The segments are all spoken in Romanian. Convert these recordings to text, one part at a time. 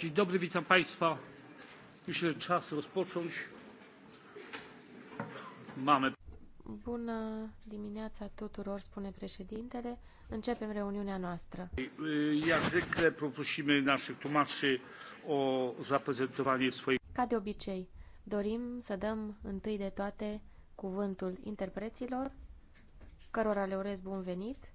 Dzień dobry, witam Państwa. Myślę, że czas rozpocząć. Mamy. Bună dimineața tuturor, spune președintele. Începem reuniunea noastră. Jak zwykle poprosimy naszych tłumaczy o zaprezentowanie swojej... Ca de obicei, dorim să dăm întâi de toate cuvântul interpreților, cărora le urez bun venit,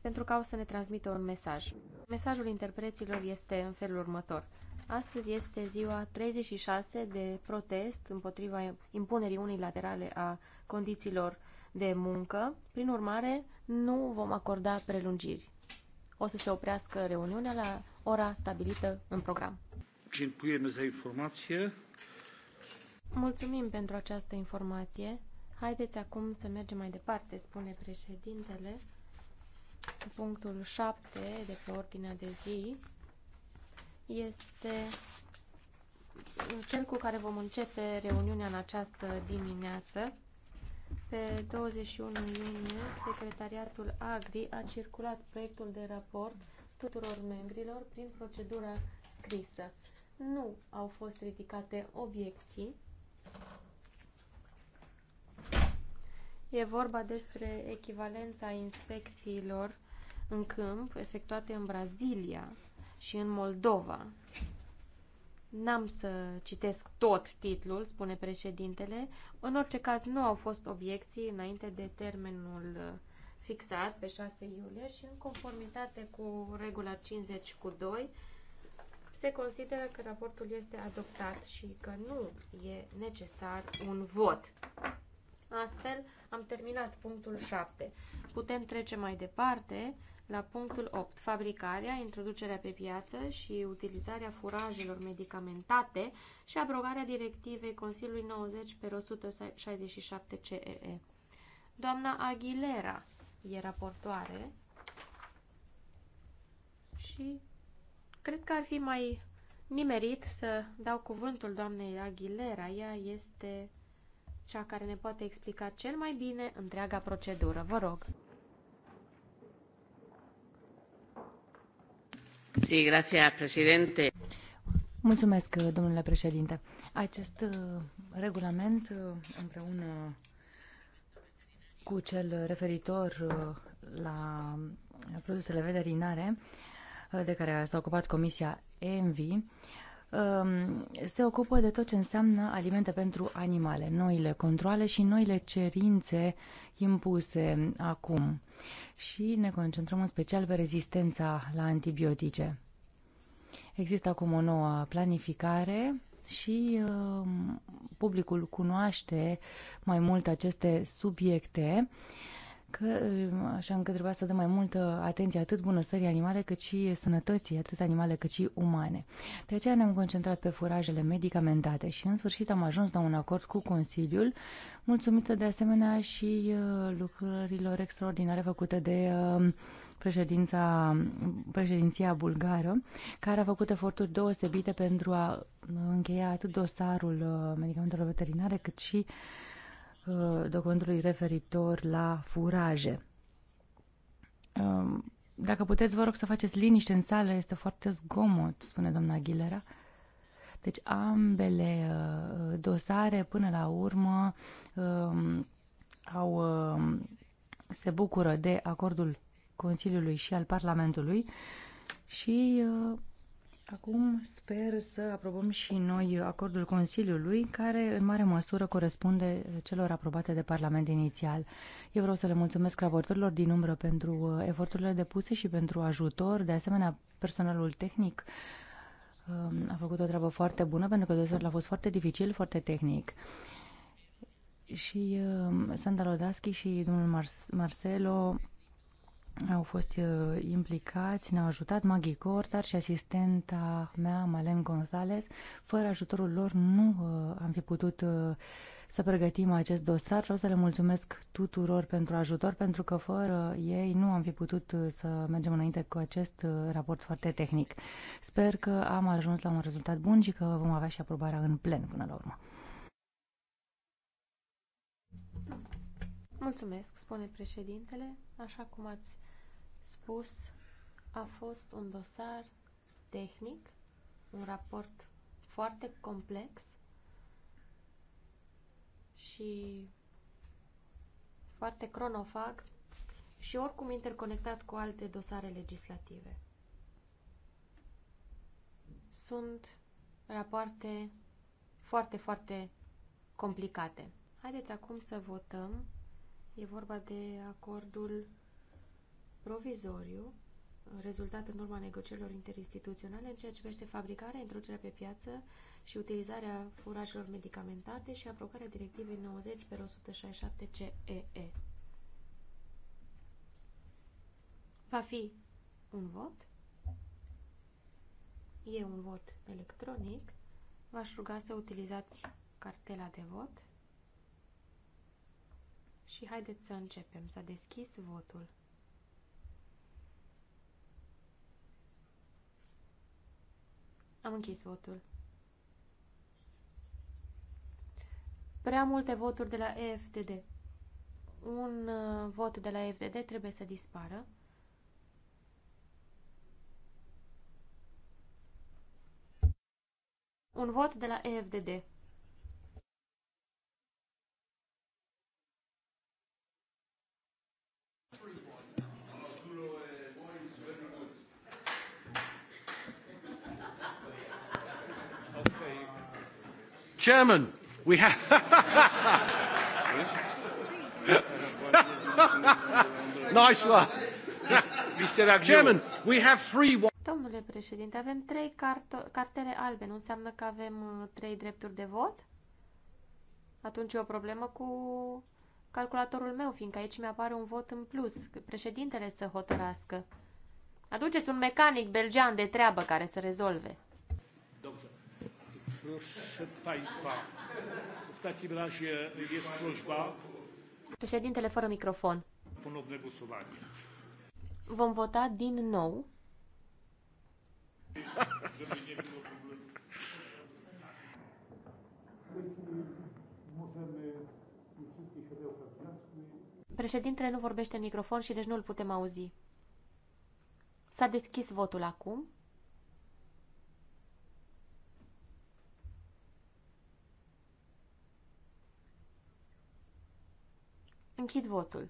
pentru că au să ne transmită un mesaj. Mesajul interpreților este în felul următor. Astăzi este ziua 36 de protest împotriva impunerii unilaterale a condițiilor de muncă. Prin urmare, nu vom acorda prelungiri. O să se oprească reuniunea la ora stabilită în program. informație. Mulțumim pentru această informație. Haideți acum să mergem mai departe, spune președintele punctul 7 de pe ordinea de zi este cel cu care vom începe reuniunea în această dimineață. Pe 21 iunie, Secretariatul Agri a circulat proiectul de raport tuturor membrilor prin procedura scrisă. Nu au fost ridicate obiecții E vorba despre echivalența inspecțiilor în câmp efectuate în Brazilia și în Moldova. N-am să citesc tot titlul, spune președintele. În orice caz, nu au fost obiecții înainte de termenul uh, fixat pe 6 iulie și în conformitate cu regula 50 cu 2 se consideră că raportul este adoptat și că nu e necesar un vot. Astfel, am terminat punctul 7. Putem trece mai departe la punctul 8. Fabricarea, introducerea pe piață și utilizarea furajelor medicamentate și abrogarea directivei Consiliului 90 pe 167 CEE. Doamna Aguilera e raportoare și cred că ar fi mai nimerit să dau cuvântul doamnei Aguilera. Ea este cea care ne poate explica cel mai bine întreaga procedură. Vă rog. Sí, gracias, presidente. Mulțumesc, domnule președinte. Acest uh, regulament, uh, împreună cu cel referitor uh, la produsele veterinare, de care s-a ocupat Comisia ENVI, Um, se ocupă de tot ce înseamnă alimente pentru animale, noile controle și noile cerințe impuse acum. Și ne concentrăm în special pe rezistența la antibiotice. Există acum o nouă planificare și um, publicul cunoaște mai mult aceste subiecte că, um, așa încă trebuia să dăm mai multă atenție atât bunăstării animale cât și sănătății, atât animale cât și umane. De aceea ne-am concentrat pe furajele medicamentate și în sfârșit am ajuns la un acord cu Consiliul, mulțumită de asemenea și uh, lucrărilor extraordinare făcute de um, președința, președinția bulgară, care a făcut eforturi deosebite pentru a încheia atât dosarul uh, medicamentelor veterinare cât și uh, Uh, documentului referitor la furaje. Um, dacă puteți, vă rog să faceți liniște în sală, este foarte zgomot, spune doamna Aguilera. Deci ambele uh, dosare, până la urmă, um, au, um, se bucură de acordul Consiliului și al Parlamentului și uh, Acum sper să aprobăm și noi acordul Consiliului, care în mare măsură corespunde celor aprobate de Parlament inițial. Eu vreau să le mulțumesc raportorilor din umbră pentru uh, eforturile depuse și pentru ajutor. De asemenea, personalul tehnic um, a făcut o treabă foarte bună, pentru că dosarul a fost foarte dificil, foarte tehnic. Și um, Sandra Lodaschi și domnul Marcelo au fost uh, implicați, ne-au ajutat Maggie Cortar și asistenta mea, Malen Gonzalez. Fără ajutorul lor nu uh, am fi putut uh, să pregătim acest dosar. Vreau să le mulțumesc tuturor pentru ajutor, pentru că fără ei nu am fi putut uh, să mergem înainte cu acest uh, raport foarte tehnic. Sper că am ajuns la un rezultat bun și că vom avea și aprobarea în plen până la urmă. Mulțumesc, spune președintele, așa cum ați spus, a fost un dosar tehnic, un raport foarte complex și foarte cronofag și oricum interconectat cu alte dosare legislative. Sunt rapoarte foarte, foarte complicate. Haideți acum să votăm. E vorba de acordul provizoriu rezultat în urma negocierilor interinstituționale în ceea ce privește fabricarea, introducerea pe piață și utilizarea furajelor medicamentate și aprobarea directivei 90 pe 167 CEE. Va fi un vot. E un vot electronic. V-aș ruga să utilizați cartela de vot. Și haideți să începem. să deschis votul. Am închis votul. Prea multe voturi de la EFDD. Un uh, vot de la EFDD trebuie să dispară. Un vot de la EFDD. Chairman, we have. nice one. Chairman, we have three... Domnule președinte, avem trei cart- cartele albe. Nu înseamnă că avem uh, trei drepturi de vot? Atunci e o problemă cu calculatorul meu, fiindcă aici mi-apare un vot în plus. Președintele să hotărască. Aduceți un mecanic belgean de treabă care să rezolve. Proszę Państwa, w takim razie jest prośba. Președintele fără microfon. Ponowne głosowanie. Vom vota din nou. Președintele nu vorbește în microfon și deci nu îl putem auzi. S-a deschis votul acum. Închid votul.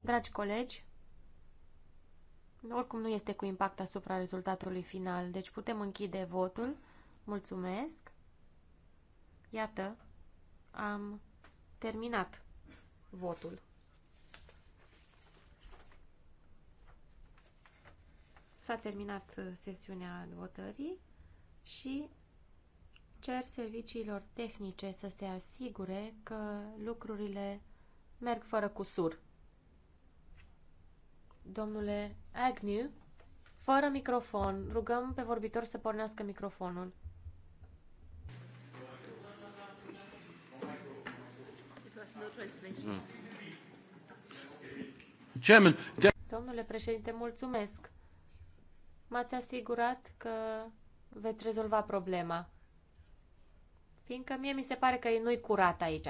Dragi colegi, oricum nu este cu impact asupra rezultatului final, deci putem închide votul. Mulțumesc! Iată, am terminat votul. S-a terminat uh, sesiunea votării și cer serviciilor tehnice să se asigure că lucrurile merg fără cusur. Domnule Agnew, fără microfon, rugăm pe vorbitor să pornească microfonul. Hmm. Domnule președinte, mulțumesc m-ați asigurat că veți rezolva problema. Fiindcă mie mi se pare că nu-i curat aici.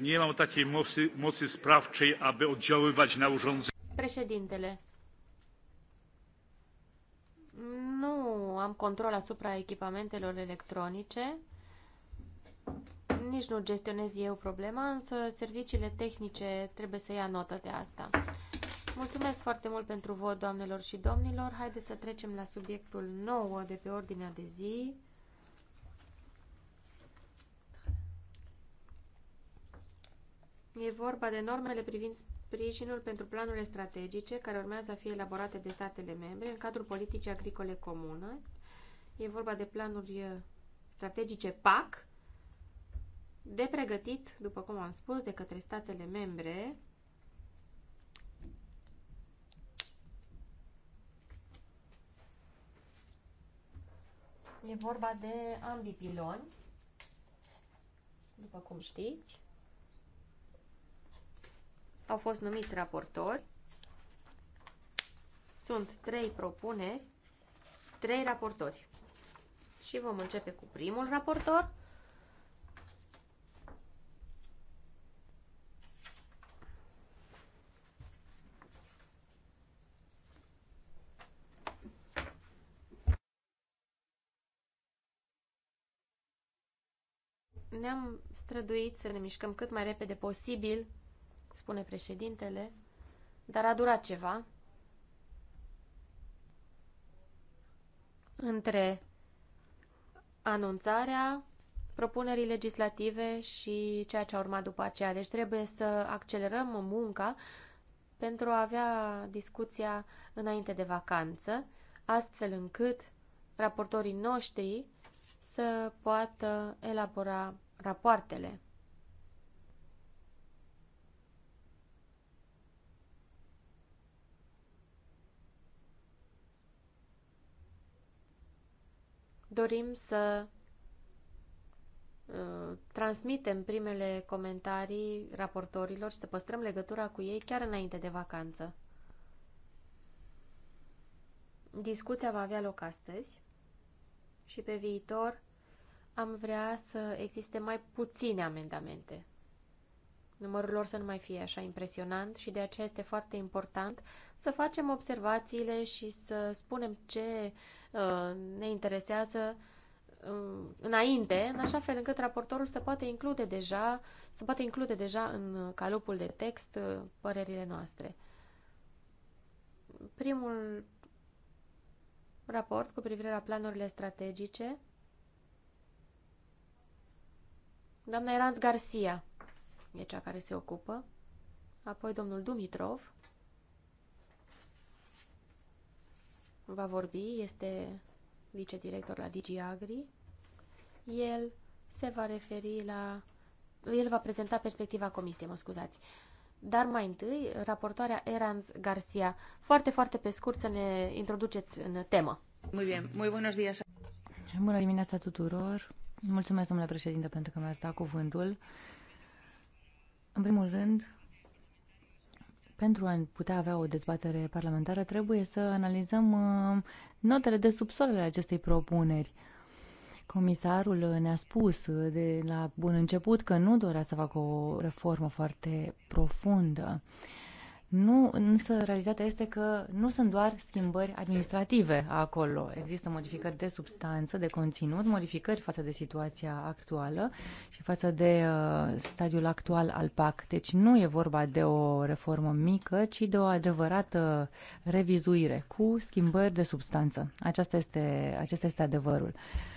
Nu am takiej mocy, sprawczej, aby oddziaływać na urządzenie. Președintele, am control asupra echipamentelor electronice. Nici nu gestionez eu problema, însă serviciile tehnice trebuie să ia notă de asta. Mulțumesc foarte mult pentru vot, doamnelor și domnilor. Haideți să trecem la subiectul nou de pe ordinea de zi. E vorba de normele privind sprijinul pentru planurile strategice care urmează a fi elaborate de statele membre în cadrul politicii agricole comune, E vorba de planuri strategice PAC, de pregătit, după cum am spus, de către statele membre E vorba de ambii piloni, după cum știți. Au fost numiți raportori. Sunt trei propuneri, trei raportori și vom începe cu primul raportor. Ne-am străduit să ne mișcăm cât mai repede posibil, spune președintele, dar a durat ceva. Între anunțarea propunerii legislative și ceea ce a urmat după aceea. Deci trebuie să accelerăm munca pentru a avea discuția înainte de vacanță, astfel încât raportorii noștri să poată elabora rapoartele. dorim să uh, transmitem primele comentarii raportorilor și să păstrăm legătura cu ei chiar înainte de vacanță. Discuția va avea loc astăzi și pe viitor am vrea să existe mai puține amendamente numărul lor să nu mai fie așa impresionant și de aceea este foarte important să facem observațiile și să spunem ce uh, ne interesează uh, înainte, în așa fel încât raportorul să poate include deja, să poate include deja în calupul de text uh, părerile noastre. Primul raport cu privire la planurile strategice. Doamna Eranț Garcia e cea care se ocupă, apoi domnul Dumitrov va vorbi, este vicedirector la DIGIAGRI. El se va referi la... El va prezenta perspectiva comisiei, mă scuzați. Dar mai întâi, raportoarea Eranz Garcia. Foarte, foarte pe scurt să ne introduceți în temă. Muy bien, muy buenos días. Bună dimineața tuturor. Mulțumesc, domnule președinte, pentru că mi-ați dat cuvântul. În primul rând, pentru a putea avea o dezbatere parlamentară, trebuie să analizăm uh, notele de subsol ale acestei propuneri. Comisarul ne-a spus uh, de la bun început că nu dorea să facă o reformă foarte profundă. Nu, însă realitatea este că nu sunt doar schimbări administrative acolo. Există modificări de substanță, de conținut, modificări față de situația actuală și față de uh, stadiul actual al PAC. Deci nu e vorba de o reformă mică, ci de o adevărată revizuire cu schimbări de substanță. Aceasta este, acesta este adevărul. Uh,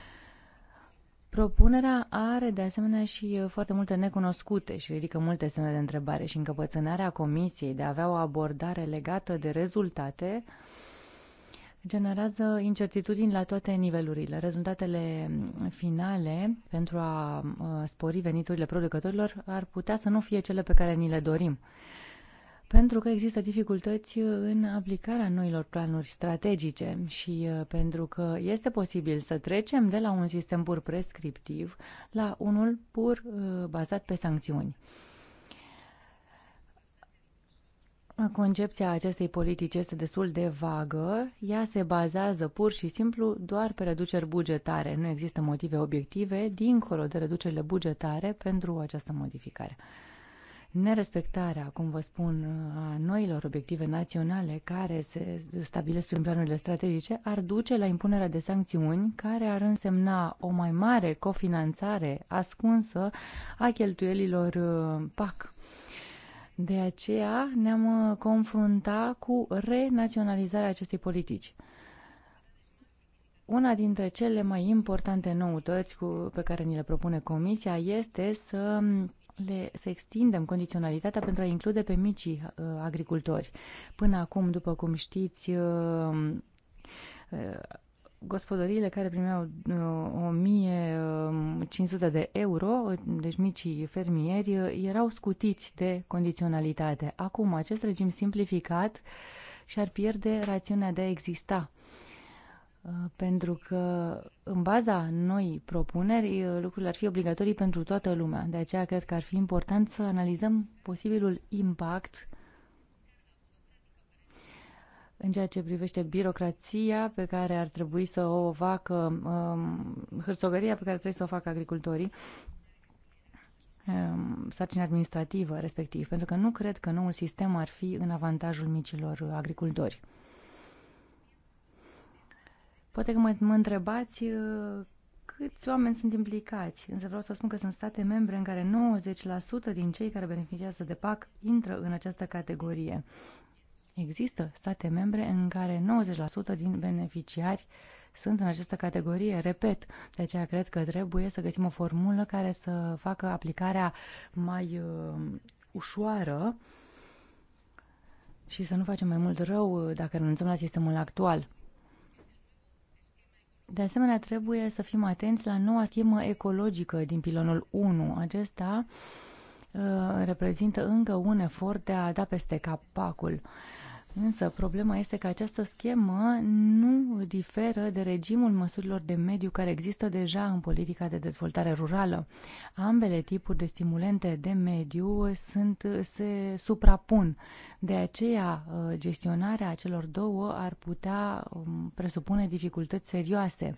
Propunerea are de asemenea și uh, foarte multe necunoscute și ridică multe semne de întrebare și încăpățânarea comisiei de a avea o abordare legată de rezultate generează incertitudini la toate nivelurile. Rezultatele finale pentru a uh, spori veniturile producătorilor ar putea să nu fie cele pe care ni le dorim pentru că există dificultăți în aplicarea noilor planuri strategice și uh, pentru că este posibil să trecem de la un sistem pur prescriptiv la unul pur uh, bazat pe sancțiuni. Concepția acestei politici este destul de vagă. Ea se bazează pur și simplu doar pe reduceri bugetare. Nu există motive obiective dincolo de reducerile bugetare pentru această modificare nerespectarea, cum vă spun, a noilor obiective naționale care se stabilesc prin planurile strategice ar duce la impunerea de sancțiuni care ar însemna o mai mare cofinanțare ascunsă a cheltuielilor uh, PAC. De aceea ne-am uh, confrunta cu renaționalizarea acestei politici. Una dintre cele mai importante noutăți cu, pe care ni le propune Comisia este să le, să extindem condiționalitatea pentru a include pe micii uh, agricultori. Până acum, după cum știți, uh, uh, gospodăriile care primeau uh, 1500 uh, de euro, deci micii fermieri, uh, erau scutiți de condiționalitate. Acum, acest regim simplificat și-ar pierde rațiunea de a exista Uh, pentru că în baza noi propuneri uh, lucrurile ar fi obligatorii pentru toată lumea. De aceea cred că ar fi important să analizăm posibilul impact în ceea ce privește birocrația pe care ar trebui să o facă um, hârțogăria pe care trebuie să o facă agricultorii um, sarcina administrativă respectiv, pentru că nu cred că noul sistem ar fi în avantajul micilor agricultori. Poate că mă, mă întrebați uh, câți oameni sunt implicați, însă vreau să spun că sunt state membre în care 90% din cei care beneficiază de PAC intră în această categorie. Există state membre în care 90% din beneficiari sunt în această categorie, repet, de aceea cred că trebuie să găsim o formulă care să facă aplicarea mai uh, ușoară și să nu facem mai mult rău uh, dacă renunțăm la sistemul actual. De asemenea, trebuie să fim atenți la noua schemă ecologică din pilonul 1. Acesta uh, reprezintă încă un efort de a da peste cap pacul. Uh, Însă problema este că această schemă nu diferă de regimul măsurilor de mediu care există deja în politica de dezvoltare rurală. Ambele tipuri de stimulente de mediu sunt, se suprapun. De aceea, ă, gestionarea celor două ar putea ă, presupune dificultăți serioase.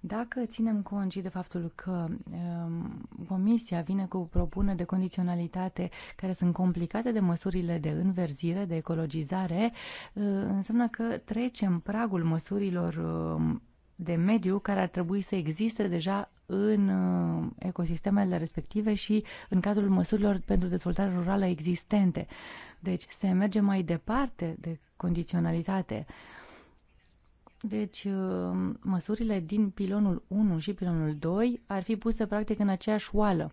Dacă ținem cont și de faptul că um, Comisia vine cu propuneri de condiționalitate care sunt complicate de măsurile de înverzire, de ecologizare, uh, înseamnă că trecem pragul măsurilor uh, de mediu care ar trebui să existe deja în uh, ecosistemele respective și în cadrul măsurilor pentru dezvoltare rurală existente. Deci se merge mai departe de condiționalitate. Uh, deci, uh, măsurile din pilonul 1 și pilonul 2 ar fi puse practic în aceeași oală.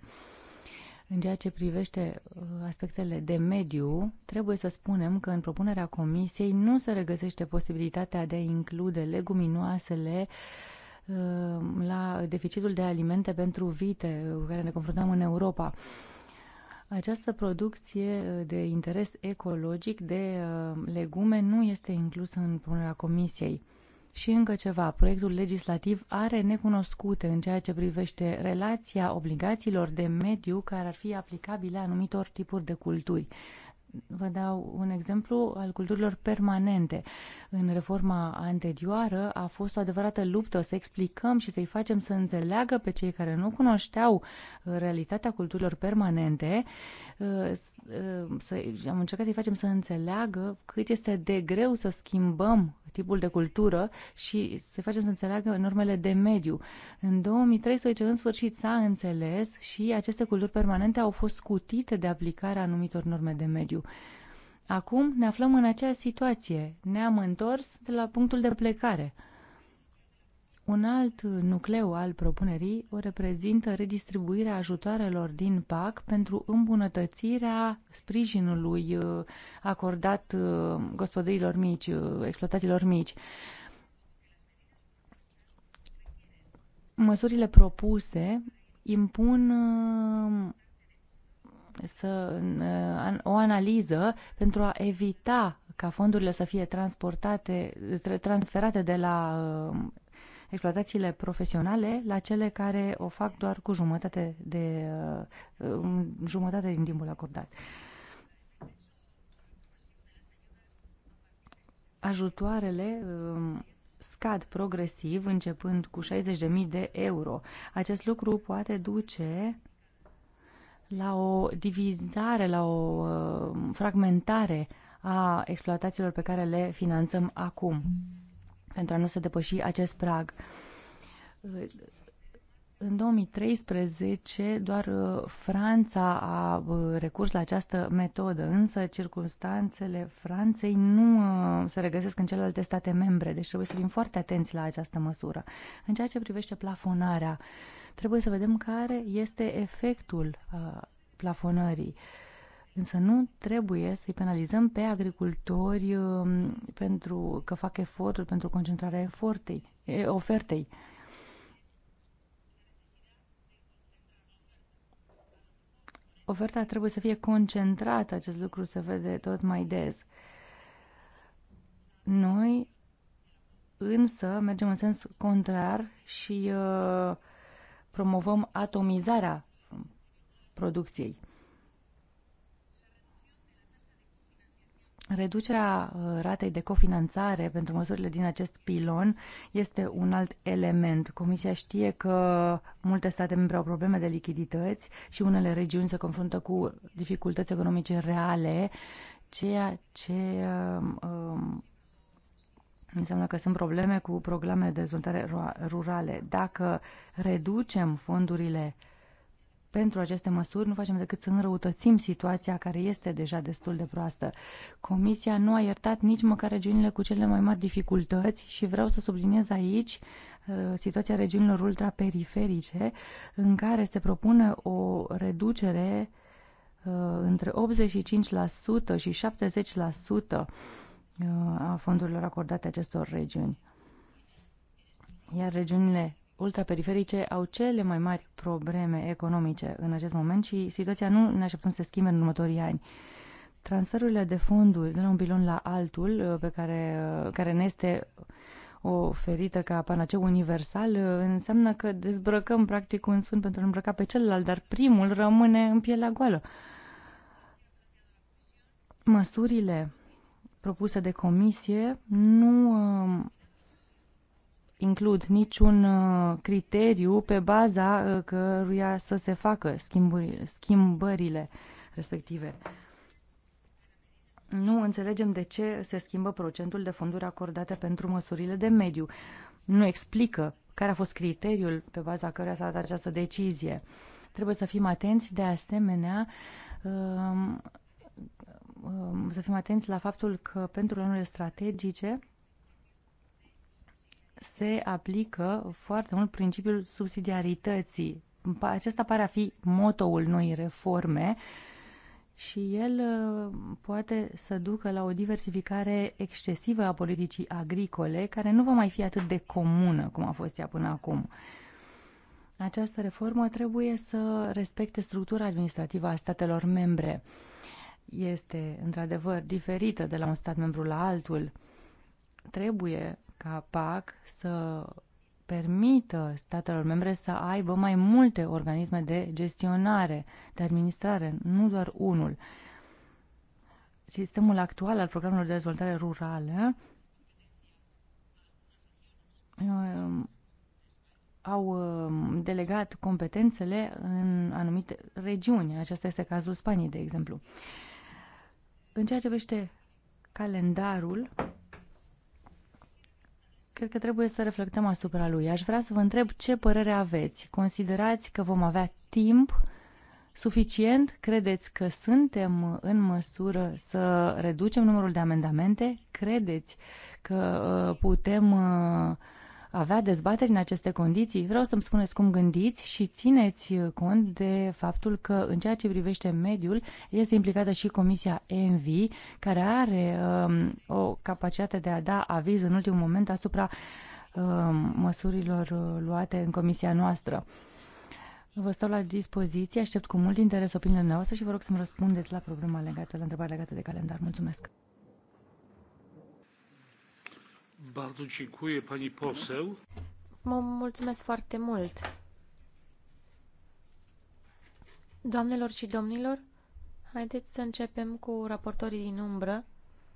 În ceea ce privește uh, aspectele de mediu, trebuie să spunem că în propunerea comisiei nu se regăsește posibilitatea de a include leguminoasele uh, la deficitul de alimente pentru vite cu care ne confruntăm în Europa. Această producție de interes ecologic de legume nu este inclusă în propunerea comisiei. Și încă ceva, proiectul legislativ are necunoscute în ceea ce privește relația obligațiilor de mediu care ar fi aplicabile anumitor tipuri de culturi. Vă dau un exemplu al culturilor permanente. În reforma anterioară a fost o adevărată luptă să explicăm și să-i facem să înțeleagă pe cei care nu cunoșteau realitatea culturilor permanente. Să, am încercat să-i facem să înțeleagă cât este de greu să schimbăm tipul de cultură și se face să înțeleagă normele de mediu. În 2013, în sfârșit, s-a înțeles și aceste culturi permanente au fost scutite de aplicarea anumitor norme de mediu. Acum ne aflăm în aceeași situație. Ne-am întors de la punctul de plecare. Un alt nucleu al propunerii o reprezintă redistribuirea ajutoarelor din PAC pentru îmbunătățirea sprijinului uh, acordat uh, gospodăriilor mici, uh, exploatațiilor mici. Măsurile propuse impun să, o analiză pentru a evita ca fondurile să fie transportate, transferate de la exploatațiile profesionale la cele care o fac doar cu jumătate, de, uh, um, jumătate din timpul acordat. Ajutoarele um, scad progresiv, începând cu 60.000 de euro. Acest lucru poate duce la o divizare, la o uh, fragmentare a exploatațiilor pe care le finanțăm acum pentru a nu se depăși acest prag. În 2013, doar uh, Franța a uh, recurs la această metodă, însă circunstanțele Franței nu uh, se regăsesc în celelalte state membre, deci trebuie să fim foarte atenți la această măsură. În ceea ce privește plafonarea, trebuie să vedem care este efectul plafonării. Însă nu trebuie să-i penalizăm pe agricultori um, pentru că fac eforturi pentru concentrarea efortei, ofertei. Oferta trebuie să fie concentrată, acest lucru se vede tot mai des. Noi însă mergem în sens contrar și uh, promovăm atomizarea producției. Reducerea uh, ratei de cofinanțare pentru măsurile din acest pilon este un alt element. Comisia știe că multe state membre au probleme de lichidități și unele regiuni se confruntă cu dificultăți economice reale, ceea ce um, um înseamnă că sunt probleme cu programele de dezvoltare rurale. Dacă reducem fondurile uh, pentru aceste măsuri nu facem decât să înrăutățim situația care este deja destul de proastă. Comisia nu a iertat nici măcar regiunile cu cele mai mari dificultăți și vreau să subliniez aici uh, situația regiunilor ultraperiferice în care se propune o reducere uh, între 85% și 70% uh, a fondurilor acordate acestor regiuni. Iar regiunile ultraperiferice au cele mai mari probleme economice în acest moment și situația nu ne așteptăm să se schimbe în următorii ani. Transferurile de fonduri de la un bilon la altul, uh, pe care, uh, care ne este oferită ca panaceu universal, uh, înseamnă că dezbrăcăm practic un sfânt pentru a îmbrăca pe celălalt, dar primul rămâne în pielea goală. Măsurile propuse de comisie nu um, includ niciun uh, criteriu pe baza uh, căruia să se facă schimbările respective. Nu înțelegem de ce se schimbă procentul de fonduri acordate pentru măsurile de mediu. Nu explică care a fost criteriul pe baza căruia s-a dat această decizie. Trebuie să fim atenți, de asemenea, um, um, să fim atenți la faptul că pentru lanurile strategice se aplică foarte mult principiul subsidiarității. Acesta pare a fi motoul noii reforme și el uh, poate să ducă la o diversificare excesivă a politicii agricole, care nu va mai fi atât de comună cum a fost ea până acum. Această reformă trebuie să respecte structura administrativă a statelor membre. Este, într-adevăr, diferită de la un stat membru la altul. Trebuie ca PAC să permită statelor membre să aibă mai multe organisme de gestionare, de administrare, nu doar unul. Sistemul actual al programelor de dezvoltare rurală um, au um, delegat competențele în anumite regiuni. Acesta este cazul Spaniei, de exemplu. În ceea ce vește calendarul, cred că trebuie să reflectăm asupra lui. Aș vrea să vă întreb ce părere aveți. Considerați că vom avea timp suficient? Credeți că suntem în măsură să reducem numărul de amendamente? Credeți că uh, putem uh, avea dezbateri în aceste condiții. Vreau să-mi spuneți cum gândiți și țineți uh, cont de faptul că în ceea ce privește mediul este implicată și Comisia ENVI, care are um, o capacitate de a da aviz în ultimul moment asupra um, măsurilor uh, luate în comisia noastră. Vă stau la dispoziție, aștept cu mult interes opiniile noastre și vă rog să-mi răspundeți la problema legată, la întrebarea legată de calendar. Mulțumesc! Bardzo dziękuję pani poseł. Mă mulțumesc foarte mult. Doamnelor și domnilor, haideți să începem cu raportorii din umbră.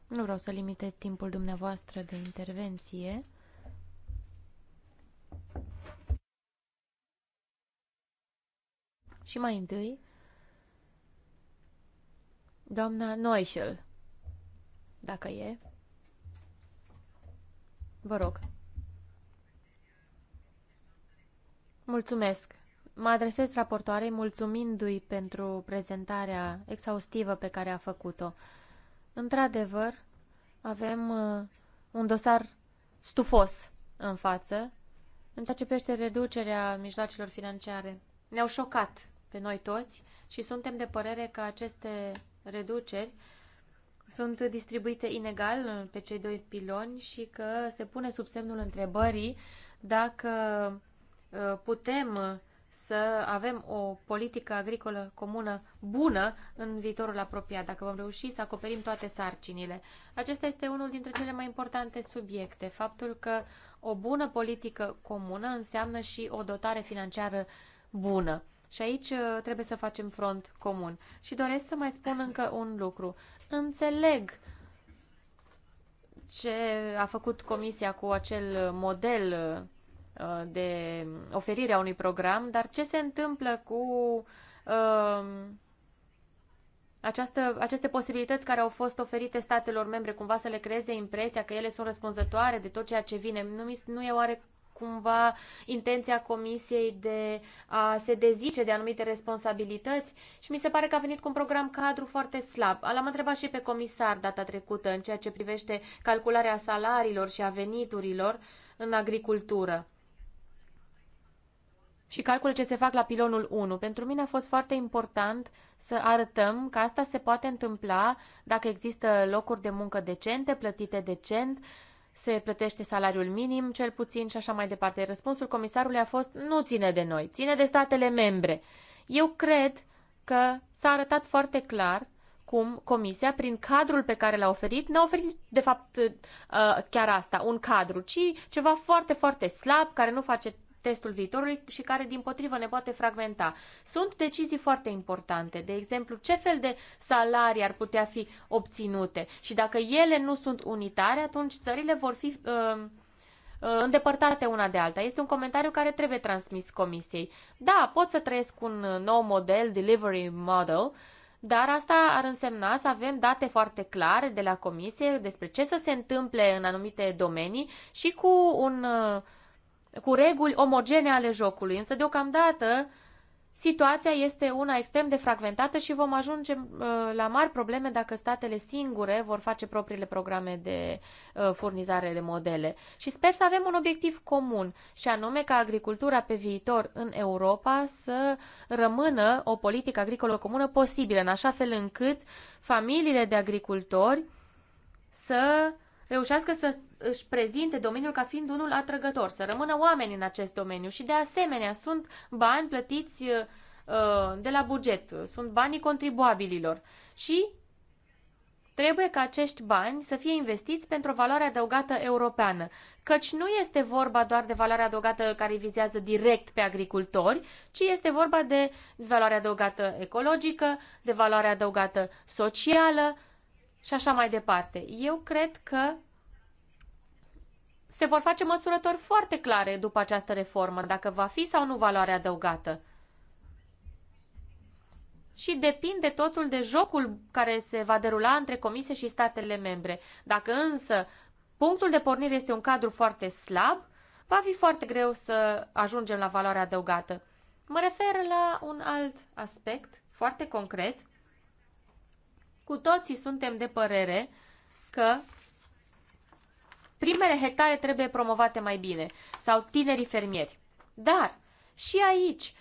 Nu vreau să limitez timpul dumneavoastră de intervenție. Și mai întâi, doamna Noișel, dacă e. Vă rog. Mulțumesc. Mă adresez raportoarei mulțumindu-i pentru prezentarea exhaustivă pe care a făcut-o. Într-adevăr, avem uh, un dosar stufos în față în ceea ce privește reducerea mijloacelor financiare. Ne-au șocat pe noi toți și suntem de părere că aceste reduceri sunt distribuite inegal pe cei doi piloni și că se pune sub semnul întrebării dacă uh, putem să avem o politică agricolă comună bună în viitorul apropiat, dacă vom reuși să acoperim toate sarcinile. Acesta este unul dintre cele mai importante subiecte, faptul că o bună politică comună înseamnă și o dotare financiară bună. Și aici uh, trebuie să facem front comun. Și doresc să mai spun încă un lucru. Înțeleg ce a făcut Comisia cu acel model uh, de oferire a unui program, dar ce se întâmplă cu uh, această, aceste posibilități care au fost oferite statelor membre, cumva să le creeze impresia că ele sunt răspunzătoare de tot ceea ce vine? Nu, nu e oare cumva intenția Comisiei de a se dezice de anumite responsabilități și mi se pare că a venit cu un program cadru foarte slab. L-am întrebat și pe comisar data trecută în ceea ce privește calcularea salariilor și a veniturilor în agricultură și calculul ce se fac la pilonul 1. Pentru mine a fost foarte important să arătăm că asta se poate întâmpla dacă există locuri de muncă decente, plătite decent, se plătește salariul minim, cel puțin, și așa mai departe. Răspunsul comisarului a fost, nu ține de noi, ține de statele membre. Eu cred că s-a arătat foarte clar cum Comisia, prin cadrul pe care l-a oferit, n-a oferit, de fapt, uh, chiar asta, un cadru, ci ceva foarte, foarte slab, care nu face testul viitorului și care, din potrivă, ne poate fragmenta. Sunt decizii foarte importante, de exemplu, ce fel de salarii ar putea fi obținute și dacă ele nu sunt unitare, atunci țările vor fi uh, uh îndepărtate una de alta. Este un comentariu care trebuie transmis comisiei. Da, pot să trăiesc un uh, nou model, delivery model, dar asta ar însemna să avem date foarte clare de la comisie despre ce să se întâmple în anumite domenii și cu un uh, cu reguli omogene ale jocului. Însă, deocamdată, situația este una extrem de fragmentată și vom ajunge uh, la mari probleme dacă statele singure vor face propriile programe de uh, furnizare de modele. Și sper să avem un obiectiv comun, și anume ca agricultura pe viitor în Europa să rămână o politică agricolă comună posibilă, în așa fel încât familiile de agricultori să reușească să își prezinte domeniul ca fiind unul atrăgător, să rămână oameni în acest domeniu și de asemenea sunt bani plătiți uh, uh, de la buget, sunt banii contribuabililor și trebuie ca acești bani să fie investiți pentru valoare adăugată europeană, căci nu este vorba doar de valoare adăugată care vizează direct pe agricultori, ci este vorba de valoare adăugată ecologică, de valoare adăugată socială și așa mai departe. Eu cred că se vor face măsurători foarte clare după această reformă, dacă va fi sau nu valoare adăugată. Și depinde totul de jocul care se va derula între comisie și statele membre. Dacă însă punctul de pornire este un cadru foarte slab, va fi foarte greu să ajungem la valoarea adăugată. Mă refer la un alt aspect foarte concret cu toții suntem de părere că primele hectare trebuie promovate mai bine sau tinerii fermieri. Dar și aici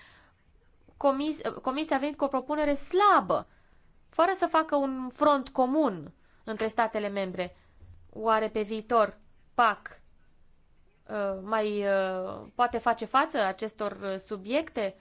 comis, Comisia a venit cu o propunere slabă, fără să facă un front comun între statele membre. Oare pe viitor PAC uh, mai uh, poate face față acestor uh, subiecte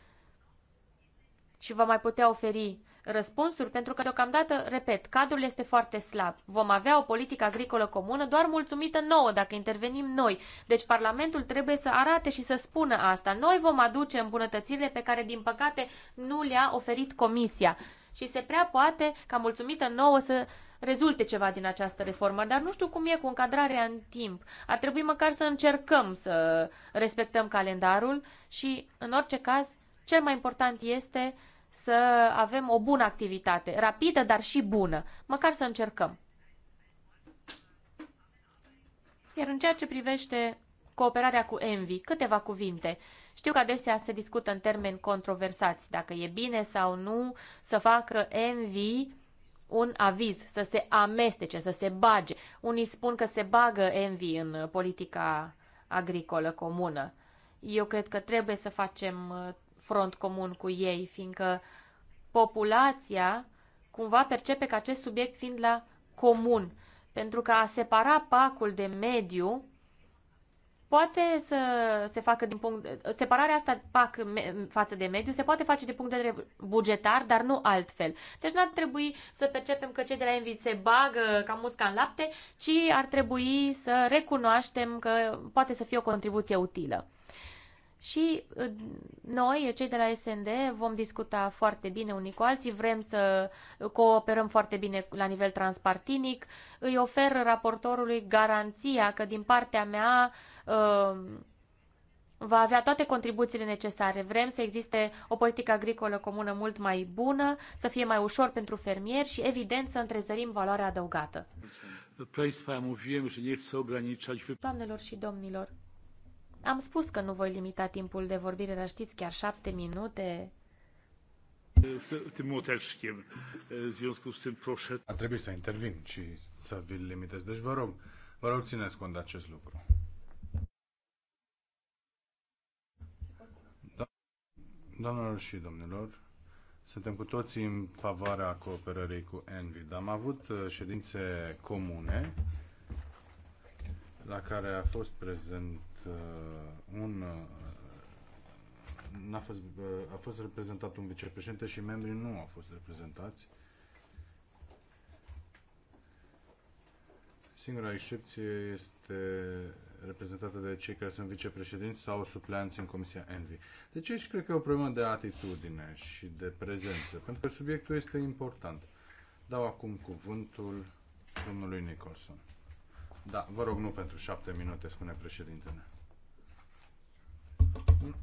și va mai putea oferi răspunsuri, pentru că deocamdată, repet, cadrul este foarte slab. Vom avea o politică agricolă comună doar mulțumită nouă dacă intervenim noi. Deci Parlamentul trebuie să arate și să spună asta. Noi vom aduce îmbunătățirile pe care, din păcate, nu le-a oferit Comisia. Și se prea poate ca mulțumită nouă să rezulte ceva din această reformă, dar nu știu cum e cu încadrarea în timp. Ar trebui măcar să încercăm să respectăm calendarul și, în orice caz, cel mai important este să avem o bună activitate, rapidă, dar și bună. Măcar să încercăm. Iar în ceea ce privește cooperarea cu Envi, câteva cuvinte. Știu că adesea se discută în termeni controversați dacă e bine sau nu să facă Envi un aviz, să se amestece, să se bage. Unii spun că se bagă Envi în politica agricolă comună. Eu cred că trebuie să facem front comun cu ei, fiindcă populația cumva percepe că acest subiect fiind la comun, pentru că a separa pacul de mediu poate să se facă din punct separarea asta PAC față de mediu se poate face din punct de vedere bugetar, dar nu altfel. Deci n-ar trebui să percepem că cei de la Envi se bagă ca musca în lapte, ci ar trebui să recunoaștem că poate să fie o contribuție utilă. Și uh, noi, cei de la SND, vom discuta foarte bine unii cu alții, vrem să cooperăm foarte bine la nivel transpartinic. Îi ofer raportorului garanția că din partea mea uh, va avea toate contribuțiile necesare. Vrem să existe o politică agricolă comună mult mai bună, să fie mai ușor pentru fermieri și, evident, să întrezărim valoarea adăugată. Doamnelor și domnilor, am spus că nu voi limita timpul de vorbire, dar știți, chiar șapte minute. A trebuit să intervin și să vi-l limitez. Deci vă rog, vă rog țineți cont de acest lucru. Do Doamnelor și domnilor, suntem cu toții în favoarea cooperării cu Envid. Am avut uh, ședințe comune la care a fost prezent Uh, un uh, a fost, uh, a fost reprezentat un vicepreședinte și membrii nu au fost reprezentați. Singura excepție este reprezentată de cei care sunt vicepreședinți sau supleanți în Comisia Envi. Deci aici cred că e o problemă de atitudine și de prezență, pentru că subiectul este important. Dau acum cuvântul domnului Nicholson. Da, vă rog, nu pentru șapte minute, spune președintele.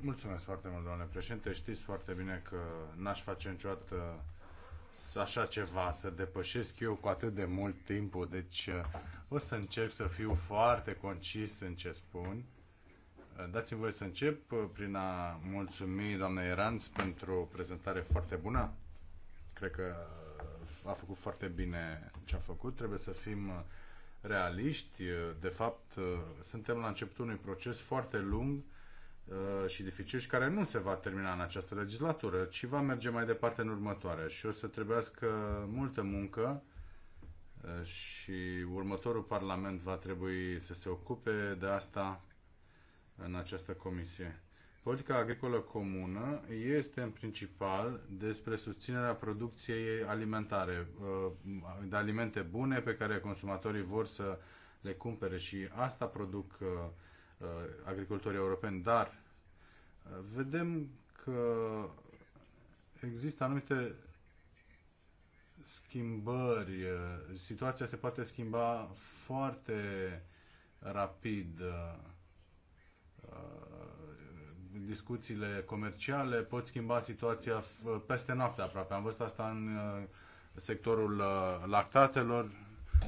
Mulțumesc foarte mult, domnule președinte. Știți foarte bine că n-aș face niciodată așa ceva, să depășesc eu cu atât de mult timpul, deci uh, o să încerc să fiu foarte concis în ce spun. Uh, dați-mi voi să încep uh, prin a mulțumi doamnei Eranț pentru o prezentare foarte bună. Cred că a făcut foarte bine ce a făcut. Trebuie să fim realiști. De fapt, suntem la începutul unui proces foarte lung Uh, și dificil și care nu se va termina în această legislatură, ci va merge mai departe în următoarea și o să trebuiască multă muncă uh, și următorul Parlament va trebui să se ocupe de asta în această comisie. Politica agricolă comună este în principal despre susținerea producției alimentare, uh, de alimente bune pe care consumatorii vor să le cumpere și asta produc Uh, agricultorii europeni, dar uh, vedem că există anumite schimbări. Uh, situația se poate schimba foarte rapid. Discuțiile comerciale pot schimba situația peste noapte aproape. Am văzut asta în sectorul lactatelor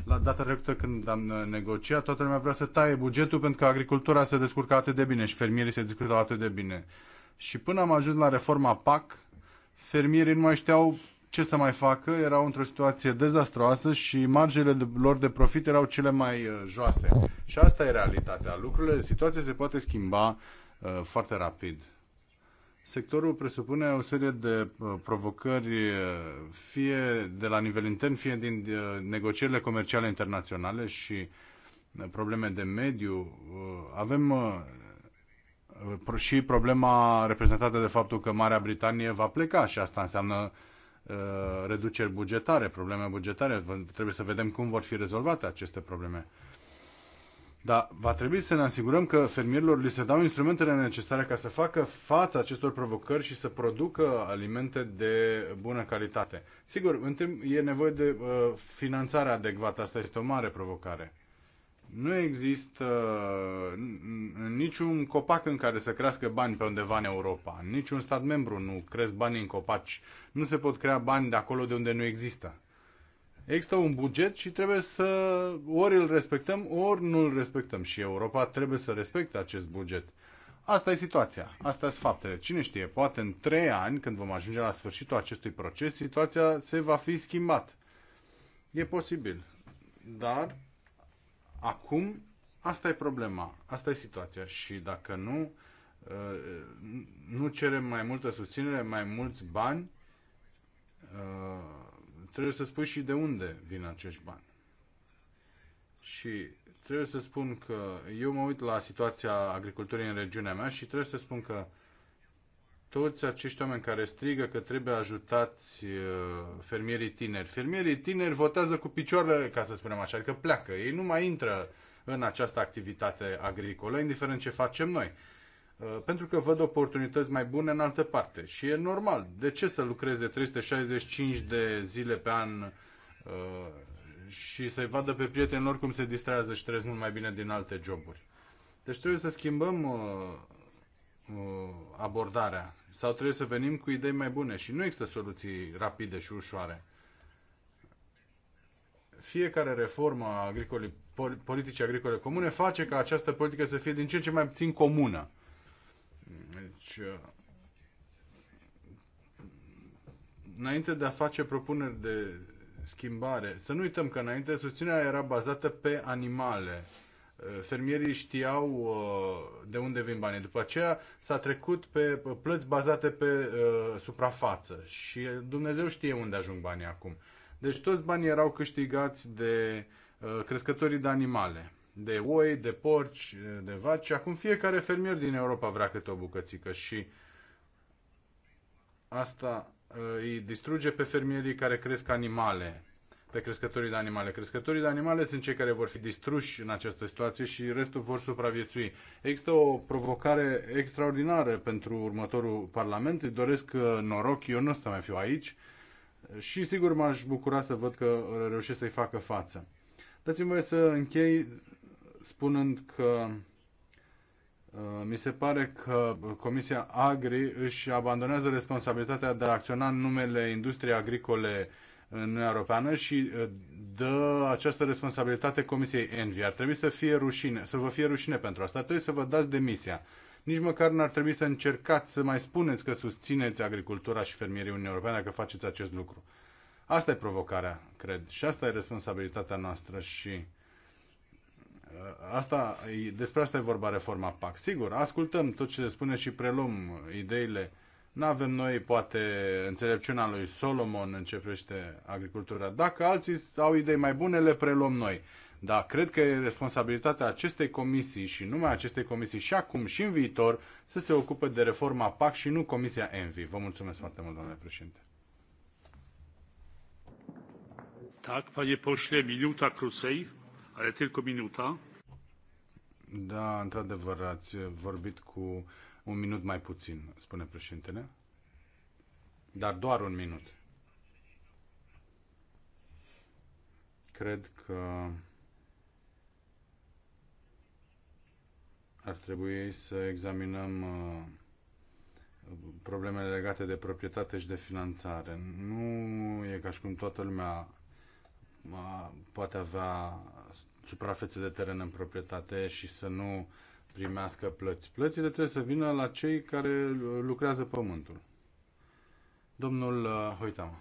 la data trecută când am negociat, toată lumea vrea să taie bugetul pentru că agricultura se descurcă atât de bine și fermierii se descurcă atât de bine. Și până am ajuns la reforma PAC, fermierii nu mai știau ce să mai facă, erau într-o situație dezastroasă și marjele lor de profit erau cele mai uh, joase. Și asta e realitatea. Lucrurile, situația se poate schimba uh, foarte rapid. Sectorul presupune o serie de uh, provocări, uh, fie de la nivel intern, fie din uh, negocierile comerciale internaționale și probleme de mediu. Avem și problema reprezentată de faptul că Marea Britanie va pleca și asta înseamnă reduceri bugetare, probleme bugetare. Trebuie să vedem cum vor fi rezolvate aceste probleme. Dar va trebui să ne asigurăm că fermierilor li se dau instrumentele necesare ca să facă față acestor provocări și să producă alimente de bună calitate. Sigur, e nevoie de uh, finanțare adecvată, asta este o mare provocare. Nu există uh, niciun copac în care să crească bani pe undeva în Europa. Niciun stat membru nu cresc bani în copaci. Nu se pot crea bani de acolo de unde nu există. Există un buget și trebuie să ori îl respectăm, ori nu îl respectăm. Și Europa trebuie să respecte acest buget. Asta e situația, asta sunt faptele. Cine știe, poate în trei ani, când vom ajunge la sfârșitul acestui proces, situația se va fi schimbat. E posibil. Dar acum asta e problema, asta e situația și dacă nu, uh, nu cerem mai multă susținere, mai mulți bani, uh, trebuie să spui și de unde vin acești bani. Și trebuie să spun că eu mă uit la situația agriculturii în regiunea mea și trebuie să spun că toți acești oameni care strigă că trebuie ajutați uh, fermierii tineri. Fermierii tineri votează cu picioarele, ca să spunem așa, adică pleacă. Ei nu mai intră în această activitate agricolă, indiferent ce facem noi. Uh, pentru că văd oportunități mai bune în altă parte. Și e normal. De ce să lucreze 365 de zile pe an uh, și să-i vadă pe prietenilor cum se distrează și trăiesc mult mai bine din alte joburi? Deci trebuie să schimbăm uh, abordarea sau trebuie să venim cu idei mai bune și nu există soluții rapide și ușoare. Fiecare reformă a agricole, politicii agricole comune face ca această politică să fie din ce în ce mai puțin comună. Deci, uh, înainte de a face propuneri de schimbare, să nu uităm că înainte susținerea era bazată pe animale. Uh, fermierii știau uh, de unde vin banii. După aceea s-a trecut pe plăți bazate pe suprafață și Dumnezeu știe unde ajung banii acum. Deci toți banii erau câștigați de crescătorii de animale de oi, de porci, de vaci. acum fiecare fermier din Europa vrea câte o bucățică și asta uh, îi distruge pe fermierii care cresc animale, pe crescătorii de animale. Crescătorii de animale sunt cei care vor fi distruși în această situație și restul vor supraviețui. Există o provocare extraordinară pentru următorul Parlament. Îi doresc uh, noroc, eu nu o să mai fiu aici și sigur m-aș bucura să văd că reușesc să-i facă față. Dați-mi voie să închei spunând că uh, mi se pare că Comisia Agri își abandonează responsabilitatea de a acționa în numele industriei agricole în Uniunea Europeană și uh, dă această responsabilitate Comisiei Envi. Ar trebui să fie rușine, să vă fie rușine pentru asta. Ar trebui să vă dați demisia. Nici măcar n-ar trebui să încercați să mai spuneți că susțineți agricultura și fermierii Uniunii Europeană dacă faceți acest lucru. Asta e provocarea, cred. Și asta e responsabilitatea noastră și asta, despre asta e vorba reforma PAC. Sigur, ascultăm tot ce se spune și preluăm ideile. Nu avem noi, poate, înțelepciunea lui Solomon în ce privește agricultura. Dacă alții au idei mai bune, le preluăm noi. Dar cred că e responsabilitatea acestei comisii și numai acestei comisii și acum și în viitor să se ocupe de reforma PAC și nu Comisia ENVI. Vă mulțumesc foarte mult, domnule președinte. Tak, panie pośle, minuta krócej ale tylko minuta. Da, într-adevăr, ați vorbit cu un minut mai puțin, spune președintele. Dar doar un minut. Cred că ar trebui să examinăm uh, problemele legate de proprietate și de finanțare. Nu e ca și cum toată lumea poate avea suprafețe de teren în proprietate și să nu primească plăți. Plățile trebuie să vină la cei care lucrează pământul. Domnul uh, Hoitama.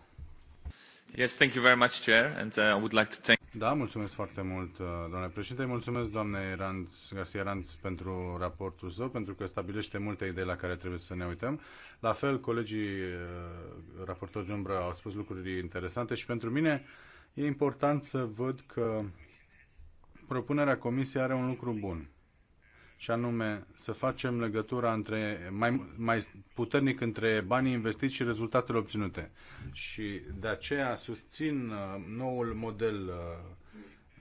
Yes, thank you very much, Chair, and uh, I would like to thank... Da, mulțumesc foarte mult, uh, doamne președinte. Mulțumesc, doamne Ranz, Garcia Ranz, pentru raportul său, pentru că stabilește multe idei la care trebuie să ne uităm. La fel, colegii uh, raportori de umbră au spus lucruri interesante și pentru mine uh, E important să văd că propunerea Comisiei are un lucru bun și anume să facem legătura între, mai, mai puternic între banii investiți și rezultatele obținute. Și de aceea susțin uh, noul model uh,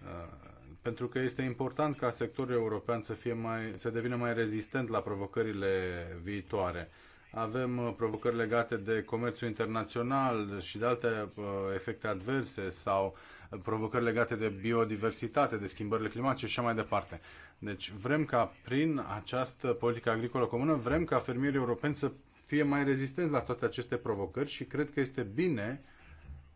uh, pentru că este important ca sectorul european să, fie mai, să devină mai rezistent la provocările viitoare avem uh, provocări legate de comerțul internațional și de alte uh, efecte adverse sau uh, provocări legate de biodiversitate, de schimbările climatice și așa mai departe. Deci vrem ca prin această politică agricolă comună, vrem ca fermierii europeni să fie mai rezistenți la toate aceste provocări și cred că este bine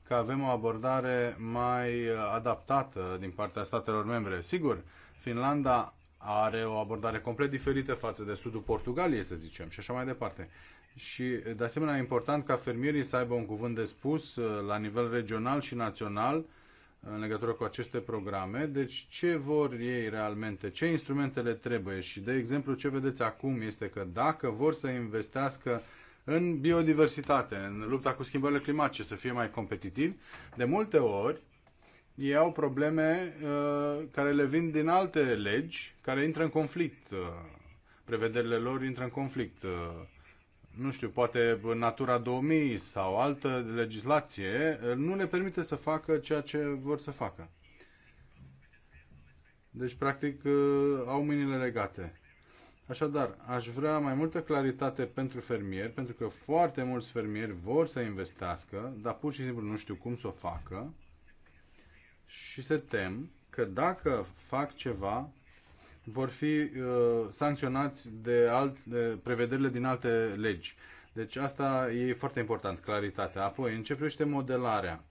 că avem o abordare mai adaptată din partea statelor membre. Sigur, Finlanda are o abordare complet diferită față de sudul Portugaliei, să zicem, și așa mai departe. Și, de asemenea, e important ca fermierii să aibă un cuvânt de spus uh, la nivel regional și național uh, în legătură cu aceste programe. Deci, ce vor ei realmente, ce instrumentele trebuie și, de exemplu, ce vedeți acum este că dacă vor să investească în biodiversitate, în lupta cu schimbările climatice, să fie mai competitivi, de multe ori ei au probleme uh, care le vin din alte legi, care intră în conflict. Uh, prevederile lor intră în conflict. Uh, nu știu, poate Natura 2000 sau altă legislație uh, nu le permite să facă ceea ce vor să facă. Deci, practic, uh, au mâinile legate. Așadar, aș vrea mai multă claritate pentru fermieri, pentru că foarte mulți fermieri vor să investească, dar pur și simplu nu știu cum să o facă și se tem că dacă fac ceva, vor fi uh, sancționați de, alt, de prevederile din alte legi. Deci asta e foarte important, claritatea. Apoi, în ce privește modelarea,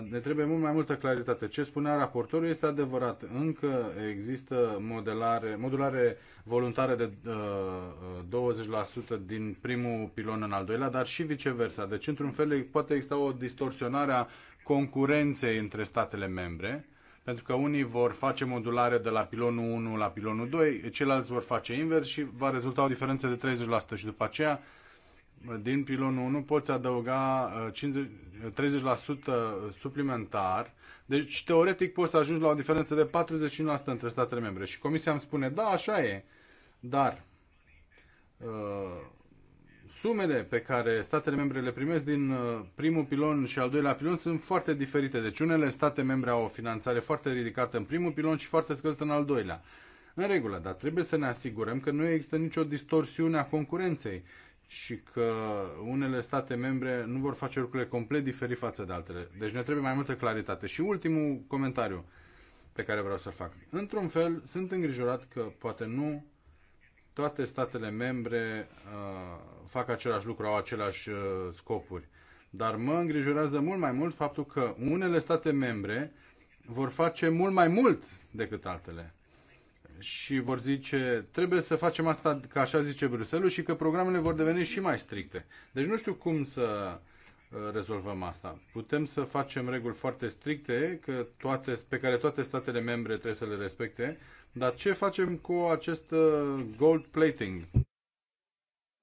uh, ne trebuie mult mai multă claritate. Ce spunea raportorul este adevărat. Încă există modelare, modulare voluntară de uh, 20% din primul pilon în al doilea, dar și viceversa. Deci, într-un fel, poate exista o distorsionare a concurenței între statele membre, pentru că unii vor face modulare de la pilonul 1 la pilonul 2, ceilalți vor face invers și va rezulta o diferență de 30% și după aceea din pilonul 1 poți adăuga 50, uh, 30% suplimentar. Deci, teoretic, poți să ajungi la o diferență de 41% între statele membre. Și Comisia îmi spune, da, așa e, dar uh, sumele pe care statele membre le primesc din uh, primul pilon și al doilea pilon sunt foarte diferite. Deci unele state membre au o finanțare foarte ridicată în primul pilon și foarte scăzută în al doilea. În regulă, dar trebuie să ne asigurăm că nu există nicio distorsiune a concurenței și că unele state membre nu vor face lucrurile complet diferit față de altele. Deci ne trebuie mai multă claritate. Și ultimul comentariu pe care vreau să-l fac. Într-un fel, sunt îngrijorat că poate nu toate statele membre uh, fac același lucru, au aceleași uh, scopuri. Dar mă îngrijorează mult mai mult faptul că unele state membre vor face mult mai mult decât altele. Și vor zice, trebuie să facem asta, ca așa zice Bruselul, și că programele vor deveni și mai stricte. Deci nu știu cum să uh, rezolvăm asta. Putem să facem reguli foarte stricte că toate, pe care toate statele membre trebuie să le respecte, dar ce facem cu acest uh, gold plating?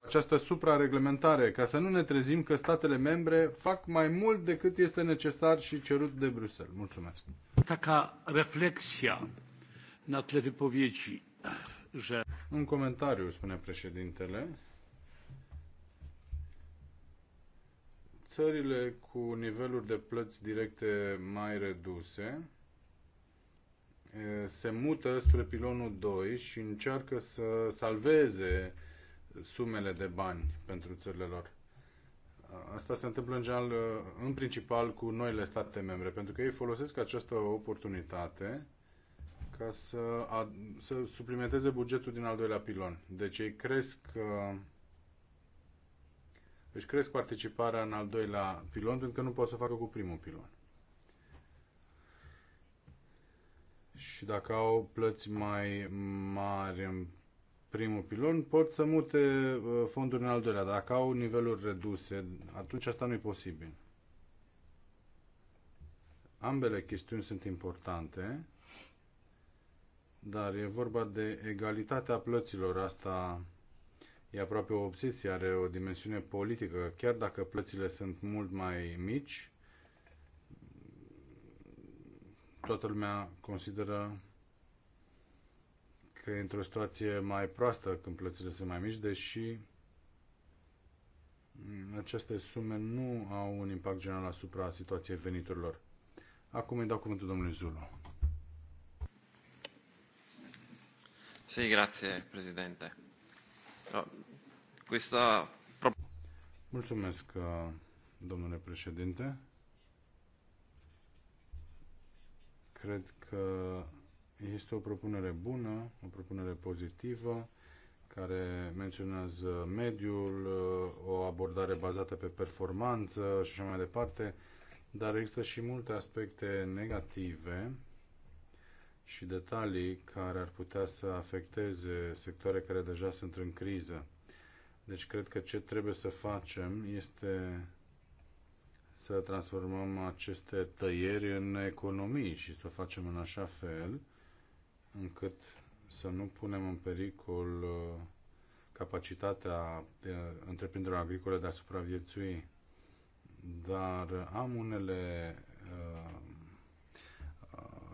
Această suprareglementare, ca să nu ne trezim că statele membre fac mai mult decât este necesar și cerut de Bruxelles. Mulțumesc. Taka reflexia na tle wypowiedzi, że... Un comentariu, spune președintele. Țările cu niveluri de plăți directe mai reduse se mută spre pilonul 2 și încearcă să salveze sumele de bani pentru țările lor. Asta se întâmplă în, general, în principal cu noile state membre, pentru că ei folosesc această oportunitate ca să, ad, să suplimenteze bugetul din al doilea pilon. Deci ei cresc, își cresc participarea în al doilea pilon pentru că nu pot să facă cu primul pilon. și dacă au plăți mai mari în primul pilon, pot să mute uh, fonduri în al doilea. Dacă au niveluri reduse, atunci asta nu e posibil. Ambele chestiuni sunt importante, dar e vorba de egalitatea plăților. Asta e aproape o obsesie, are o dimensiune politică. Chiar dacă plățile sunt mult mai mici, toată lumea consideră că e într-o situație mai proastă când plățile sunt mai mici, deși aceste sume nu au un impact general asupra situației veniturilor. Acum îi dau cuvântul domnului Zulu. Sì, grazie Presidente. No, questa... Mulțumesc, domnule președinte. Cred că este o propunere bună, o propunere pozitivă, care menționează mediul, o abordare bazată pe performanță și așa mai departe, dar există și multe aspecte negative și detalii care ar putea să afecteze sectoare care deja sunt în criză. Deci cred că ce trebuie să facem este să transformăm aceste tăieri în economii și să facem în așa fel încât să nu punem în pericol uh, capacitatea uh, întreprinderilor agricole de a supraviețui. Dar am unele uh,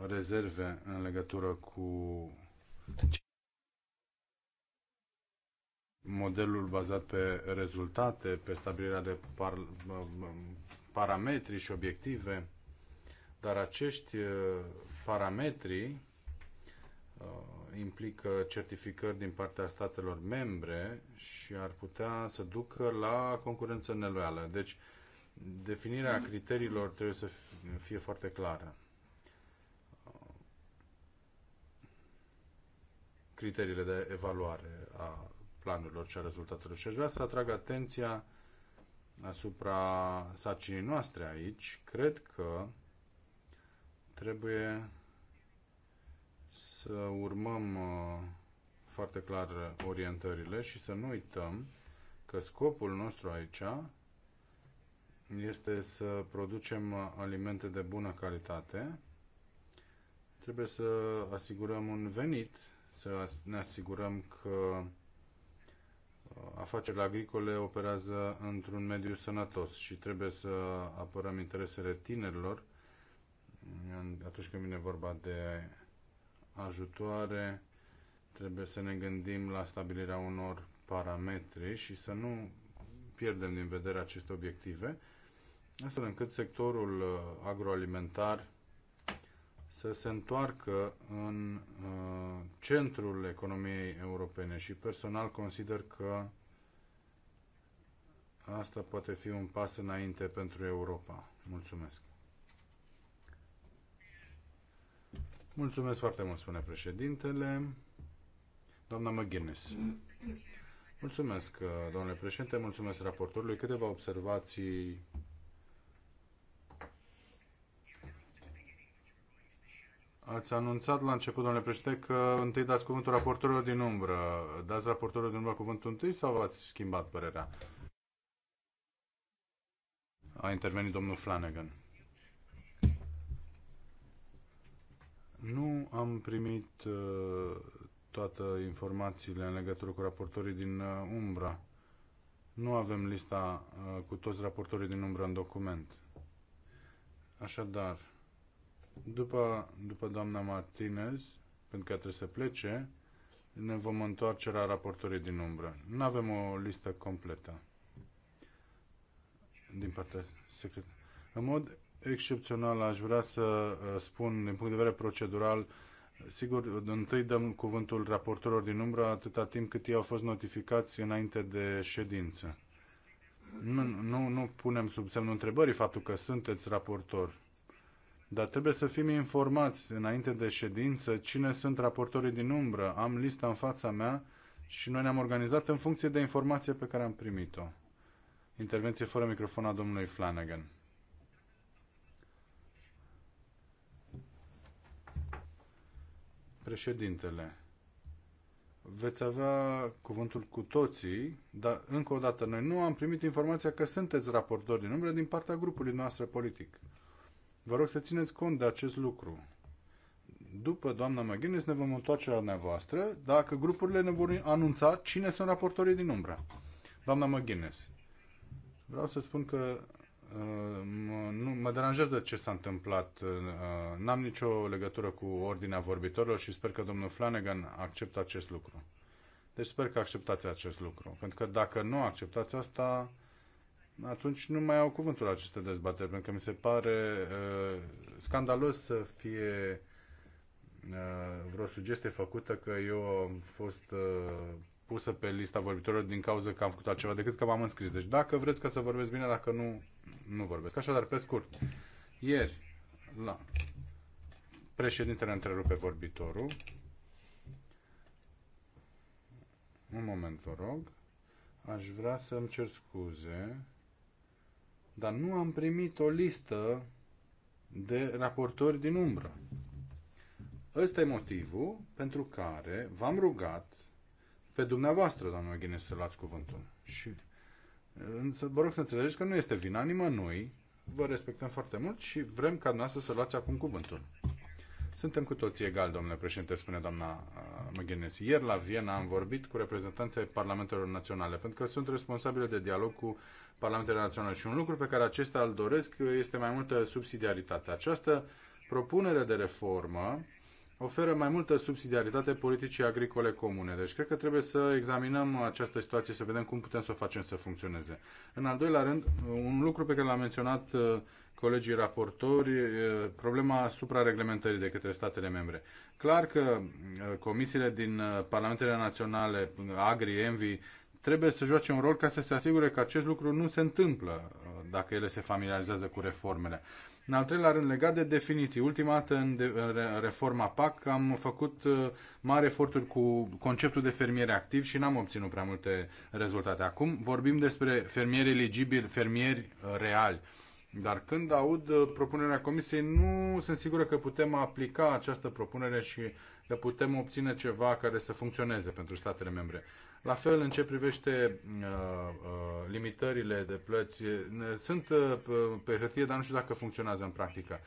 rezerve în legătură cu modelul bazat pe rezultate, pe stabilirea de parametri și obiective, dar acești uh, parametri uh, implică certificări din partea statelor membre și ar putea să ducă la concurență neloială. Deci, definirea criteriilor trebuie să fie foarte clară. Criteriile de evaluare a planurilor și a rezultatelor. Și aș vrea să atrag atenția asupra sacinii noastre aici, cred că trebuie să urmăm uh, foarte clar orientările și să nu uităm că scopul nostru aici este să producem alimente de bună calitate. Trebuie să asigurăm un venit, să ne asigurăm că afacerile agricole operează într-un mediu sănătos și trebuie să apărăm interesele tinerilor atunci când vine vorba de ajutoare, trebuie să ne gândim la stabilirea unor parametri și să nu pierdem din vedere aceste obiective, astfel încât sectorul uh, agroalimentar să se întoarcă în uh, centrul economiei europene și personal consider că asta poate fi un pas înainte pentru Europa. Mulțumesc! Mulțumesc foarte mult, spune președintele. Doamna McGuinness. Mulțumesc, uh, domnule președinte, mulțumesc raportorului. Câteva observații Ați anunțat la început, domnule președinte, că întâi dați cuvântul raportorilor din umbră. Dați raportorilor din umbră cuvântul întâi sau ați schimbat părerea? A intervenit domnul Flanagan. Nu am primit uh, toate informațiile în legătură cu raportorii din uh, umbră. umbra. Nu avem lista uh, cu toți raportorii din umbră în document. Așadar, după, după doamna Martinez, pentru că trebuie să plece, ne vom întoarce la raportorii din umbră. Nu avem o listă completă din partea secretă. În mod excepțional aș vrea să uh, spun, din punct de vedere procedural, sigur, întâi dăm cuvântul raportorilor din umbră atâta timp cât ei au fost notificați înainte de ședință. Nu, nu, nu punem sub semnul întrebării faptul că sunteți raportor dar trebuie să fim informați înainte de ședință cine sunt raportorii din umbră. Am lista în fața mea și noi ne-am organizat în funcție de informația pe care am primit-o. Intervenție fără microfon a domnului Flanagan. Președintele, veți avea cuvântul cu toții, dar încă o dată, noi nu am primit informația că sunteți raportori din umbră din partea grupului noastră politic. Vă rog să țineți cont de acest lucru. După doamna McGuinness ne vom întoarce la dumneavoastră dacă grupurile ne vor anunța cine sunt raportorii din umbră. Doamna McGuinness, vreau să spun că uh, mă, nu, mă deranjează ce s-a întâmplat. Uh, uh, n-am nicio legătură cu ordinea vorbitorilor și sper că domnul Flanagan acceptă acest lucru. Deci sper că acceptați acest lucru. Pentru că dacă nu acceptați asta, atunci nu mai au cuvântul la aceste dezbateri, pentru că mi se pare uh, scandalos să fie uh, vreo sugestie făcută că eu am fost uh, pusă pe lista vorbitorilor din cauza că am făcut altceva decât că m-am înscris. Deci dacă vreți ca să vorbesc bine, dacă nu, nu vorbesc. Așadar, pe scurt, ieri, la președintele întrerupe vorbitorul. Un moment, vă rog. Aș vrea să-mi cer scuze dar nu am primit o listă de raportori din umbră. Ăsta e motivul pentru care v-am rugat pe dumneavoastră, doamna Ghinez, să luați cuvântul. Și însă, vă rog să înțelegeți că nu este vina nimănui, vă respectăm foarte mult și vrem ca dumneavoastră să luați acum cuvântul. Suntem cu toții egali, domnule președinte, spune doamna uh, McGuinness. Ieri la Viena am vorbit cu reprezentanții Parlamentelor Naționale, pentru că sunt responsabile de dialog cu Parlamentele Naționale și un lucru pe care acesta îl doresc este mai multă subsidiaritate. Această propunere de reformă oferă mai multă subsidiaritate politicii agricole comune. Deci cred că trebuie să examinăm această situație, să vedem cum putem să o facem să funcționeze. În al doilea rând, un lucru pe care l-a menționat uh, colegii raportori, uh, problema suprareglementării de către statele membre. Clar că uh, comisiile din Parlamentele Naționale, Agri, Envi, trebuie să joace un rol ca să se asigure că acest lucru nu se întâmplă dacă ele se familiarizează cu reformele. În al treilea rând, legat de definiții. Ultima dată, în reforma PAC, am făcut uh, mari eforturi cu conceptul de fermier activ și n-am obținut prea multe rezultate. Acum vorbim despre fermieri eligibili, fermieri uh, reali. Dar când aud uh, propunerea Comisiei, nu sunt sigură că putem aplica această propunere și că putem obține ceva care să funcționeze pentru statele membre. La fel, în ce privește uh, uh, limitările de plăți, sunt uh, pe hârtie, dar nu știu dacă funcționează în practică.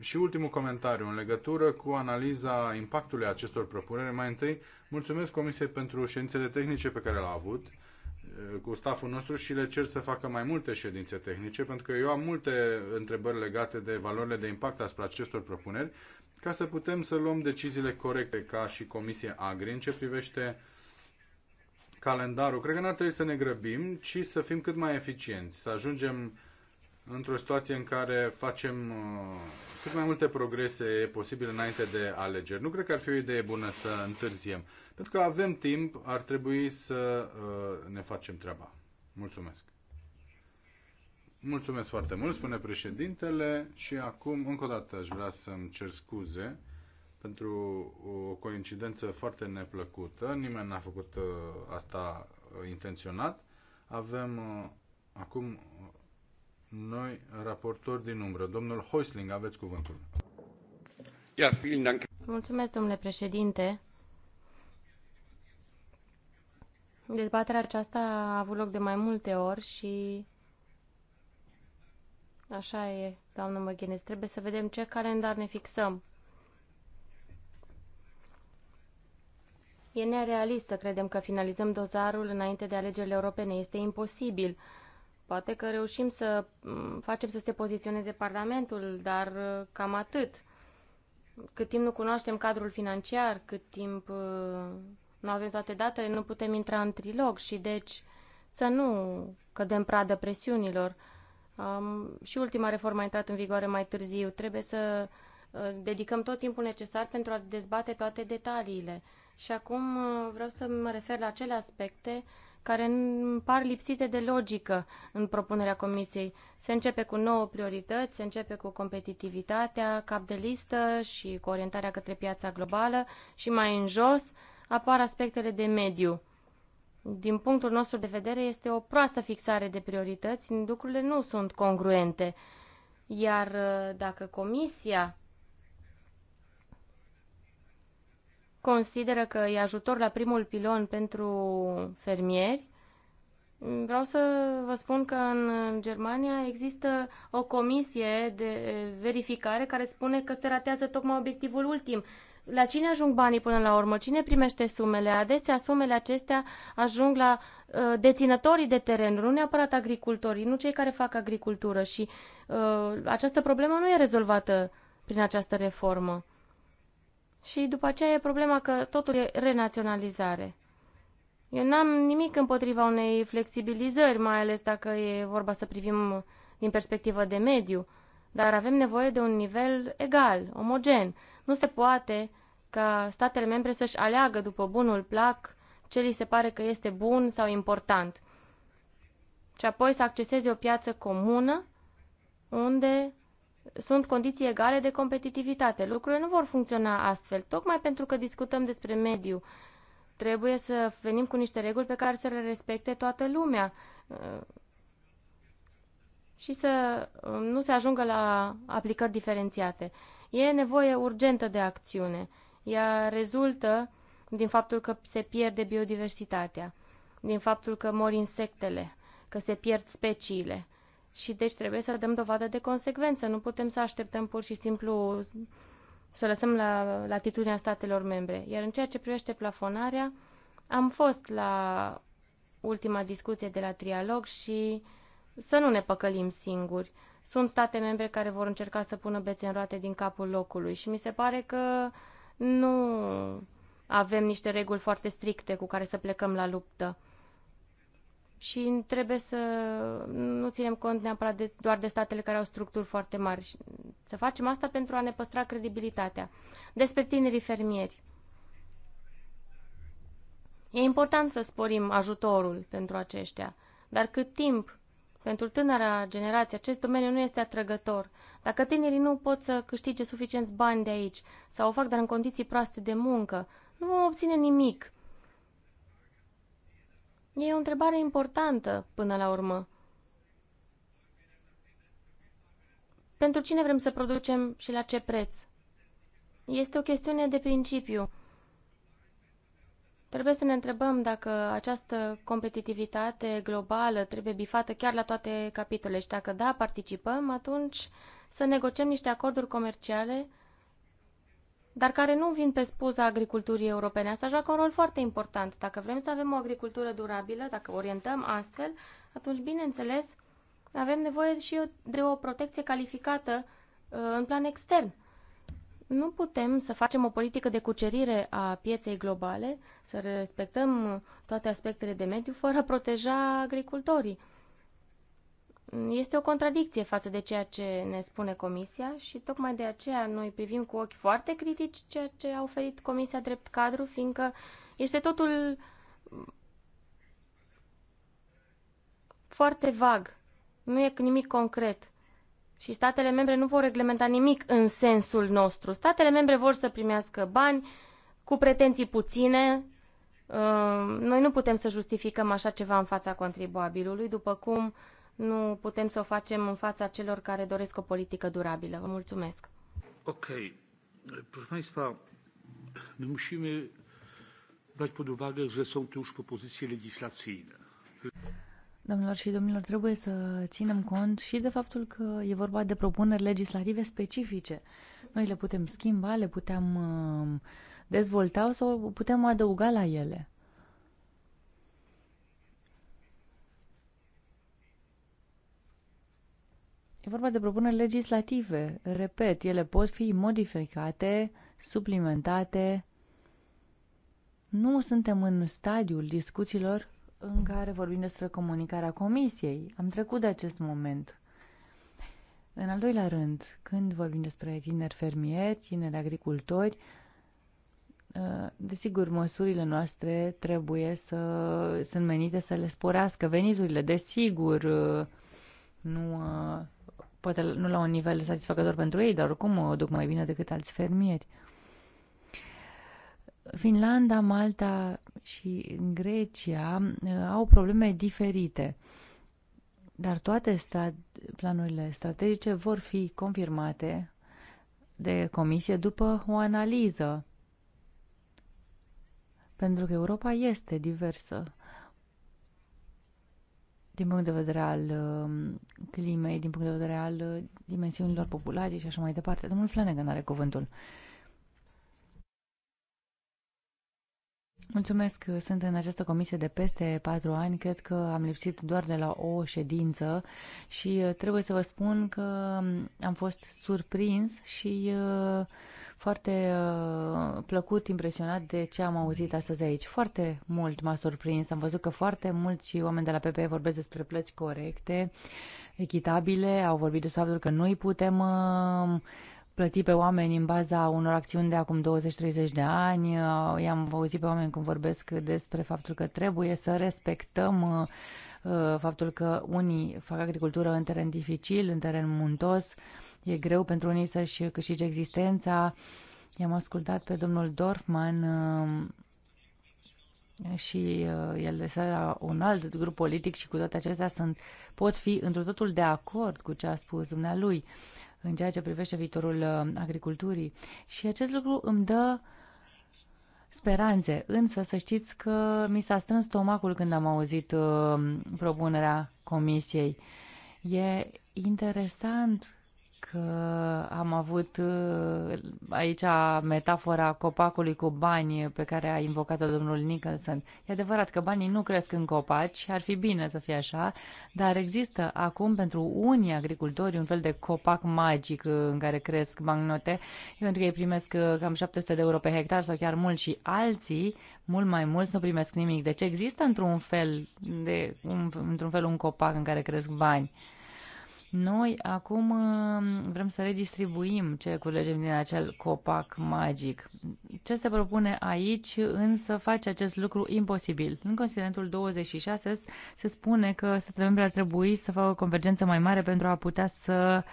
Și ultimul comentariu, în legătură cu analiza impactului acestor propuneri, mai întâi mulțumesc Comisiei pentru ședințele tehnice pe care le-a avut uh, cu staful nostru și le cer să facă mai multe ședințe tehnice, pentru că eu am multe întrebări legate de valorile de impact asupra acestor propuneri, ca să putem să luăm deciziile corecte ca și Comisia Agri în ce privește uh, calendarul. Cred că n-ar trebui să ne grăbim, ci să fim cât mai eficienți, să ajungem într-o situație în care facem uh, cât mai multe progrese posibile înainte de alegeri. Nu cred că ar fi o idee bună să întârziem, pentru că avem timp, ar trebui să uh, ne facem treaba. Mulțumesc! Mulțumesc foarte mult, spune președintele și acum, încă o dată, aș vrea să-mi cer scuze pentru o coincidență foarte neplăcută. Nimeni n-a făcut uh, asta uh, intenționat. Avem uh, acum noi raportori din umbră. Domnul Hoisling, aveți cuvântul. Ia, dank. Mulțumesc, domnule președinte. Dezbaterea aceasta a avut loc de mai multe ori și așa e, doamnă Măghenes. Trebuie să vedem ce calendar ne fixăm. E nerealist să credem că finalizăm dozarul înainte de alegerile europene. Este imposibil. Poate că reușim să mm, facem să se poziționeze Parlamentul, dar uh, cam atât. Cât timp nu cunoaștem cadrul financiar, cât timp uh, nu avem toate datele, nu putem intra în trilog și deci să nu cădem pradă presiunilor. Um, și ultima reformă a intrat în vigoare mai târziu. Trebuie să uh, dedicăm tot timpul necesar pentru a dezbate toate detaliile. Și acum uh, vreau să mă refer la acele aspecte care îmi par lipsite de logică în propunerea Comisiei. Se începe cu nouă priorități, se începe cu competitivitatea, cap de listă și cu orientarea către piața globală și mai în jos apar aspectele de mediu. Din punctul nostru de vedere este o proastă fixare de priorități, lucrurile nu sunt congruente. Iar uh, dacă Comisia consideră că e ajutor la primul pilon pentru fermieri, vreau să vă spun că în Germania există o comisie de verificare care spune că se ratează tocmai obiectivul ultim. La cine ajung banii până la urmă? Cine primește sumele? Adesea sumele acestea ajung la uh, deținătorii de teren, nu neapărat agricultorii, nu cei care fac agricultură și uh, această problemă nu e rezolvată prin această reformă. Și după aceea e problema că totul e renaționalizare. Eu n-am nimic împotriva unei flexibilizări, mai ales dacă e vorba să privim din perspectivă de mediu, dar avem nevoie de un nivel egal, omogen. Nu se poate ca statele membre să-și aleagă după bunul plac ce li se pare că este bun sau important. Și apoi să acceseze o piață comună unde sunt condiții egale de competitivitate. Lucrurile nu vor funcționa astfel. Tocmai pentru că discutăm despre mediu, trebuie să venim cu niște reguli pe care să le respecte toată lumea uh, și să uh, nu se ajungă la aplicări diferențiate. E nevoie urgentă de acțiune. Ea rezultă din faptul că se pierde biodiversitatea, din faptul că mor insectele, că se pierd speciile. Și deci trebuie să dăm dovadă de consecvență. Nu putem să așteptăm pur și simplu să lăsăm la latitudinea statelor membre. Iar în ceea ce privește plafonarea, am fost la ultima discuție de la trialog și să nu ne păcălim singuri. Sunt state membre care vor încerca să pună bețe în roate din capul locului și mi se pare că nu avem niște reguli foarte stricte cu care să plecăm la luptă și trebuie să nu ținem cont neapărat de, doar de statele care au structuri foarte mari. Să facem asta pentru a ne păstra credibilitatea. Despre tinerii fermieri. E important să sporim ajutorul pentru aceștia, dar cât timp pentru tânăra generație acest domeniu nu este atrăgător. Dacă tinerii nu pot să câștige suficienți bani de aici sau o fac dar în condiții proaste de muncă, nu vom obține nimic E o întrebare importantă până la urmă. Pentru cine vrem să producem și la ce preț? Este o chestiune de principiu. Trebuie să ne întrebăm dacă această competitivitate globală trebuie bifată chiar la toate capitolele și dacă da, participăm, atunci să negociem niște acorduri comerciale dar care nu vin pe spuza agriculturii europene. Asta joacă un rol foarte important. Dacă vrem să avem o agricultură durabilă, dacă orientăm astfel, atunci, bineînțeles, avem nevoie și de o protecție calificată uh, în plan extern. Nu putem să facem o politică de cucerire a pieței globale, să respectăm toate aspectele de mediu, fără a proteja agricultorii este o contradicție față de ceea ce ne spune Comisia și tocmai de aceea noi privim cu ochi foarte critici ceea ce a oferit Comisia drept cadru, fiindcă este totul foarte vag. Nu e nimic concret. Și statele membre nu vor reglementa nimic în sensul nostru. Statele membre vor să primească bani cu pretenții puține. Ă, noi nu putem să justificăm așa ceva în fața contribuabilului, după cum nu putem să o facem în fața celor care doresc o politică durabilă. Vă mulțumesc. Ok. Proszę Państwa, my musimy brać pod uwagę, że są to już propozycje legislacyjne. Domnilor și domnilor, trebuie să ținem cont și de faptul că e vorba de propuneri legislative specifice. Noi le putem schimba, le putem uh, dezvolta sau putem adăuga la ele. E vorba de propuneri legislative. Repet, ele pot fi modificate, suplimentate. Nu suntem în stadiul discuțiilor în care vorbim despre comunicarea comisiei. Am trecut de acest moment. În al doilea rând, când vorbim despre tineri fermieri, tineri agricultori, uh, desigur, măsurile noastre trebuie să sunt menite să le sporească veniturile. Desigur, uh, nu uh, poate nu la un nivel satisfăcător pentru ei, dar oricum o duc mai bine decât alți fermieri. Finlanda, Malta și Grecia uh, au probleme diferite, dar toate stat- planurile strategice vor fi confirmate de comisie după o analiză, pentru că Europa este diversă din punct de vedere al um, climei, din punct de vedere al uh, dimensiunilor populației și așa mai departe. Domnul Flanagan are cuvântul. Mulțumesc. Uh, sunt în această comisie de peste patru ani. Cred că am lipsit doar de la o ședință și uh, trebuie să vă spun că um, am fost surprins și uh, foarte plăcut, impresionat de ce am auzit astăzi aici. Foarte mult m-a surprins. Am văzut că foarte mulți oameni de la PPE vorbesc despre plăți corecte, echitabile. Au vorbit despre faptul că noi putem um, plăti pe oameni în baza unor acțiuni de acum 20-30 de ani. Uh, I-am auzit pe oameni cum vorbesc despre faptul că trebuie să respectăm uh, uh, faptul că unii fac agricultură în teren dificil, în teren muntos, e greu pentru unii să-și câștige existența. I-am ascultat pe domnul Dorfman și el este la un alt grup politic și cu toate acestea sunt, pot fi într totul de acord cu ce a spus dumnealui. Uh, în ceea ce privește viitorul uh, agriculturii. Și acest lucru îmi dă speranțe, însă să știți că mi s-a strâns stomacul când am auzit uh, propunerea comisiei. E interesant că am avut uh, aici metafora copacului cu bani pe care a invocat-o domnul Nicholson. E adevărat că banii nu cresc în copaci, ar fi bine să fie așa, dar există acum pentru unii agricultori un fel de copac magic uh, în care cresc magnote, pentru că ei primesc uh, cam 700 de euro pe hectar sau chiar mult și alții, mult mai mulți, nu primesc nimic. Deci există într-un fel, de, un, într-un fel un copac în care cresc bani. Noi acum uh, vrem să redistribuim ce culegem din acel copac magic. Ce se propune aici însă face acest lucru imposibil. În considerentul 26 se spune că statele membre ar trebui să facă o convergență mai mare pentru a putea să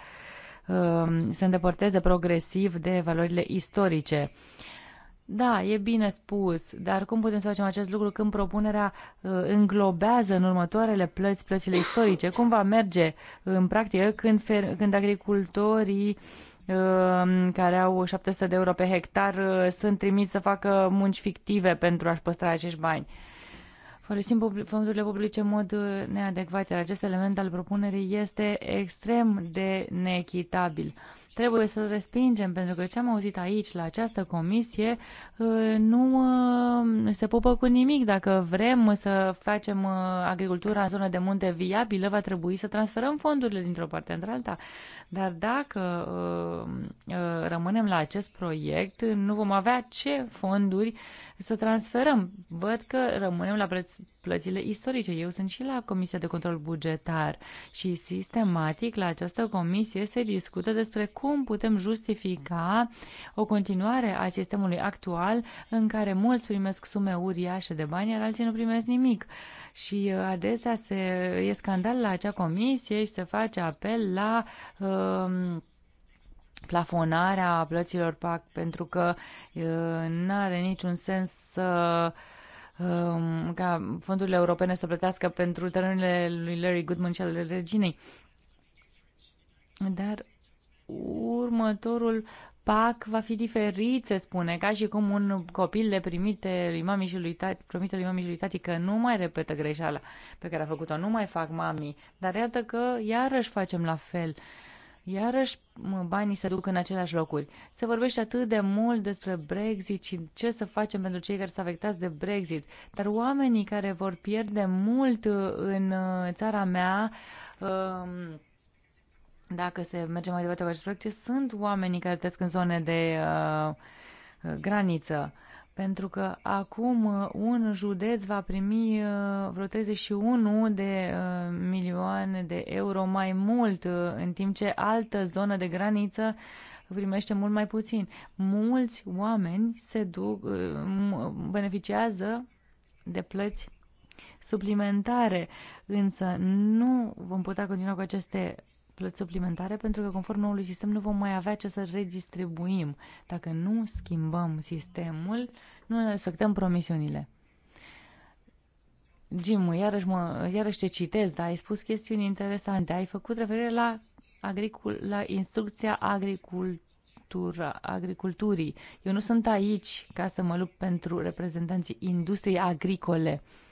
uh, se îndepărteze progresiv de valorile istorice. Da, e bine spus, dar cum putem să facem acest lucru când propunerea uh, înglobează în următoarele plăți plățile istorice? Cum va merge uh, în practică când, când agricultorii uh, care au 700 de euro pe hectar sunt trimiți să facă munci fictive pentru a-și păstra acești bani? folosim fondurile publice în mod neadecvat, iar acest element al propunerii este extrem de neechitabil. Uh, trebuie să-l respingem, pentru că ce am auzit aici, la această comisie, uh, nu uh, se popă cu nimic. Dacă vrem să facem uh, agricultura în zonă de munte viabilă, va trebui să transferăm fondurile dintr-o parte într-alta. Dar dacă rămânem la acest proiect, nu vom avea ce fonduri să transferăm. Văd că rămânem la plățile istorice. Eu sunt și la Comisia de Control Bugetar și sistematic la această comisie se discută despre cum putem justifica o continuare a sistemului actual în care mulți primesc sume uriașe de bani, iar alții nu primesc nimic. Și uh, adesea se, e scandal la acea comisie și se face apel la uh, plafonarea plăților PAC pentru că nu are niciun sens să ca fondurile europene să plătească pentru terenurile lui Larry Goodman și ale reginei. Dar următorul pac va fi diferit, se spune, ca și cum un copil le primite lui mami și lui tati, promite lui mami și lui tati că nu mai repetă greșeala pe care a făcut-o, nu mai fac mami, dar iată că iarăși facem la fel. Uh, iarăși banii se duc în aceleași locuri. Se vorbește atât de mult despre Brexit și ce să facem pentru cei care sunt afectați de Brexit, dar oamenii care vor pierde mult uh, în uh, țara mea, um, dacă se merge mai departe cu acest proiect, sunt oamenii care trăiesc în zone de uh, graniță. Pentru că acum uh, un județ va primi uh, vreo 31 de uh, milioane de euro mai mult, în timp ce altă zonă de graniță primește mult mai puțin. Mulți oameni se duc, beneficiază de plăți suplimentare, însă nu vom putea continua cu aceste plăți suplimentare pentru că conform noului sistem nu vom mai avea ce să redistribuim. Dacă nu schimbăm sistemul, nu ne respectăm promisiunile. Jim, iarăși, mă, iarăși te citesc, dar ai spus chestiuni interesante. Ai făcut referire la, agricul, la instrucția agricultura, agriculturii. Eu nu sunt aici ca să mă lupt pentru reprezentanții industriei agricole. Uh,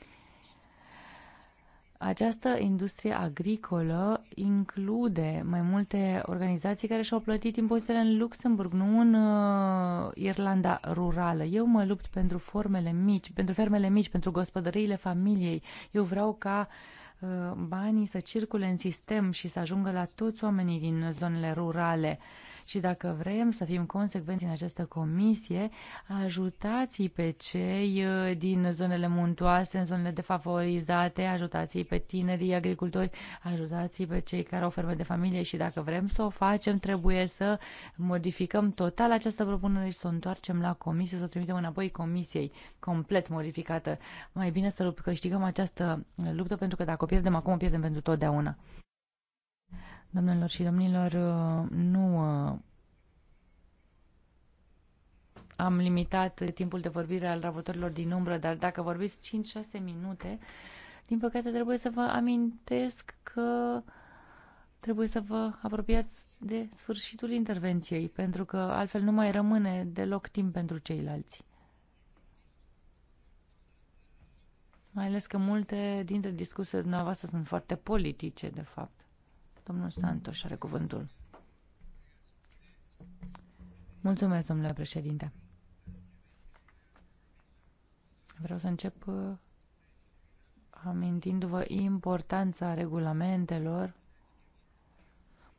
această industrie agricolă include mai multe organizații care și-au plătit impozitele în Luxemburg, nu în uh, Irlanda rurală. Eu mă lupt pentru formele mici, pentru fermele mici, pentru gospodăriile familiei. Eu vreau ca uh, banii să circule în sistem și să ajungă la toți oamenii din zonele rurale. Uh, și dacă vrem să fim consecvenți în această comisie, ajutați pe cei uh, din zonele muntoase, în zonele defavorizate, ajutați pe tinerii agricultori, ajutați pe cei care au ferme de familie și dacă vrem să o facem, trebuie să modificăm total această propunere și să o întoarcem la comisie, să o trimitem înapoi comisiei complet modificată. Mai bine să câștigăm această luptă pentru că dacă o pierdem acum, o pierdem pentru totdeauna. Domnilor și domnilor, uh, nu uh, am limitat timpul de vorbire al raportorilor din umbră, dar dacă vorbiți 5-6 minute, din păcate trebuie să vă amintesc că trebuie să vă apropiați de sfârșitul intervenției, pentru că altfel nu mai rămâne deloc timp pentru ceilalți. Mai ales că multe dintre discursele dumneavoastră sunt foarte politice, de fapt. Domnul Santos are cuvântul. Mulțumesc, domnule președinte. Vreau să încep uh, amintindu-vă importanța regulamentelor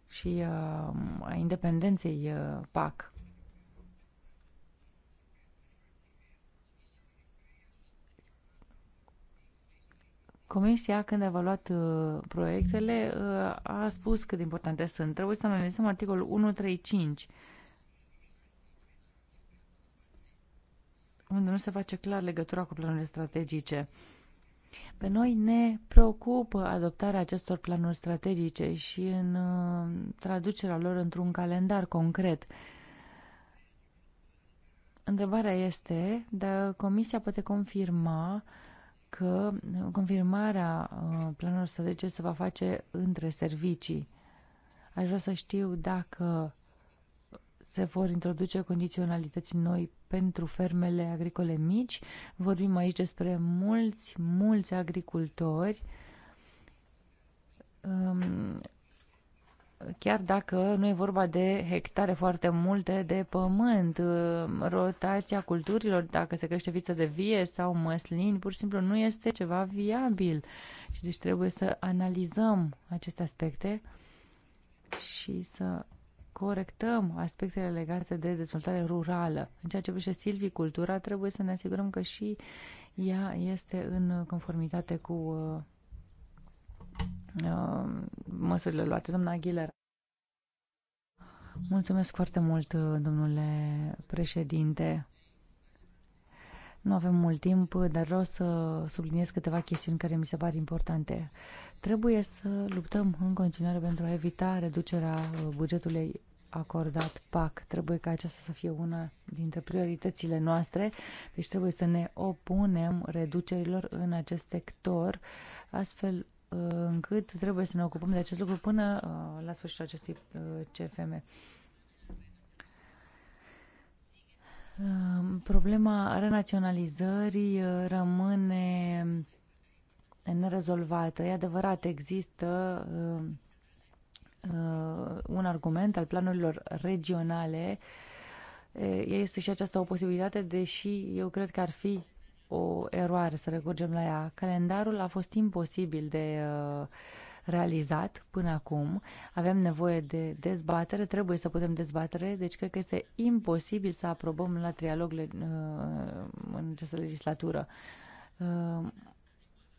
și uh, a independenței uh, PAC. Comisia, când a evaluat uh, proiectele, uh, a spus cât de importante sunt. Trebuie să analizăm articolul 135, unde nu se face clar legătura cu planurile strategice. Pe noi ne preocupă adoptarea acestor planuri strategice și în uh, traducerea lor într-un calendar concret. Întrebarea este dacă Comisia poate confirma uh, că uh, confirmarea uh, planurilor strategice se va face între servicii. Aș vrea să știu dacă se vor introduce condiționalități noi pentru fermele agricole mici. Vorbim aici despre mulți, mulți agricultori um, chiar dacă nu e vorba de hectare foarte multe de pământ, uh, rotația culturilor, dacă se crește viță de vie sau măslin, pur și simplu nu este ceva viabil. Și deci trebuie să analizăm aceste aspecte și să corectăm aspectele legate de dezvoltare rurală. În ceea ce privește silvicultura, trebuie să ne asigurăm că și ea este în conformitate cu uh, Uh, măsurile luate. Doamna Aguilera. Mulțumesc foarte mult, uh, domnule președinte. Nu avem mult timp, dar vreau să subliniez câteva chestiuni care mi se par importante. Trebuie să luptăm în continuare pentru a evita reducerea uh, bugetului acordat PAC. Trebuie ca aceasta să fie una dintre prioritățile noastre, deci trebuie să ne opunem reducerilor în acest sector, astfel Uh, încât trebuie să ne ocupăm de acest lucru până uh, la sfârșitul acestui uh, CFM. Problema renaționalizării rămâne nerezolvată. E adevărat, există un argument al planurilor regionale este și aceasta o posibilitate, deși eu cred că ar fi o eroare să recurgem la ea. Calendarul a fost imposibil de uh, realizat până acum. Avem nevoie de dezbatere, trebuie să putem dezbatere, deci cred că este imposibil să aprobăm la trialog uh, în această legislatură uh,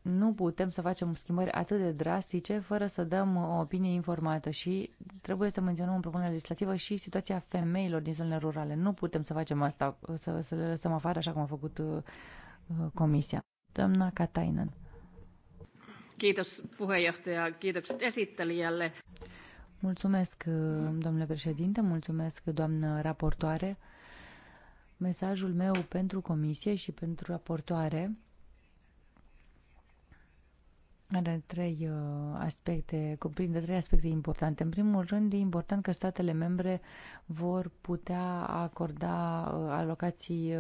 nu putem să facem schimbări atât de drastice fără să dăm o opinie informată și trebuie să menționăm în propunerea legislativă și situația femeilor din zonele rurale. Nu putem să facem asta, să, să le lăsăm afară așa cum a făcut Uh, comisia. Doamna Katainen. Kiitos puheenjohtaja, kiitokset esittelijälle. Mulțumesc, uh, domnule președinte, mulțumesc, doamnă raportoare. Mesajul meu pentru comisie și pentru raportoare are trei uh, aspecte, cuprinde trei aspecte importante. În primul rând, e important că statele membre vor putea acorda alocații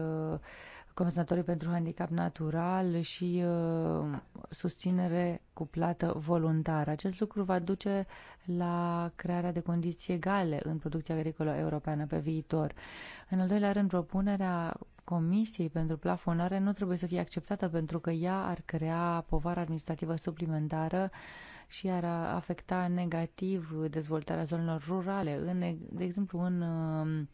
compensatorii pentru handicap natural și uh, susținere cu plată voluntară. Acest lucru va duce la crearea de condiții egale în producția agricolă europeană pe viitor. În al doilea rând, propunerea Comisiei pentru plafonare nu trebuie să fie acceptată pentru că ea ar crea povară administrativă suplimentară și ar afecta negativ dezvoltarea zonelor rurale, în, de exemplu în uh,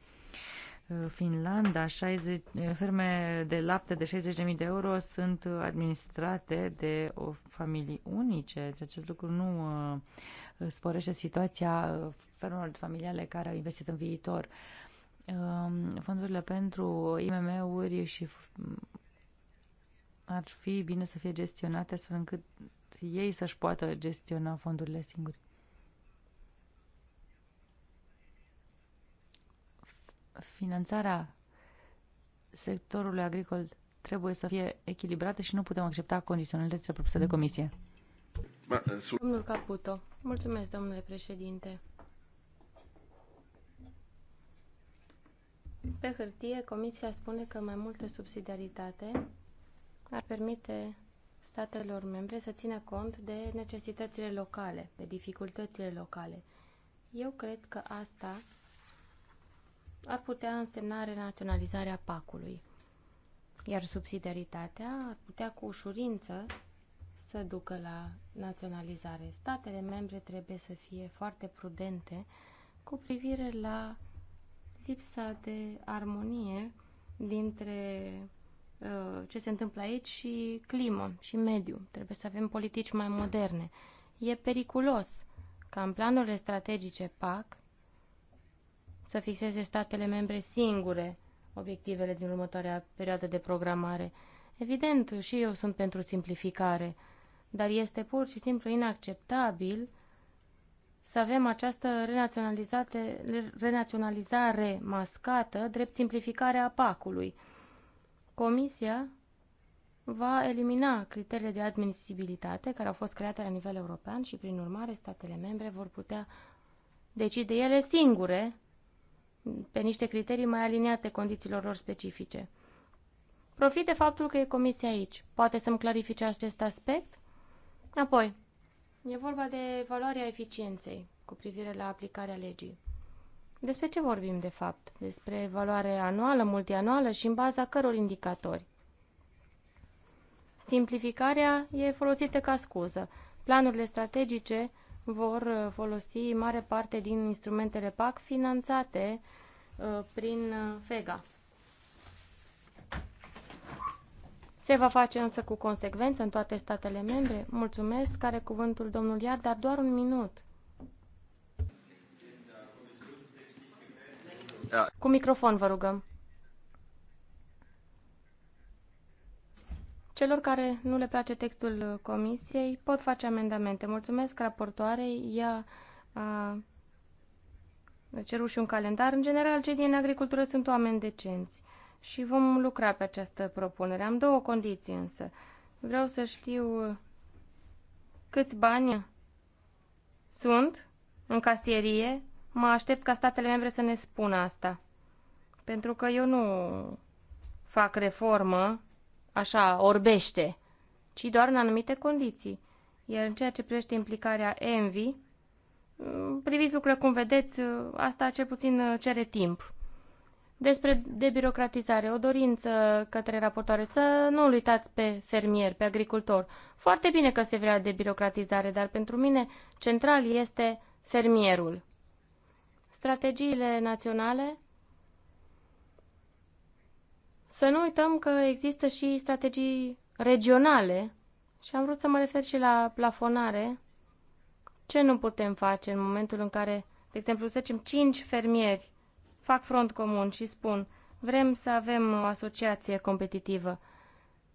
Finlanda, 60, ferme de lapte de 60.000 de euro sunt administrate de o familie unice. Deci acest lucru nu uh, sporește situația uh, fermelor familiale care au investit în viitor. Um, fondurile pentru IMM-uri și ar fi bine să fie gestionate astfel încât ei să-și poată gestiona fondurile singuri. finanțarea sectorului agricol trebuie să fie echilibrată și nu putem accepta condiționalitățile propuse de comisie. Eh, Domnul Caputo, mulțumesc, domnule președinte. Pe hârtie, Comisia spune că mai multă subsidiaritate ar permite statelor membre să țină cont de necesitățile locale, de dificultățile locale. Eu cred că asta ar putea însemna renaționalizarea pacului, iar subsidiaritatea ar putea cu ușurință să ducă la naționalizare. Statele membre trebuie să fie foarte prudente cu privire la lipsa de armonie dintre uh, ce se întâmplă aici și climă și mediu. Trebuie să avem politici mai moderne. E periculos ca în planurile strategice PAC să fixeze statele membre singure obiectivele din următoarea perioadă de programare. Evident, și eu sunt pentru simplificare, dar este pur și simplu inacceptabil să avem această renaționalizare mascată drept simplificare a pacului. Comisia va elimina criteriile de admisibilitate care au fost create la nivel european și, prin urmare, statele membre vor putea decide ele singure pe niște criterii mai aliniate condițiilor lor specifice. Profit de faptul că e comisia aici. Poate să-mi clarifice acest aspect? Apoi, e vorba de valoarea eficienței cu privire la aplicarea legii. Despre ce vorbim, de fapt? Despre valoare anuală, multianuală și în baza căror indicatori? Simplificarea e folosită ca scuză. Planurile strategice vor uh, folosi mare parte din instrumentele PAC finanțate uh, prin uh, FEGA. Se va face însă cu consecvență în toate statele membre? Mulțumesc, care cuvântul domnul Iar, dar doar un minut. Da. Cu microfon vă rugăm. Celor care nu le place textul uh, comisiei pot face amendamente. Mulțumesc raportoarei, ea a cerut și un calendar. În general, cei din agricultură sunt oameni decenți și vom lucra pe această propunere. Am două condiții însă. Vreau să știu uh, câți bani sunt în casierie. Mă aștept ca statele membre să ne spună asta. Pentru că eu nu fac reformă așa, orbește, ci doar în anumite condiții. Iar în ceea ce privește implicarea Envy, mm, priviți lucrurile cum vedeți, asta cel puțin uh, cere timp. Despre debirocratizare, o dorință către raportoare, să nu uitați pe fermier, pe agricultor. Foarte bine că se vrea debirocratizare, dar pentru mine central este fermierul. Strategiile naționale să nu uităm că există și strategii regionale și am vrut să mă refer și la plafonare. Ce nu putem face în momentul în care, de exemplu, să zicem, cinci fermieri fac front comun și spun vrem să avem o asociație competitivă.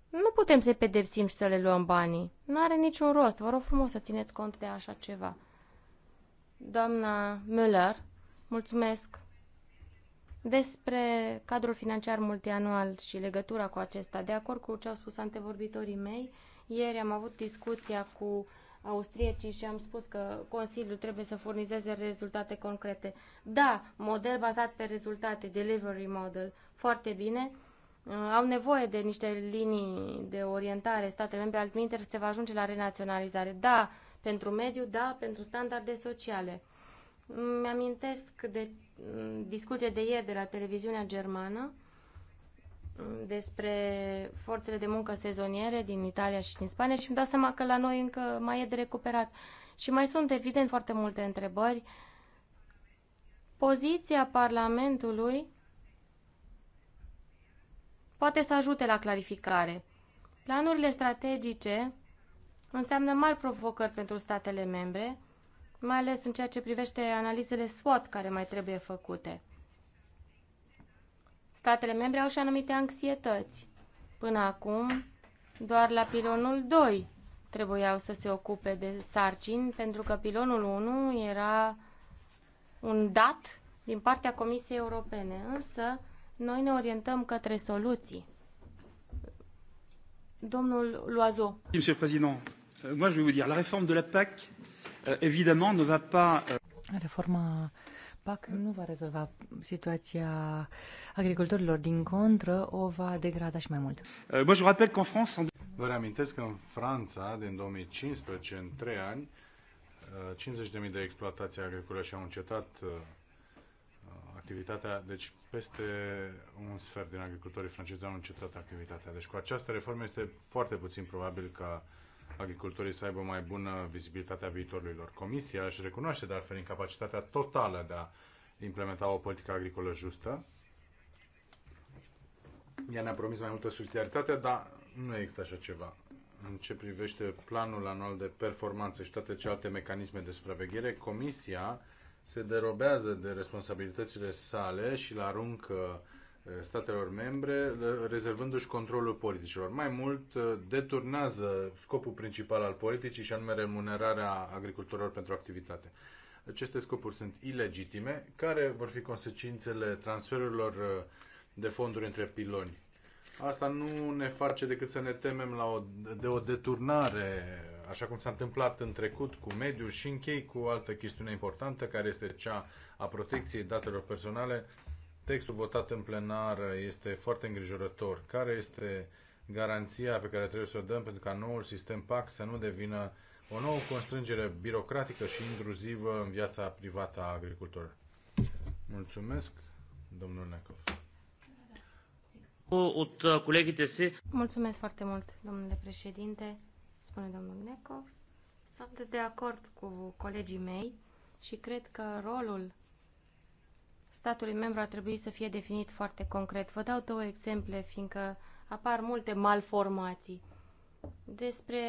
Nu putem să-i pedepsim și să le luăm banii. Nu are niciun rost. Vă rog frumos să țineți cont de așa ceva. Doamna Müller, mulțumesc despre cadrul financiar multianual și legătura cu acesta, de acord cu ce au spus antevorbitorii mei, ieri am avut discuția cu austriecii și am spus că Consiliul trebuie să furnizeze rezultate concrete. Da, model bazat pe rezultate, delivery model, foarte bine. Uh, au nevoie de niște linii de orientare statele membre, altminteri se va ajunge la renaționalizare. Da, pentru mediu, da, pentru standarde sociale. Mi-amintesc de mm, discuție de ieri de la televiziunea germană mm, despre forțele de muncă sezoniere din Italia și din Spania și îmi dau seama că la noi încă mai e de recuperat. Și mai sunt, evident, foarte multe întrebări. Poziția Parlamentului poate să ajute la clarificare. Planurile strategice înseamnă mari provocări pentru statele membre, mai ales în ceea ce privește analizele SWOT care mai trebuie făcute. Statele membre au și anumite anxietăți. Până acum, doar la pilonul 2 trebuiau să se ocupe de sarcini, pentru că pilonul 1 era un dat din partea Comisiei Europene, însă noi ne orientăm către soluții. Domnul Loazo. Domnul Președinte, Président, euh, moi je vais vous dire, la réforme de la PAC Euh, évidemment, ne va pas. Euh, Reforma PAC nu va rezolva situația agricultorilor, din contră, o va degrada și mai mult. Euh, moi, Vă reamintesc că în Franța, din 2015, în 3 ani, 50.000 uh, de exploatații agricole și-au încetat uh, uh, activitatea, deci peste un sfert din agricultorii francezi au încetat activitatea. Deci cu această reformă este foarte puțin probabil ca agricultorii să aibă mai bună vizibilitatea viitorului lor. Comisia își recunoaște de altfel incapacitatea totală de a implementa o politică agricolă justă. Ea ne-a promis mai multă subsidiaritate, dar nu există așa ceva. În ce privește planul anual de performanță și toate celelalte mecanisme de supraveghere, Comisia se derobează de responsabilitățile sale și la aruncă uh, statelor membre, rezervându-și controlul politicilor. Mai mult, uh, deturnează scopul principal al politicii și anume remunerarea agricultorilor pentru activitate. Aceste scopuri sunt ilegitime. Care vor fi consecințele transferurilor uh, de fonduri între piloni? Asta nu ne face decât să ne temem la o, de o deturnare, așa cum s-a întâmplat în trecut cu mediul și închei cu o altă chestiune importantă, care este cea a protecției datelor personale textul votat în plenar este foarte îngrijorător. Care este garanția pe care trebuie să o dăm pentru ca noul sistem PAC să nu devină o nouă constrângere birocratică și intruzivă în viața privată a agricultorilor? Mulțumesc, domnul Necov. Uh, Mulțumesc foarte mult, domnule președinte, spune domnul Necov. Sunt de acord cu colegii mei și cred că rolul statului membru ar trebui să fie definit foarte concret. Vă dau două exemple, fiindcă apar multe malformații. Despre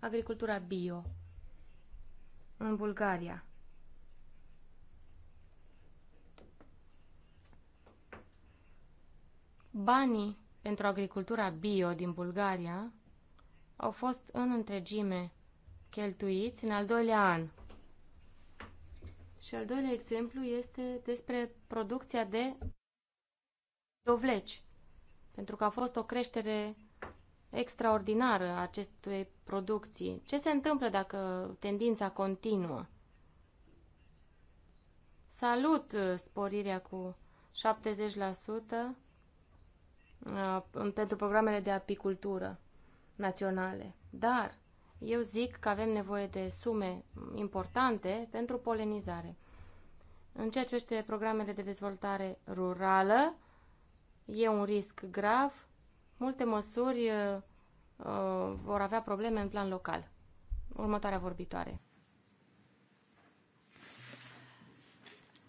agricultura bio în Bulgaria. Banii pentru agricultura bio din Bulgaria au fost în întregime cheltuiți în al doilea an și al doilea exemplu este despre producția de dovleci, pentru că a fost o creștere extraordinară a acestei producții. Ce se întâmplă dacă tendința continuă? Salut uh, sporirea cu 70% uh, pentru programele de apicultură naționale, dar eu zic că avem nevoie de sume importante pentru polenizare. În ceea ce este programele de dezvoltare rurală, e un risc grav. Multe măsuri uh, uh, vor avea probleme în plan local. Următoarea vorbitoare.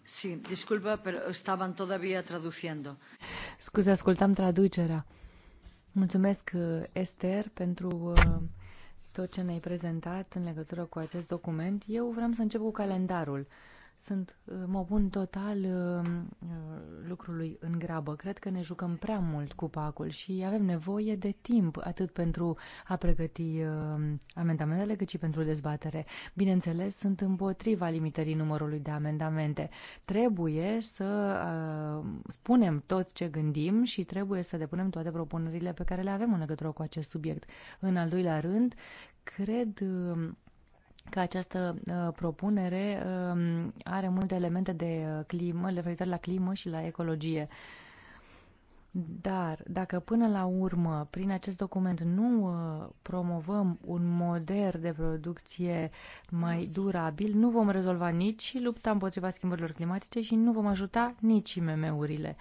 Sí, disculpa, pero estaban todavía traduciendo. Scuze, ascultam traducerea. Mulțumesc, uh, Esther, pentru uh, tot ce ne-ai prezentat în legătură cu acest document. Eu vreau să încep cu calendarul. Uh, sunt, uh, mă opun total uh, uh, lucrului în grabă. Cred că ne jucăm prea mult cu pacul și avem nevoie de timp atât pentru a pregăti amendamentele cât și pentru dezbatere. Bineînțeles, sunt împotriva limitării numărului de amendamente. Trebuie să spunem tot ce gândim și trebuie să depunem toate propunerile pe care le avem în legătură cu acest subiect. În al doilea rând, cred că această uh, propunere uh, are multe elemente de uh, climă, referitor la climă și la ecologie. Dar dacă până la urmă, prin acest document, nu uh, promovăm un model de producție mai durabil, nu vom rezolva nici lupta împotriva schimbărilor climatice și nu vom ajuta nici IMM-urile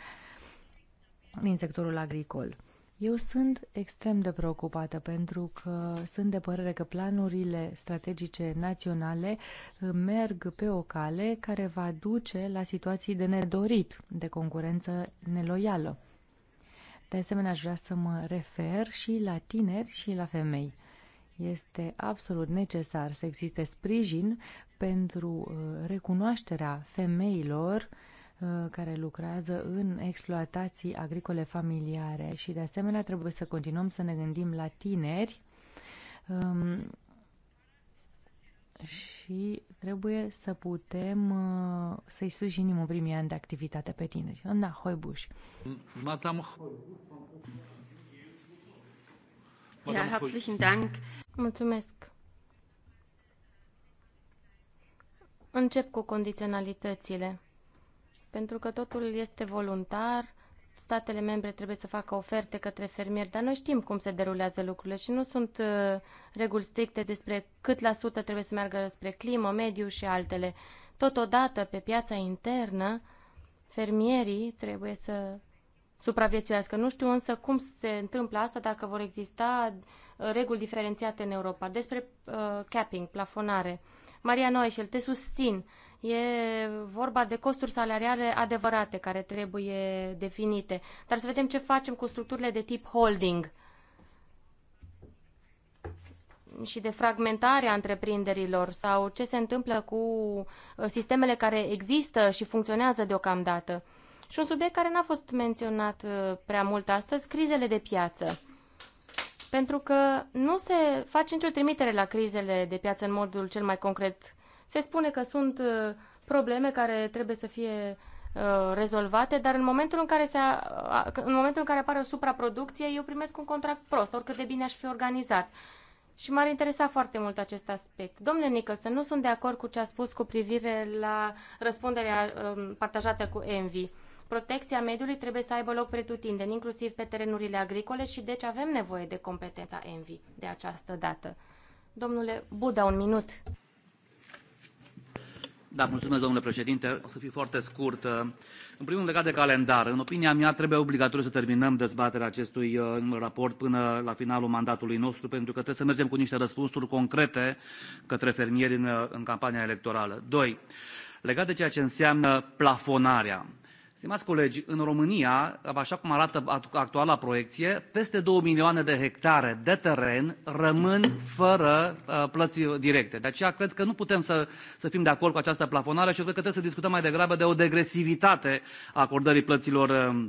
din sectorul agricol. Eu sunt extrem de preocupată pentru că sunt de părere că planurile strategice naționale uh, merg pe o cale care va duce la situații de nedorit, de concurență neloială. De asemenea, aș vrea să mă refer și la tineri și la femei. Este absolut necesar să existe sprijin pentru uh, recunoașterea femeilor uh, Uh, care lucrează în exploatații agricole familiare și de asemenea trebuie să continuăm să ne gândim la tineri um, și trebuie să putem uh, să-i sprijinim în primii ani de activitate pe tineri. Da, Hoibuș. Madame Ja, herzlichen Dank. Mulțumesc. Încep cu condiționalitățile pentru că totul este voluntar, statele membre trebuie să facă oferte către fermieri, dar noi știm cum se derulează lucrurile și nu sunt uh, reguli stricte despre cât la sută trebuie să meargă spre climă, mediu și altele. Totodată, pe piața internă, fermierii trebuie să supraviețuiască. Nu știu însă cum se întâmplă asta, dacă vor exista uh, reguli diferențiate în Europa. Despre uh, capping, plafonare. Maria Noeșel, te susțin. Uh, E vorba de costuri salariale adevărate care trebuie definite. Dar să vedem ce facem cu structurile de tip holding și de fragmentarea întreprinderilor sau ce se întâmplă cu uh, sistemele care există și funcționează deocamdată. Și un subiect care n-a fost menționat uh, prea mult astăzi, crizele de piață. Pentru că nu se face nicio trimitere la crizele de piață în modul cel mai concret se spune că sunt uh, probleme care trebuie să fie uh, rezolvate, dar în momentul în care, se, în momentul în care apare o supraproducție, eu primesc un contract prost, oricât de bine aș fi organizat. Și m-ar interesa foarte mult acest aspect. Domnule Nicholson, nu sunt de acord cu ce a spus cu privire la răspunderea um, partajată cu Envi. Protecția mediului trebuie să aibă loc pretutindeni, inclusiv pe terenurile agricole și deci avem nevoie de competența Envi de această dată. Domnule Buda, un minut. Da, mulțumesc, domnule președinte. O să fiu foarte scurt. În primul rând, legat de calendar, în opinia mea, trebuie obligatoriu să terminăm dezbaterea acestui uh, raport până la finalul mandatului nostru, pentru că trebuie să mergem cu niște răspunsuri concrete către fermieri în, uh, în campania electorală. Doi, legat de ceea ce înseamnă plafonarea Stimați colegi, în România, așa cum arată actuala proiecție, peste 2 milioane de hectare de teren rămân fără uh, plăți directe. De aceea cred că nu putem să, să fim de acord cu această plafonare și eu cred că trebuie să discutăm mai degrabă de o degresivitate a acordării plăților uh,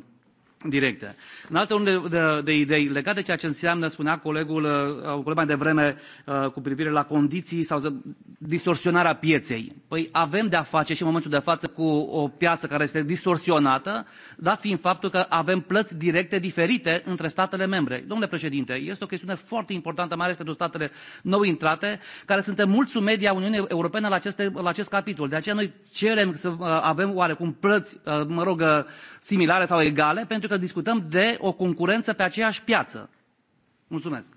directe. În altă unde de, de idei legate de ceea ce înseamnă, spunea colegul, uh, coleg mai devreme, uh, cu privire la condiții sau distorsionarea pieței. Păi avem de-a face și în momentul de față cu o piață care este distorsionată, dat fiind faptul că avem plăți directe diferite între statele membre. Domnule președinte, este o chestiune foarte importantă, mai ales pentru statele nou intrate, care suntem mulți sub media Uniunii Europene la, aceste, la acest capitol. De aceea noi cerem să uh, avem oarecum plăți, mă rog, similare sau egale, pentru că discutăm de o concurență pe aceeași piață. Mulțumesc.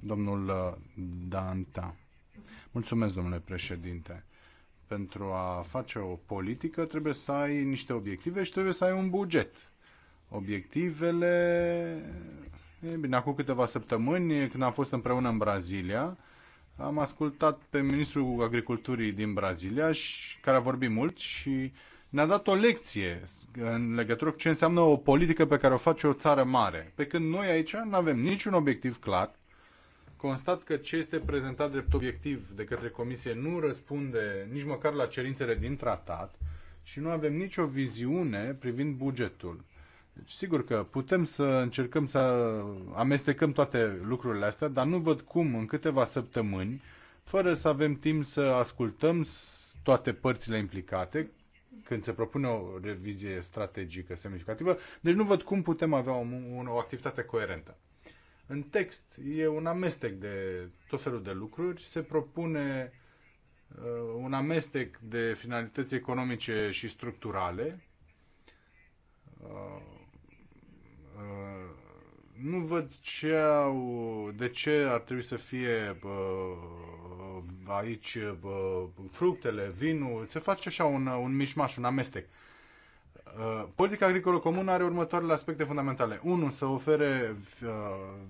Domnul uh, Danta. Mulțumesc, domnule președinte. Pentru a face o politică trebuie să ai niște obiective și trebuie să ai un buget. Obiectivele... E bine, acum câteva săptămâni, când am fost împreună în Brazilia, am ascultat pe ministrul agriculturii din Brazilia și care a vorbit mult și uh, ne-a dat o lecție în legătură cu ce înseamnă o politică pe care o face o țară mare. Pe când noi aici nu avem niciun obiectiv clar, constat că ce este prezentat drept obiectiv de către Comisie nu răspunde nici măcar la cerințele din tratat și nu avem nicio viziune privind bugetul. Deci, sigur că putem să încercăm să amestecăm toate lucrurile astea, dar nu văd cum în câteva săptămâni, fără să avem timp să ascultăm toate părțile implicate, când se propune o revizie strategică semnificativă, deci nu văd cum putem avea o, o, o activitate coerentă. În text e un amestec de tot felul de lucruri, se propune uh, un amestec de finalități economice și structurale. Uh, uh, nu văd ce au, de ce ar trebui să fie uh, aici fructele, vinul, se face așa un, un mișmaș, un amestec. Uh, politica agricolă comună are următoarele aspecte fundamentale. 1. Să ofere uh,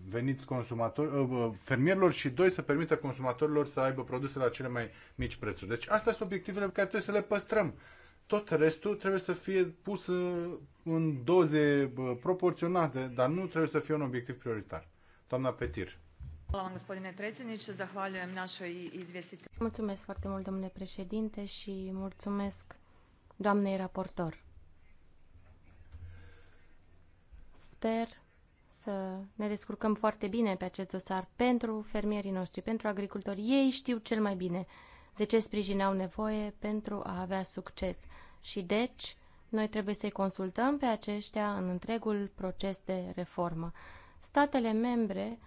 venit consumator, uh, fermierilor și 2. Să permită consumatorilor să aibă produse la cele mai mici prețuri. Deci astea sunt obiectivele pe care trebuie să le păstrăm. Tot restul trebuie să fie pus în doze proporționate, dar nu trebuie să fie un obiectiv prioritar. Doamna Petir. Mulțumesc foarte mult, domnule președinte, și mulțumesc doamnei raportor. Sper să ne descurcăm foarte bine pe acest dosar pentru fermierii noștri, pentru agricultori. Ei știu cel mai bine de ce sprijin au nevoie pentru a avea succes. Și deci, noi trebuie să-i consultăm pe aceștia în întregul proces de reformă. Statele membre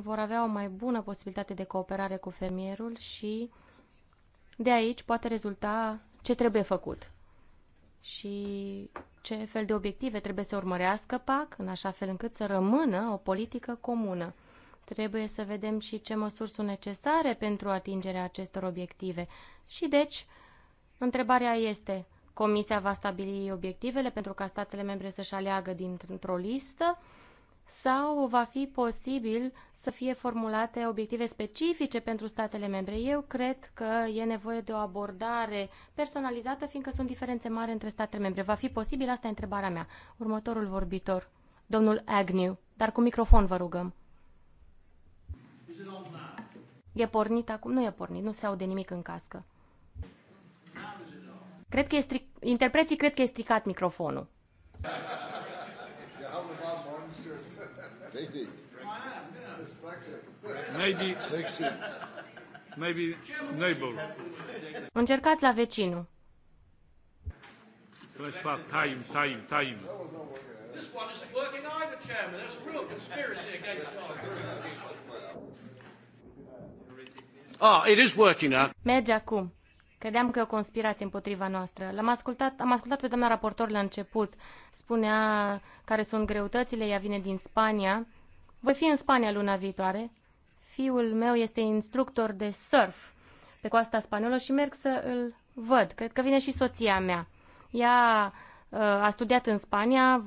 vor avea o mai bună posibilitate de cooperare cu fermierul și de aici poate rezulta ce trebuie făcut și ce fel de obiective trebuie să urmărească PAC, în așa fel încât să rămână o politică comună. Trebuie să vedem și ce măsuri sunt necesare pentru atingerea acestor obiective. Și deci, întrebarea este, Comisia va stabili obiectivele pentru ca statele membre să-și aleagă dintr-o listă sau va fi posibil să fie formulate obiective specifice pentru statele membre. Eu cred că e nevoie de o abordare personalizată, fiindcă sunt diferențe mari între statele membre. Va fi posibil? Asta e întrebarea mea. Următorul vorbitor, domnul Agnew, dar cu microfon vă rugăm. E pornit acum? Nu e pornit, nu se aude nimic în cască. Cred că e stric... Interpreții cred că e stricat microfonul. Maybe, maybe neighbor. Încercați la vecinul. Let's start time, time, time. This one isn't working either, Chairman. There's a real conspiracy against our group. Ah, it is working now. Merge acum. Credeam că e o conspirație împotriva noastră. L-am ascultat, am ascultat pe doamna raportor la început. Spunea care sunt greutățile, ea vine din Spania. Voi fi în Spania luna viitoare Fiul meu este instructor de surf pe coasta spaniolă și merg să îl văd. Cred că vine și soția mea. Ea uh, a studiat în Spania,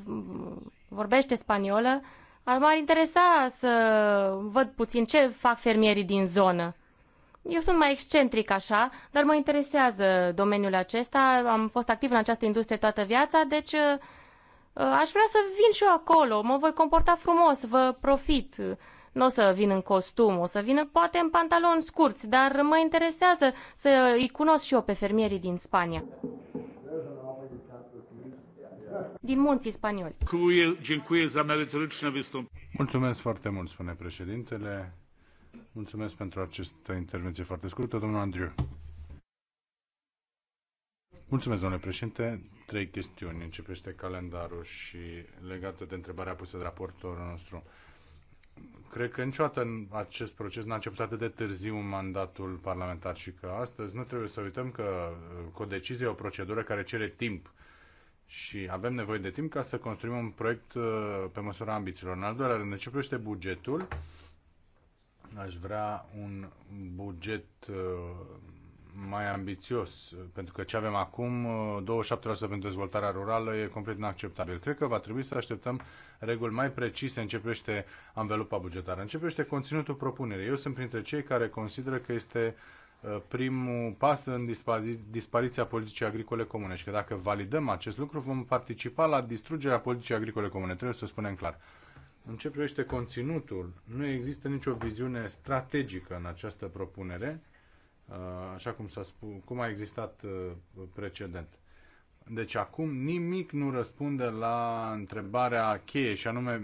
vorbește spaniolă. M-ar interesa să văd puțin ce fac fermierii din zonă. Eu sunt mai excentric așa, dar mă interesează domeniul acesta. Am fost activ în această industrie toată viața, deci uh, uh, aș vrea să vin și eu acolo. Mă voi comporta frumos, vă profit nu o să vin în costum, o să vină poate în pantaloni scurți, dar mă interesează să îi cunosc și eu pe fermierii din Spania. Din munții spanioli. Mulțumesc foarte mult, spune președintele. Mulțumesc pentru această intervenție foarte scurtă, domnul Andriu. Mulțumesc, domnule președinte. Trei chestiuni. Începește calendarul și legată de întrebarea pusă de raportorul nostru cred că niciodată acest proces n-a început atât de târziu în mandatul parlamentar și că astăzi nu trebuie să uităm că uh, decizie e o procedură care cere timp și avem nevoie de timp ca să construim un proiect uh, pe măsura ambițiilor. În al doilea rând, privește bugetul. Aș vrea un buget uh, mai ambițios, pentru că ce avem acum, 27% pentru dezvoltarea rurală, e complet inacceptabil. Cred că va trebui să așteptăm reguli mai precise începește anvelupa bugetară, începește conținutul propunerii. Eu sunt printre cei care consideră că este uh, primul pas în dispari- dispariția politicii agricole comune și că dacă validăm acest lucru vom participa la distrugerea politicii agricole comune, trebuie să spunem clar. În ce privește conținutul, nu există nicio viziune strategică în această propunere Uh, așa cum s-a spus, cum a existat uh, precedent. Deci acum nimic nu răspunde la întrebarea cheie și anume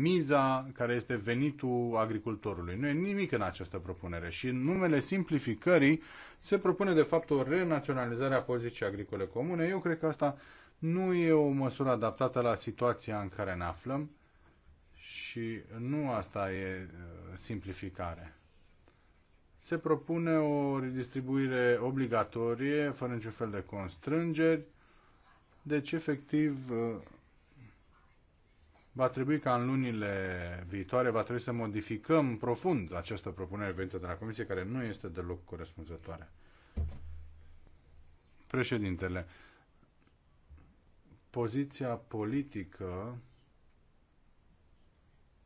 miza care este venitul agricultorului. Nu e nimic în această propunere și în numele simplificării se propune de fapt o renaționalizare a politicii agricole comune. Eu cred că asta nu e o măsură adaptată la situația în care ne aflăm și nu asta e uh, simplificare se propune o redistribuire obligatorie, fără niciun fel de constrângeri, deci efectiv va trebui ca în lunile viitoare va trebui să modificăm profund această propunere venită de la Comisie, care nu este deloc corespunzătoare. Președintele, poziția politică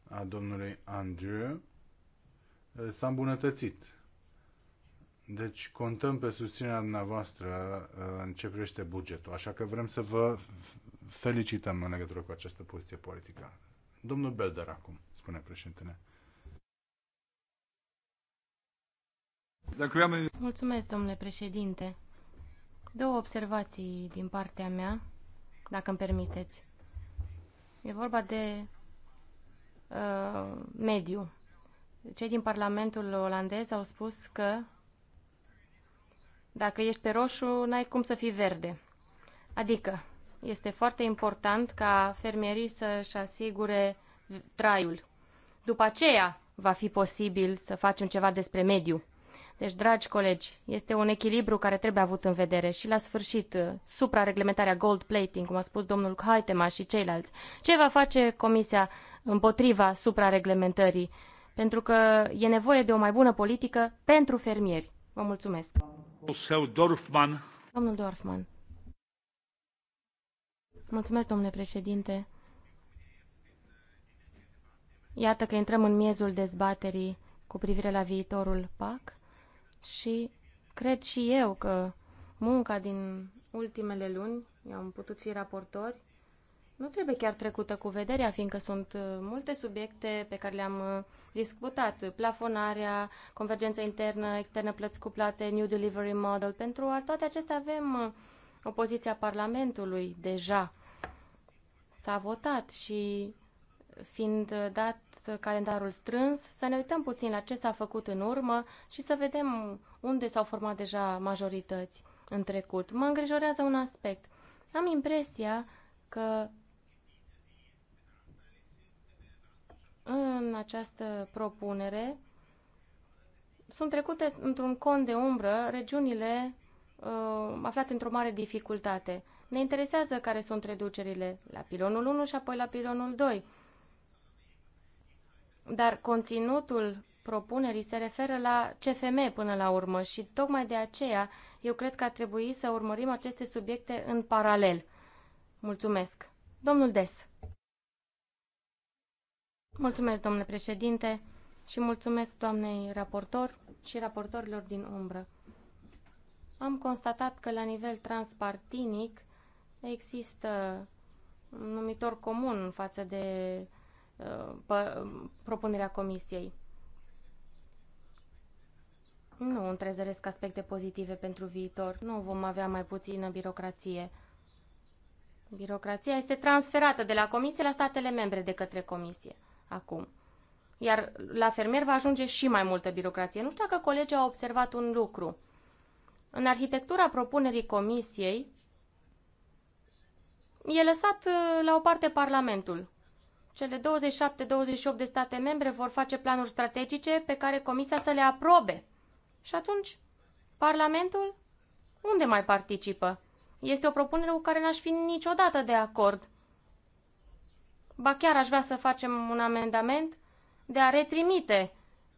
a domnului Andrew s-a îmbunătățit deci contăm pe susținerea dumneavoastră uh, în ce privește bugetul, așa că vrem să vă felicităm în legătură cu această poziție politică. Domnul Belder acum, spune președintele. Mulțumesc, domnule președinte. Două observații din partea mea, dacă îmi permiteți. E vorba de uh, mediu. Cei din Parlamentul olandez au spus că dacă ești pe roșu, n-ai cum să fii verde. Adică, este foarte important ca fermierii să-și asigure traiul. După aceea va fi posibil să facem ceva despre mediu. Deci, dragi colegi, este un echilibru care trebuie avut în vedere și la sfârșit, uh, suprareglementarea gold plating, cum a spus domnul Haitema și ceilalți. Ce va face Comisia împotriva suprareglementării? Pentru că e nevoie de o mai bună politică pentru fermieri. Vă mulțumesc! Dorfman. Domnul Dorfman. Mulțumesc, domnule președinte. Iată că intrăm în miezul dezbaterii cu privire la viitorul PAC și cred și eu că munca din ultimele luni, eu am putut fi raportori, nu trebuie chiar trecută cu vederea, fiindcă sunt uh, multe subiecte pe care le-am uh, discutat. Plafonarea, convergența internă, externă, plăți cuplate, New Delivery Model. Pentru toate acestea avem uh, opoziția Parlamentului deja. S-a votat și fiind dat calendarul strâns, să ne uităm puțin la ce s-a făcut în urmă și să vedem unde s-au format deja majorități în trecut. Mă îngrijorează un aspect. Am impresia că în această propunere sunt trecute într-un cont de umbră regiunile uh, aflate într-o mare dificultate. Ne interesează care sunt reducerile la pilonul 1 și apoi la pilonul 2. Dar conținutul propunerii se referă la CFM până la urmă și tocmai de aceea eu cred că ar trebui să urmărim aceste subiecte în paralel. Mulțumesc. Domnul Des. Mulțumesc, domnule președinte, și mulțumesc doamnei raportor și raportorilor din umbră. Am constatat că la nivel transpartinic există un numitor comun față de uh, propunerea comisiei. Nu întrezăresc aspecte pozitive pentru viitor. Nu vom avea mai puțină birocrație. Birocrația este transferată de la Comisie la statele membre de către Comisie acum. Iar la fermier va ajunge și mai multă birocrație. Nu știu dacă colegii au observat un lucru. În arhitectura propunerii comisiei e lăsat uh, la o parte Parlamentul. Cele 27-28 de state membre vor face planuri strategice pe care comisia să le aprobe. Și atunci, Parlamentul unde mai participă? Este o propunere cu care n-aș fi niciodată de acord Ba chiar aș vrea să facem un amendament de a retrimite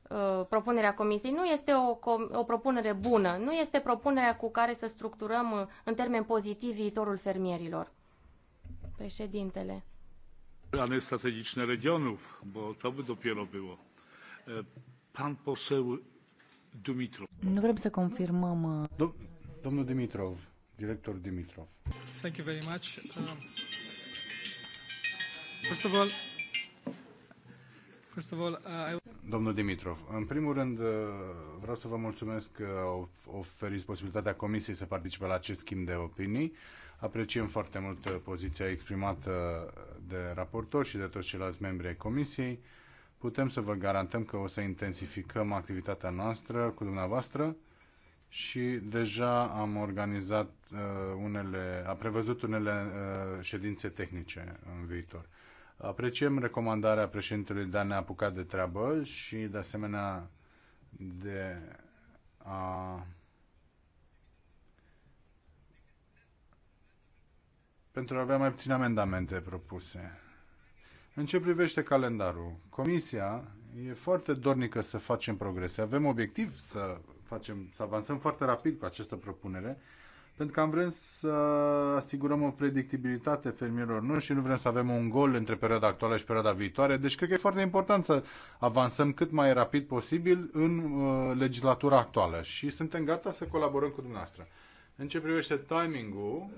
uh, propunerea comisiei. Nu este o, o propunere bună, nu este propunerea cu care să structurăm uh, în pozitiv viitorul fermierilor. Președintele. Plany strategiczne regionów, bo to by dopiero było. Pan poseł Dumitrov. Nu vrem să confirmăm. Uh, Dom domnul Dimitrov, director Dimitrov. Thank you very much. Uh... Uh, Domnul Dimitrov, în primul rând uh, vreau să vă mulțumesc că oferiți posibilitatea Comisiei să participe la acest schimb de opinii. Apreciem foarte mult uh, poziția exprimată de raportor și de toți ceilalți membri ai Comisiei. Putem să vă garantăm că o să intensificăm activitatea noastră cu dumneavoastră și deja am organizat unele, a prevăzut unele ședințe tehnice în viitor. Apreciem recomandarea președintelui de a ne apuca de treabă și, de asemenea, de a pentru a avea mai puține amendamente propuse. În ce privește calendarul, Comisia e foarte dornică să facem progrese. Avem obiectiv să, facem, să avansăm foarte rapid cu această propunere pentru că am vrem să asigurăm o predictibilitate fermierilor nu și nu vrem să avem un gol între perioada actuală și perioada viitoare. Deci cred că e foarte important să avansăm cât mai rapid posibil în uh, legislatura actuală și suntem gata să colaborăm cu dumneavoastră. În ce privește timingul,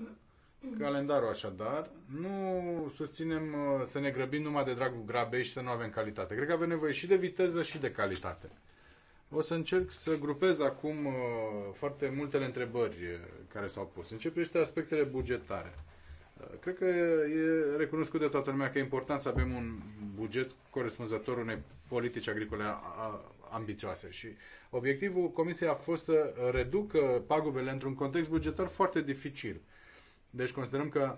calendarul așadar, nu susținem uh, să ne grăbim numai de dragul grabei și să nu avem calitate. Cred că avem nevoie și de viteză și de calitate. O să încerc să grupez acum uh, foarte multele întrebări uh, care s-au pus. Începește aspectele bugetare. Uh, cred că e recunoscut de toată lumea că e important să avem un buget corespunzător unei politici agricole ambițioase și obiectivul Comisiei a fost să reducă pagubele într-un context bugetar foarte dificil. Deci considerăm că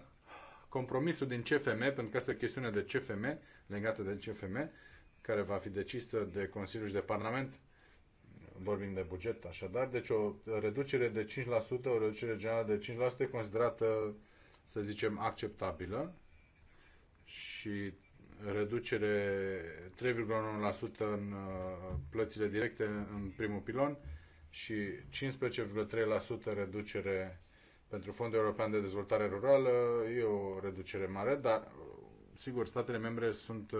compromisul din CFM, pentru că asta e chestiune de CFM, legată de CFM, care va fi decisă de Consiliul și de Parlament, vorbim de buget, așadar. Deci o reducere de 5%, o reducere generală de 5% e considerată, să zicem, acceptabilă și reducere 3,9% în uh, plățile directe în primul pilon și 15,3% reducere pentru Fondul European de Dezvoltare Rurală. E o reducere mare, dar uh, sigur, statele membre sunt uh,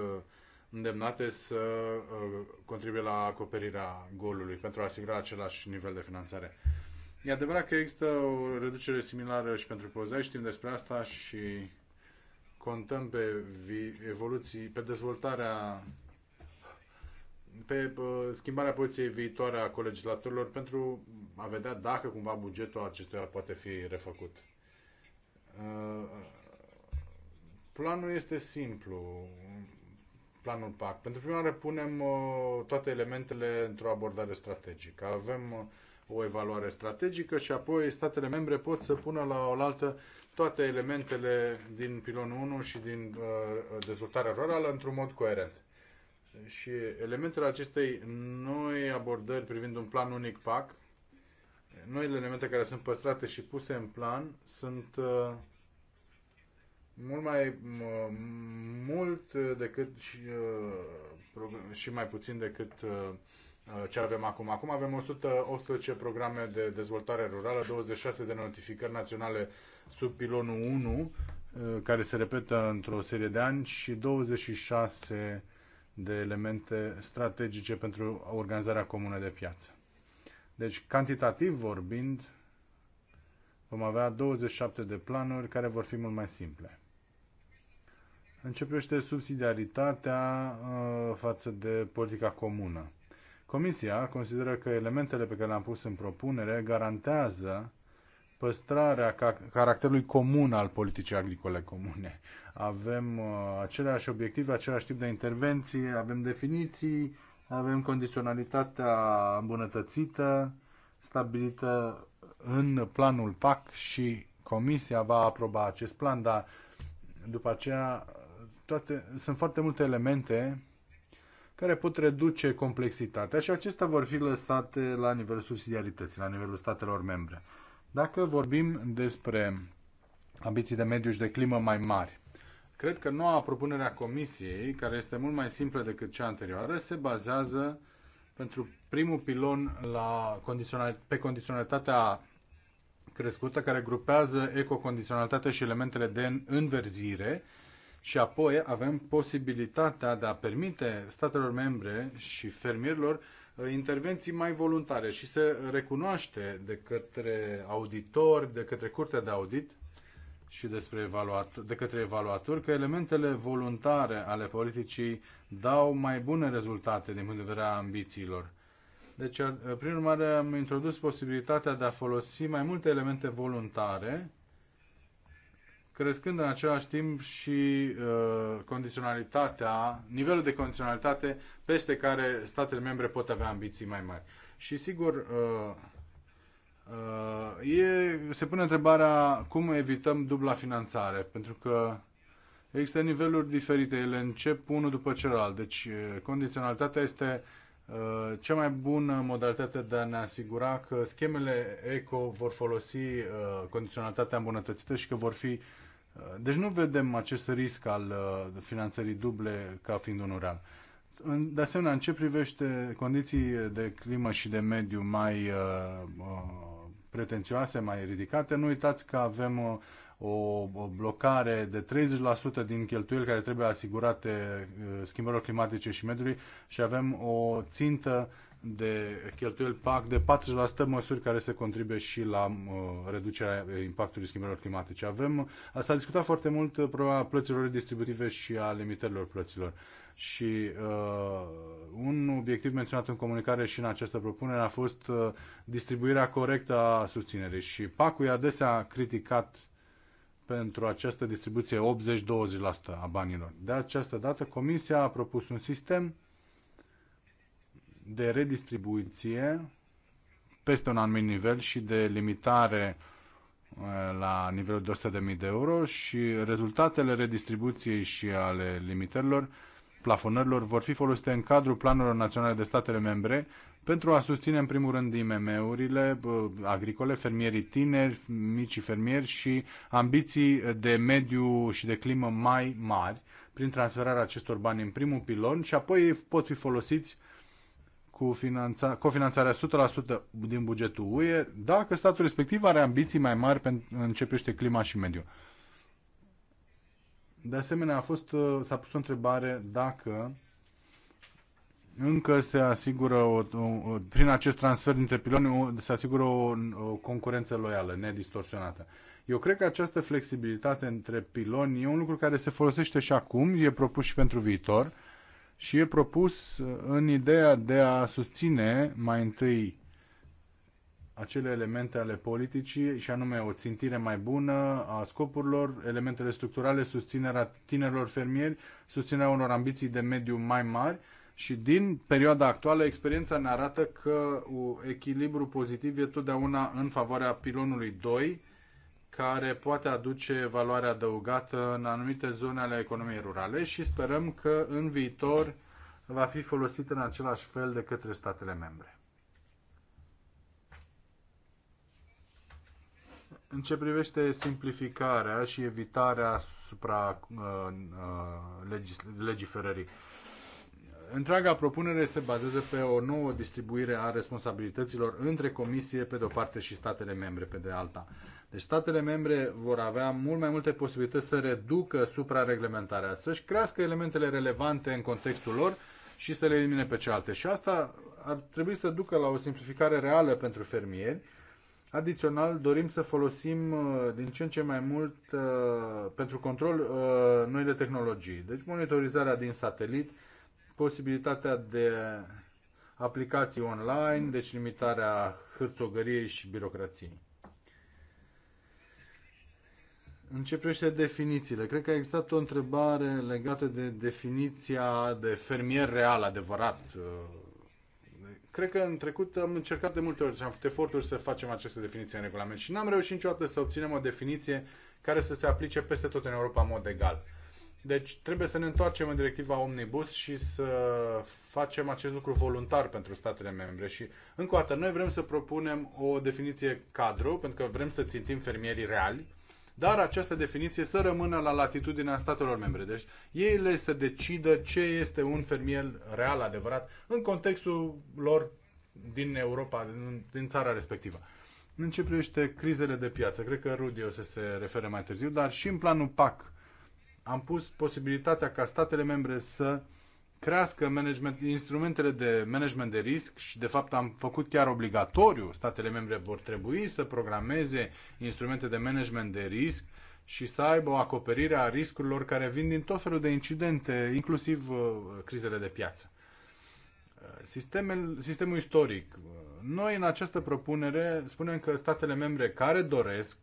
îndemnate să uh, contribuie la acoperirea golului pentru a asigura același nivel de finanțare. E adevărat că există o reducere similară și pentru Pozei, știm despre asta și contăm pe evoluții, pe dezvoltarea pe uh, schimbarea poziției viitoare a colegislatorilor pentru a vedea dacă cumva bugetul acestuia poate fi refăcut. Uh, planul este simplu planul PAC. Pentru prima oară punem uh, toate elementele într-o abordare strategică. Avem uh, o evaluare strategică și apoi statele membre pot să pună la oaltă toate elementele din pilonul 1 și din uh, dezvoltarea rurală într-un mod coerent. Și elementele acestei noi abordări privind un plan unic PAC, noile elemente care sunt păstrate și puse în plan sunt uh, mult mai mult decât și, uh, și mai puțin decât uh, uh, ce avem acum. Acum avem 118 programe de dezvoltare rurală, 26 de notificări naționale sub pilonul 1, care se repetă într-o serie de ani și 26 de elemente strategice pentru organizarea comună de piață. Deci, cantitativ vorbind, vom avea 27 de planuri care vor fi mult mai simple începește subsidiaritatea uh, față de politica comună. Comisia consideră că elementele pe care le-am pus în propunere garantează păstrarea caracterului comun al politicii agricole comune. Avem uh, aceleași obiective, același tip de intervenții, avem definiții, avem condiționalitatea îmbunătățită, stabilită în planul PAC și Comisia va aproba acest plan, dar după aceea toate, sunt foarte multe elemente care pot reduce complexitatea și acestea vor fi lăsate la nivelul subsidiarității, la nivelul statelor membre. Dacă vorbim despre ambiții de mediu și de climă mai mari, cred că noua propunere a Comisiei, care este mult mai simplă decât cea anterioară, se bazează pentru primul pilon la condițional, pe condiționalitatea crescută, care grupează ecocondiționalitatea și elementele de înverzire, și apoi avem posibilitatea de a permite statelor membre și fermierilor uh, intervenții mai voluntare și se recunoaște de către auditori, de către curtea de audit și despre evaluator, de către evaluatori că elementele voluntare ale politicii dau mai bune rezultate din punct de vedere a ambițiilor. Deci, uh, prin urmare, am introdus posibilitatea de a folosi mai multe elemente voluntare crescând în același timp și uh, condiționalitatea, nivelul de condiționalitate peste care statele membre pot avea ambiții mai mari. Și sigur, uh, uh, e, se pune întrebarea cum evităm dubla finanțare, pentru că există niveluri diferite, ele încep unul după celălalt, deci uh, condiționalitatea este uh, Uh, cea mai bună modalitate de a ne asigura că schemele ECO vor folosi uh, condiționalitatea îmbunătățită și că vor fi... Uh, deci nu vedem acest risc al finanțării duble ca fiind unul real. De asemenea, în ce privește condiții de climă și de mediu mai pretențioase, mai ridicate, nu uitați că avem o blocare de 30% din cheltuieli care trebuie asigurate uh, schimbărilor climatice și mediului și avem o țintă de cheltuieli PAC de 40% măsuri care se contribuie și la uh, reducerea impactului schimbărilor climatice. Avem, uh, s-a discutat foarte mult problema plăților distributive și a limitărilor plăților. Și uh, un obiectiv menționat în comunicare și în această propunere a fost uh, distribuirea corectă a susținerii. Și PAC-ul e adesea criticat pentru această distribuție 80-20% a banilor. De această dată, Comisia a propus un sistem de redistribuție peste un anumit nivel și de limitare uh, la nivelul de 100.000 de euro și rezultatele redistribuției și ale limitărilor plafonărilor vor fi folosite în cadrul planurilor naționale de statele membre pentru a susține în primul rând IMM-urile agricole, fermierii tineri, micii fermieri și ambiții de mediu și de climă mai mari prin transferarea acestor bani în primul pilon și apoi pot fi folosiți cu finanța, cofinanțarea 100% din bugetul UE dacă statul respectiv are ambiții mai mari pentru în ce privește clima și mediu. De asemenea, a fost, uh, s-a pus o întrebare dacă încă se asigură, o, o, prin acest transfer dintre piloni, o, se asigură o, o concurență loială, nedistorsionată. Eu cred că această flexibilitate între piloni e un lucru care se folosește și acum, e propus și pentru viitor și e propus uh, în ideea de a susține mai întâi acele elemente ale politicii, și anume o țintire mai bună a scopurilor, elementele structurale, susținerea tinerilor fermieri, susținerea unor ambiții de mediu mai mari și din perioada actuală experiența ne arată că un echilibru pozitiv e totdeauna în favoarea pilonului 2, care poate aduce valoare adăugată în anumite zone ale economiei rurale și sperăm că în viitor va fi folosit în același fel de către statele membre. În ce privește simplificarea și evitarea asupra uh, uh, legis- legiferării, întreaga propunere se bazează pe o nouă distribuire a responsabilităților între Comisie pe de-o parte și statele membre pe de alta. Deci statele membre vor avea mult mai multe posibilități să reducă suprareglementarea, să-și crească elementele relevante în contextul lor și să le elimine pe cealaltă. Și asta ar trebui să ducă la o simplificare reală pentru fermieri, Adițional, dorim să folosim uh, din ce în ce mai mult uh, pentru control uh, noile tehnologii. Deci monitorizarea din satelit, posibilitatea de aplicații online, deci limitarea hârțogăriei și birocrației. În ce privește definițiile, cred că a existat o întrebare legată de definiția de fermier real, adevărat, Cred că în trecut am încercat de multe ori și am făcut eforturi să facem aceste definiții în regulament și n-am reușit niciodată să obținem o definiție care să se aplice peste tot în Europa în mod egal. Deci trebuie să ne întoarcem în directiva Omnibus și să facem acest lucru voluntar pentru statele membre. Și încă o dată, noi vrem să propunem o definiție cadru, pentru că vrem să țintim fermierii reali, dar această definiție să rămână la latitudinea statelor membre. Deci ei le să decidă ce este un fermier real, adevărat, în contextul lor din Europa, din, din țara respectivă. În ce privește crizele de piață, cred că Rudi o să se refere mai târziu, dar și în planul PAC am pus posibilitatea ca statele membre să uh, crească management, instrumentele de management de risc și de fapt am făcut chiar obligatoriu, statele membre vor trebui să programeze instrumente de management de risc și să aibă o acoperire a riscurilor care vin din tot felul de incidente, inclusiv uh, crizele de piață. Uh, sistemul sistemul istoric. Uh, noi în această propunere spunem că statele membre care doresc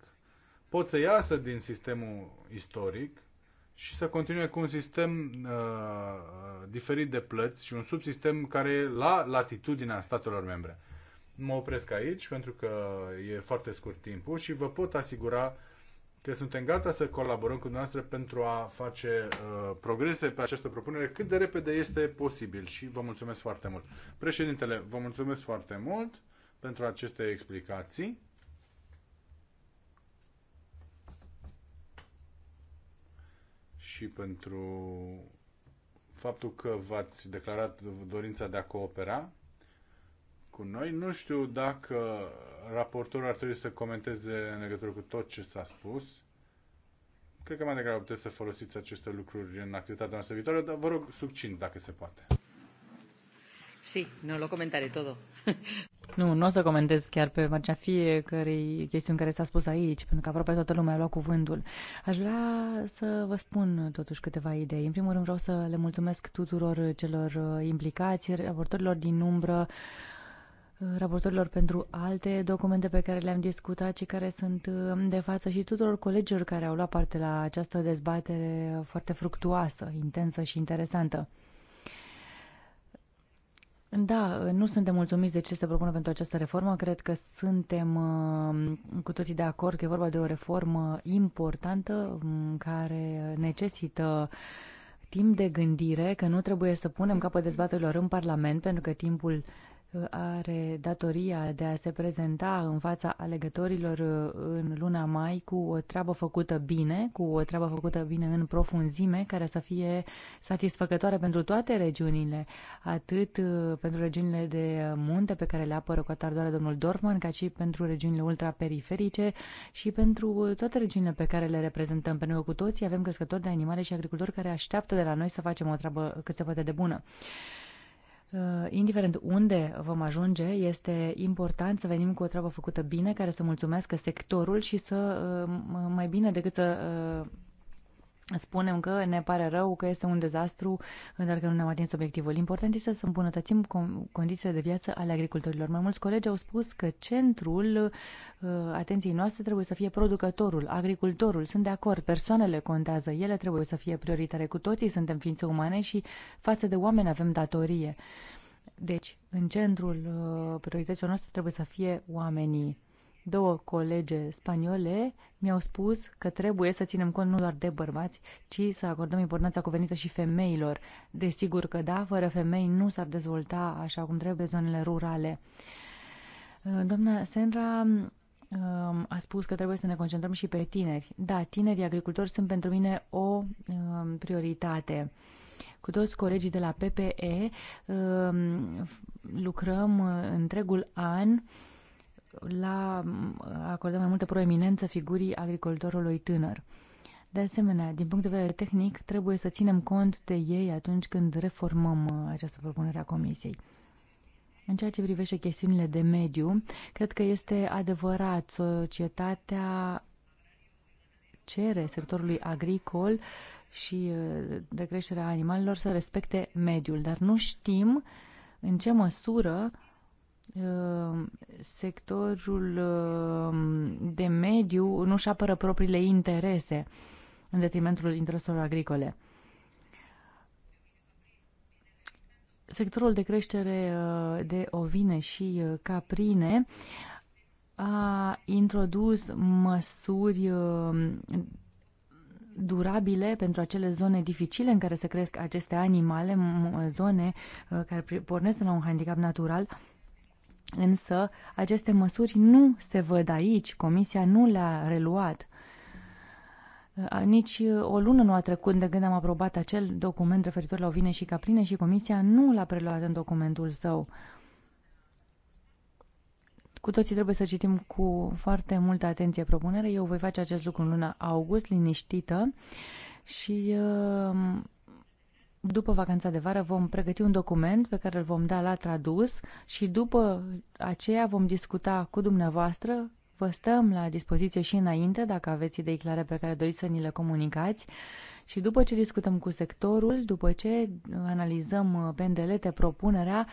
pot să iasă din sistemul istoric și să continue cu un sistem uh, diferit de plăți și un subsistem care e la latitudinea statelor membre. Mă opresc aici pentru că e foarte scurt timpul și vă pot asigura că suntem gata să colaborăm cu dumneavoastră pentru a face uh, progrese pe această propunere cât de repede este posibil și vă mulțumesc foarte mult. Președintele, vă mulțumesc foarte mult pentru aceste explicații. și pentru faptul că v-ați declarat dorința de a coopera cu noi. Nu știu dacă raportorul ar trebui să comenteze în legătură cu tot ce s-a spus. Cred că mai degrabă puteți să folosiți aceste lucruri în activitatea noastră viitoare, dar vă rog succint dacă se poate. Sí, no lo comentaré todo. Nu, nu o să comentez chiar pe marginea fiecarei chestiuni care s-a spus aici, pentru că aproape toată lumea a luat cuvântul. Aș vrea să vă spun totuși câteva idei. În primul rând vreau să le mulțumesc tuturor celor uh, implicați, raportorilor din umbră, uh, raportorilor pentru alte documente pe care le-am discutat și care sunt uh, de față și tuturor colegilor care au luat parte la această dezbatere foarte fructuoasă, intensă și interesantă. Da, nu suntem mulțumiți de ce se propune pentru această reformă. Cred că suntem uh, cu toții de acord că e vorba de o reformă importantă mm, care necesită timp de gândire, că nu trebuie să punem capăt dezbaterilor în Parlament, pentru că timpul are datoria de a se prezenta în fața alegătorilor uh, în luna mai cu o treabă făcută bine, cu o treabă făcută bine în profunzime, care să fie satisfăcătoare pentru toate regiunile, atât uh, pentru regiunile de munte pe care le apără cu atardoare domnul Dorfman, ca și pentru regiunile ultraperiferice și pentru toate regiunile pe care le reprezentăm, pentru că cu toții avem crescători de animale și agricultori care așteaptă de la noi să facem o treabă cât se poate de bună. Uh, indiferent unde vom ajunge, este important să venim cu o treabă făcută bine, care să mulțumească sectorul și să uh, mai bine decât să uh, spunem că ne pare rău, că este un dezastru, dar că nu ne-am atins obiectivul. Important este să îmbunătățim condițiile de viață ale agricultorilor. Mai mulți colegi au spus că centrul uh, atenției noastre trebuie să fie producătorul, agricultorul. Sunt de acord, persoanele contează, ele trebuie să fie prioritare. Cu toții suntem ființe umane și față de oameni avem datorie. Deci, în centrul uh, priorităților noastre trebuie să fie oamenii două colege spaniole mi-au spus că trebuie să ținem cont nu doar de bărbați, ci să acordăm importanța cuvenită și femeilor. Desigur că da, fără femei nu s-ar dezvolta așa cum trebuie zonele rurale. Uh, doamna Senra um, a spus că trebuie să ne concentrăm și pe tineri. Da, tinerii agricultori sunt pentru mine o um, prioritate cu toți colegii de la PPE um, lucrăm uh, întregul an la a mai multă proeminență figurii agricultorului tânăr. De asemenea, din punct de vedere tehnic, trebuie să ținem cont de ei atunci când reformăm uh, această propunere a Comisiei. În ceea ce privește chestiunile de mediu, cred că este adevărat, societatea cere sectorului agricol și uh, de creșterea animalelor să respecte mediul, dar nu știm în ce măsură Ehm, sectorul ehm, de mediu nu își apără propriile interese în detrimentul intereselor agricole. Sectorul de creștere eh, de ovine și eh, caprine a introdus măsuri ehm, durabile pentru acele zone dificile în care se cresc aceste animale, zone eh, care pornesc la un handicap natural, Însă aceste măsuri nu se văd aici, Comisia nu le-a reluat. Nici uh, o lună nu a trecut de când am aprobat acel document referitor la ovine și capline și Comisia nu l-a preluat în documentul său. Cu toții trebuie să citim cu foarte multă atenție propunerea. Eu voi face acest lucru în luna august, liniștită, și uh, după vacanța de vară vom pregăti un document pe care îl vom da la tradus și după aceea vom discuta cu dumneavoastră. Vă stăm la dispoziție și înainte dacă aveți idei clare pe care doriți să ni le comunicați și după ce discutăm cu sectorul, după ce uh, analizăm uh, pendelete propunerea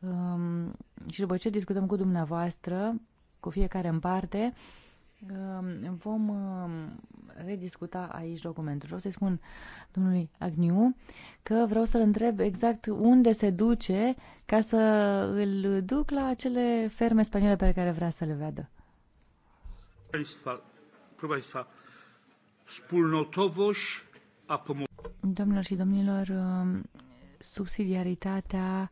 um, și după ce discutăm cu dumneavoastră, cu fiecare în parte, Ehm, vom ehm, rediscuta aici documentul. Vreau să-i spun domnului Agniu că vreau să-l întreb exact unde se duce ca să îl duc la acele ferme spaniole pe care vrea să le vedă. Domnilor și domnilor, ehm, subsidiaritatea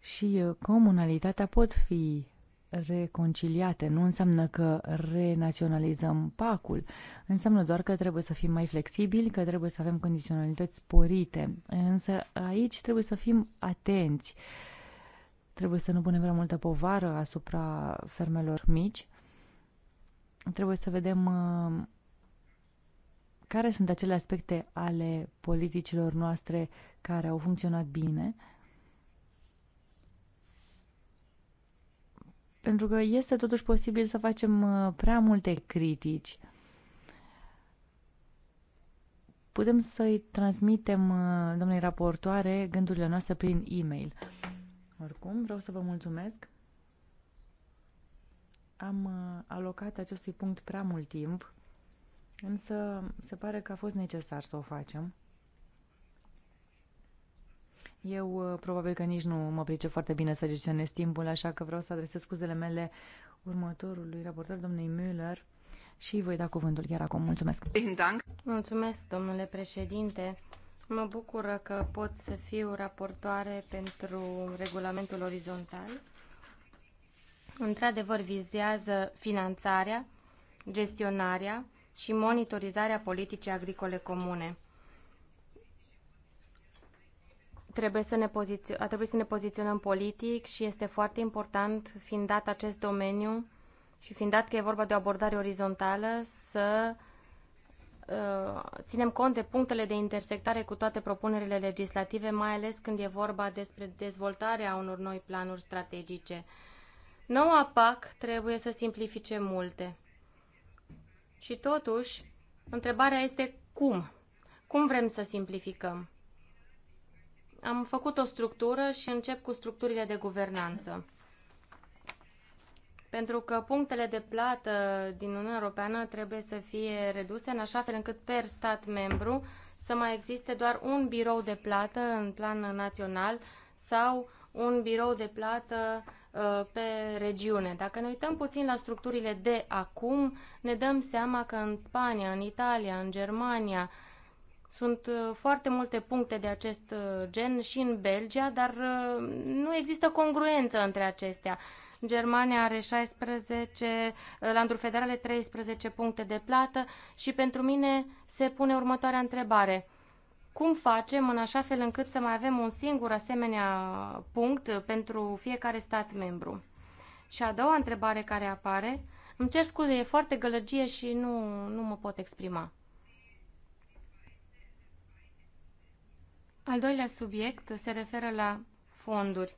și comunalitatea pot fi reconciliate. Nu înseamnă că renaționalizăm pacul, înseamnă doar că trebuie să fim mai flexibili, că trebuie să avem condiționalități sporite. Însă aici trebuie să fim atenți. Trebuie să nu punem prea multă povară asupra fermelor mici. Trebuie să vedem uh, care sunt acele aspecte ale politicilor noastre care au funcționat bine – pentru că este totuși posibil să facem uh, prea multe critici. Putem să-i transmitem uh, domnului raportoare gândurile noastre prin e-mail. Oricum, vreau să vă mulțumesc. Am uh, alocat acestui punct prea mult timp, însă se pare că a fost necesar să o facem. Eu uh, probabil că nici nu mă price foarte bine să gestionez timpul, așa că vreau să adresez scuzele mele următorului raportor, domnului Müller, și voi da cuvântul chiar acum. Mulțumesc! Mulțumesc, domnule președinte! Mă bucură că pot să fiu raportoare pentru regulamentul orizontal. Într-adevăr, vizează finanțarea, gestionarea și monitorizarea politicii agricole comune. trebuie să ne pozițio- a trebuit să ne poziționăm politic și este foarte important, fiind dat acest domeniu și fiind dat că e vorba de o abordare orizontală, să uh, ținem cont de punctele de intersectare cu toate propunerile legislative, mai ales când e vorba despre dezvoltarea unor noi planuri strategice. Noua PAC trebuie să simplifice multe. Și totuși, întrebarea este cum? Cum vrem să simplificăm? Am făcut o structură și încep cu structurile de guvernanță. Pentru că punctele de plată din Uniunea Europeană trebuie să fie reduse în așa fel încât per stat membru să mai existe doar un birou de plată în plan național sau un birou de plată ă, pe regiune. Dacă ne uităm puțin la structurile de acum, ne dăm seama că în Spania, în Italia, în Germania, sunt uh, foarte multe puncte de acest uh, gen și în Belgia, dar uh, nu există congruență între acestea. Germania are 16, landuri federale 13 puncte de plată și pentru mine se pune următoarea întrebare. Cum facem în așa fel încât să mai avem un singur asemenea punct pentru fiecare stat membru? Și a doua întrebare care apare, îmi cer scuze, e foarte gălăgie și nu, nu mă pot exprima. Al doilea subiect se referă la fonduri.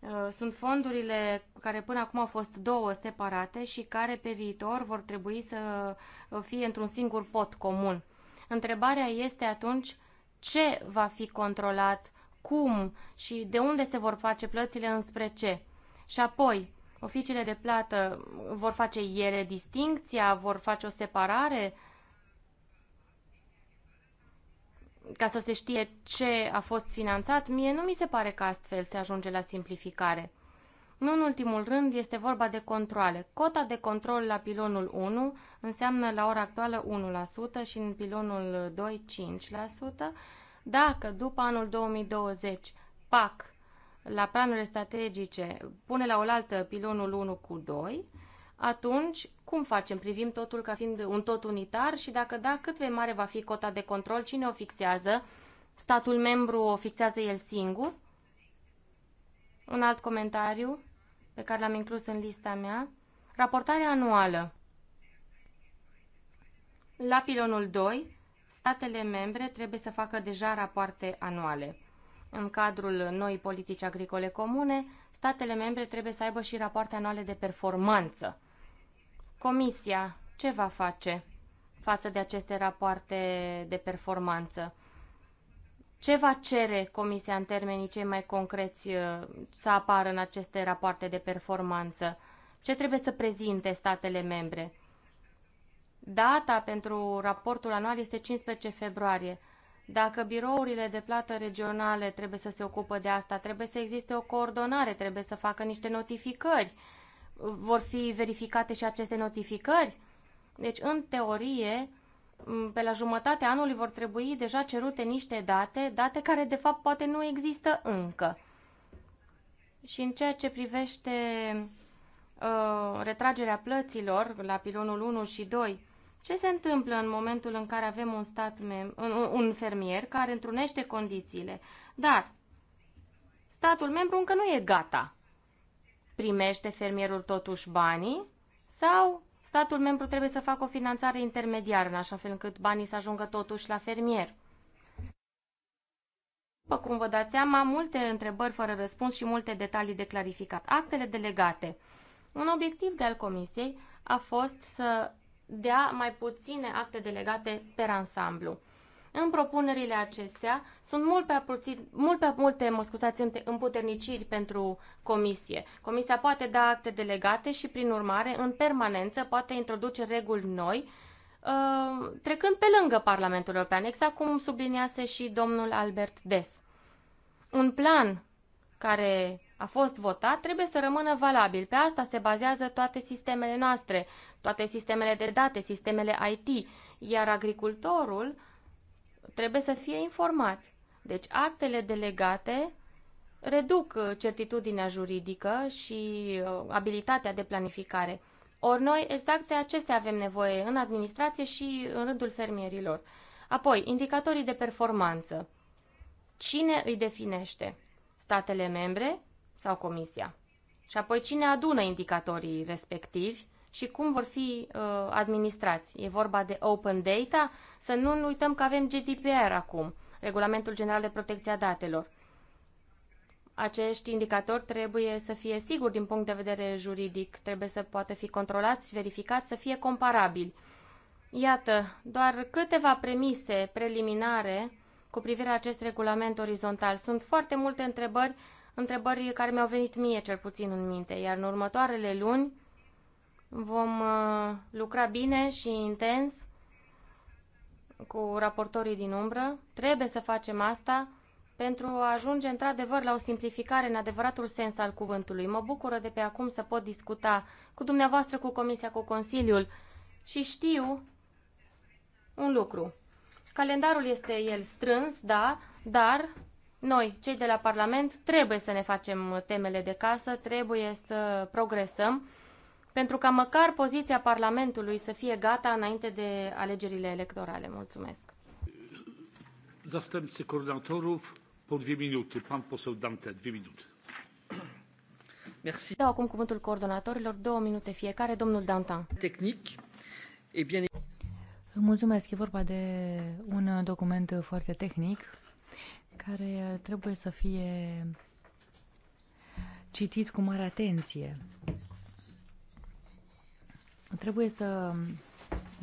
Uh, sunt fondurile care până acum au fost două separate și care pe viitor vor trebui să uh, fie într-un singur pot comun. Întrebarea este atunci ce va fi controlat, cum și de unde se vor face plățile înspre ce. Și apoi, oficiile de plată vor face ele distincția, vor face o separare ca să se știe ce a fost finanțat, mie nu mi se pare că astfel se ajunge la simplificare. Nu în ultimul rând este vorba de controle. Cota de control la pilonul 1 înseamnă la ora actuală 1% și în pilonul 2 5%. Dacă după anul 2020 PAC la planurile strategice pune la oaltă pilonul 1 cu 2, atunci cum facem? Privim totul ca fiind un tot unitar și dacă da, cât de mare va fi cota de control? Cine o fixează? Statul membru o fixează el singur? Un alt comentariu pe care l-am inclus în lista mea. Raportarea anuală. La pilonul 2, statele membre trebuie să facă deja rapoarte anuale. În cadrul noii politici agricole comune, statele membre trebuie să aibă și rapoarte anuale de performanță. Comisia ce va face față de aceste rapoarte de performanță? Ce va cere Comisia în termenii cei mai concreți uh, să apară în aceste rapoarte de performanță? Ce trebuie să prezinte statele membre? Data pentru raportul anual este 15 februarie. Dacă birourile de plată regionale trebuie să se ocupă de asta, trebuie să existe o coordonare, trebuie să facă niște notificări vor fi verificate și aceste notificări? Deci, în teorie, pe la jumătatea anului vor trebui deja cerute niște date, date care de fapt poate nu există încă. Și în ceea ce privește uh, retragerea plăților la pilonul 1 și 2, ce se întâmplă în momentul în care avem un, stat mem- un, un fermier care întrunește condițiile, dar statul membru încă nu e gata primește fermierul totuși banii sau statul membru trebuie să facă o finanțare intermediară în așa fel încât banii să ajungă totuși la fermier? După cum vă dați seama, multe întrebări fără răspuns și multe detalii de clarificat. Actele delegate. Un obiectiv de al Comisiei a fost să dea mai puține acte delegate per ansamblu. În propunerile acestea sunt mult prea, puțin, mult prea multe mă scuzați, împuterniciri pentru comisie. Comisia poate da acte delegate și, prin urmare, în permanență poate introduce reguli noi, uh, trecând pe lângă Parlamentul European, exact cum subliniase și domnul Albert Des. Un plan care a fost votat trebuie să rămână valabil. Pe asta se bazează toate sistemele noastre, toate sistemele de date, sistemele IT, iar agricultorul trebuie să fie informați. Deci actele delegate reduc uh, certitudinea juridică și uh, abilitatea de planificare. Ori noi exact de acestea avem nevoie în administrație și în rândul fermierilor. Apoi, indicatorii de performanță. Cine îi definește? Statele membre sau Comisia? Și apoi cine adună indicatorii respectivi și cum vor fi uh, administrați. E vorba de open data, să nu uităm că avem GDPR acum, Regulamentul General de Protecție a Datelor. Acești indicatori trebuie să fie siguri din punct de vedere juridic, trebuie să poată fi controlați, verificați, să fie comparabili. Iată, doar câteva premise preliminare cu privire la acest regulament orizontal. Sunt foarte multe întrebări, întrebări care mi-au venit mie cel puțin în minte, iar în următoarele luni Vom uh, lucra bine și intens cu raportorii din umbră. Trebuie să facem asta pentru a ajunge într-adevăr la o simplificare în adevăratul sens al cuvântului. Mă bucură de pe acum să pot discuta cu dumneavoastră, cu Comisia, cu Consiliul și știu un lucru. Calendarul este el strâns, da, dar noi, cei de la Parlament, trebuie să ne facem temele de casă, trebuie să progresăm pentru ca măcar poziția Parlamentului să fie gata înainte de alegerile electorale. Mulțumesc. Zastępcy coordonatorów po dwie minuty. Pan poseł Dante, dwie minuty. Merci. Dau acum cuvântul coordonatorilor, două minute fiecare. Domnul Dantan. Tehnic. E eh bine... Mulțumesc. E vorba de un document foarte tehnic care trebuie să fie citit cu mare atenție Trebuie să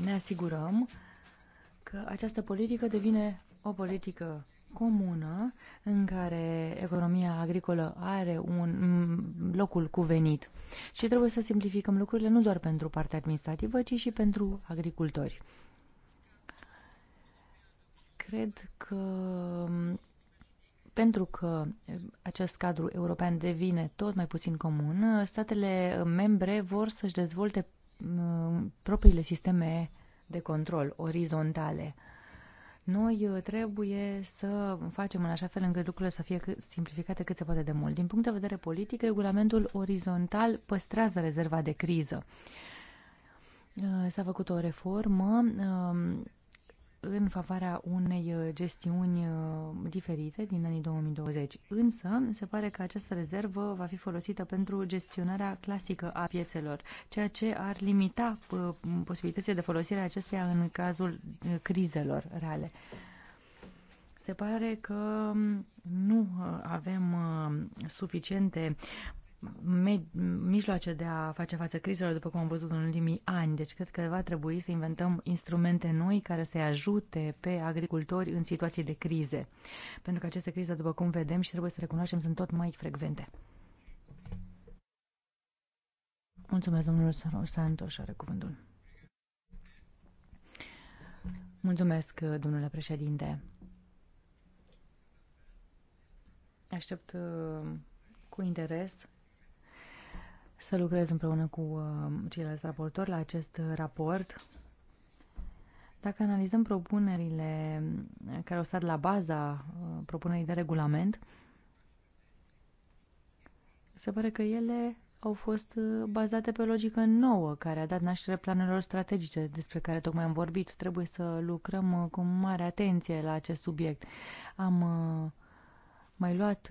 ne asigurăm că această politică devine o politică comună în care economia agricolă are un locul cuvenit și trebuie să simplificăm lucrurile nu doar pentru partea administrativă, ci și pentru agricultori. Cred că pentru că acest cadru european devine tot mai puțin comun, statele membre vor să-și dezvolte Uh, propriile sisteme de control orizontale. Noi uh, trebuie să facem în așa fel încât lucrurile să fie simplificate cât se poate de mult. Din punct de vedere politic, regulamentul orizontal păstrează rezerva de criză. Uh, s-a făcut o reformă în favoarea unei uh, gestiuni uh, diferite din anii 2020. Însă, se pare că această rezervă va fi folosită pentru gestionarea clasică a piețelor, ceea ce ar limita uh, posibilitățile de folosire a acesteia în cazul crizelor reale. Se pare că mm, nu avem suficiente mijloace de a face față crizelor, după cum am văzut în ultimii ani. Deci cred că va trebui să inventăm instrumente noi care să-i ajute pe agricultori în situații de crize. Pentru că aceste crize, după cum vedem și trebuie să recunoaștem, sunt tot mai frecvente. Mulțumesc, domnul Santos, are cuvântul. Mulțumesc, domnule președinte. Aștept uh, cu interes să lucrez împreună cu uh, ceilalți raportori la acest raport. Dacă analizăm propunerile care au stat la baza uh, propunerii de regulament, se pare că ele au fost uh, bazate pe o logică nouă care a dat naștere planelor strategice despre care tocmai am vorbit. Trebuie să lucrăm cu mare atenție la acest subiect. Am mai luat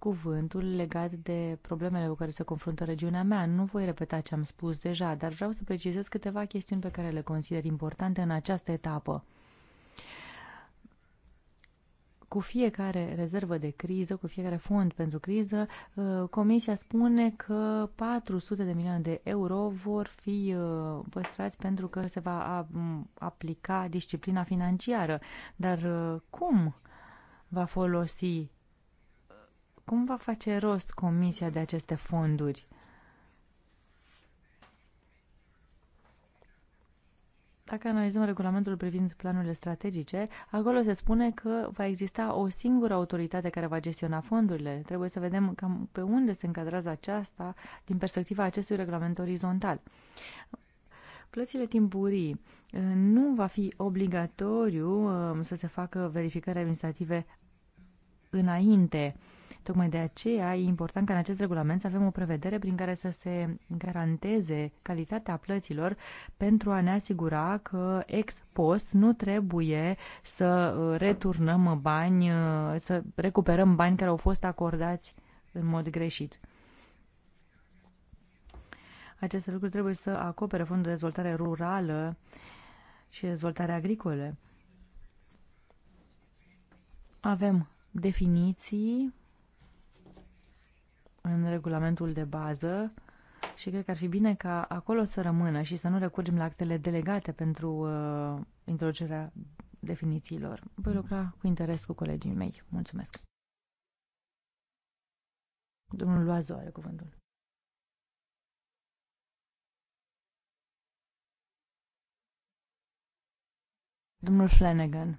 cuvântul legat de problemele cu care se confruntă regiunea mea. Nu voi repeta ce am spus deja, dar vreau să precizez câteva chestiuni pe care le consider importante în această etapă. Cu fiecare rezervă de criză, cu fiecare fond pentru criză, uh, Comisia spune că 400 de milioane de euro vor fi uh, păstrați pentru că se va aplica disciplina financiară. Dar uh, cum va folosi cum va face rost Comisia de aceste fonduri? Dacă analizăm regulamentul privind planurile strategice, acolo se spune că va exista o singură autoritate care va gestiona fondurile. Trebuie să vedem cam pe unde se încadrează aceasta din perspectiva acestui regulament orizontal. Plățile timpurii. Uh, nu va fi obligatoriu uh, să se facă verificări administrative înainte Tocmai de aceea e important ca în acest regulament să avem o prevedere prin care să se garanteze calitatea plăților pentru a ne asigura că ex post nu trebuie să uh, returnăm bani, uh, să recuperăm bani care au fost acordați în mod greșit. Aceste lucruri trebuie să acopere fondul de dezvoltare rurală și dezvoltare agricole. Avem definiții în regulamentul de bază și cred că ar fi bine ca acolo să rămână și să nu recurgem la actele delegate pentru uh, introducerea definițiilor. Voi lucra cu interes cu colegii mei. Mulțumesc. Domnul Loazu are cuvântul. Domnul Flanagan.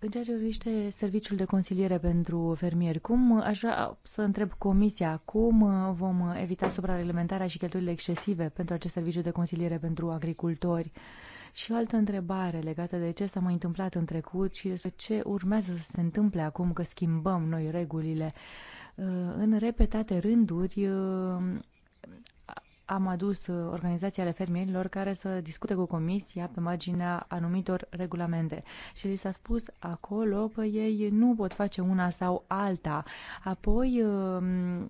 În ceea ce privește serviciul de consiliere pentru fermieri, cum aș vrea să întreb comisia, cum uh, vom evita suprareglementarea și cheltuielile excesive pentru acest serviciu de consiliere pentru agricultori? Și o altă întrebare legată de ce s-a mai întâmplat în trecut și despre ce urmează să se întâmple acum că schimbăm noi regulile. Uh, în repetate rânduri uh, am adus uh, organizația ale fermierilor care să discute cu Comisia pe marginea anumitor regulamente. Și li s-a spus acolo că ei nu pot face una sau alta. Apoi, um,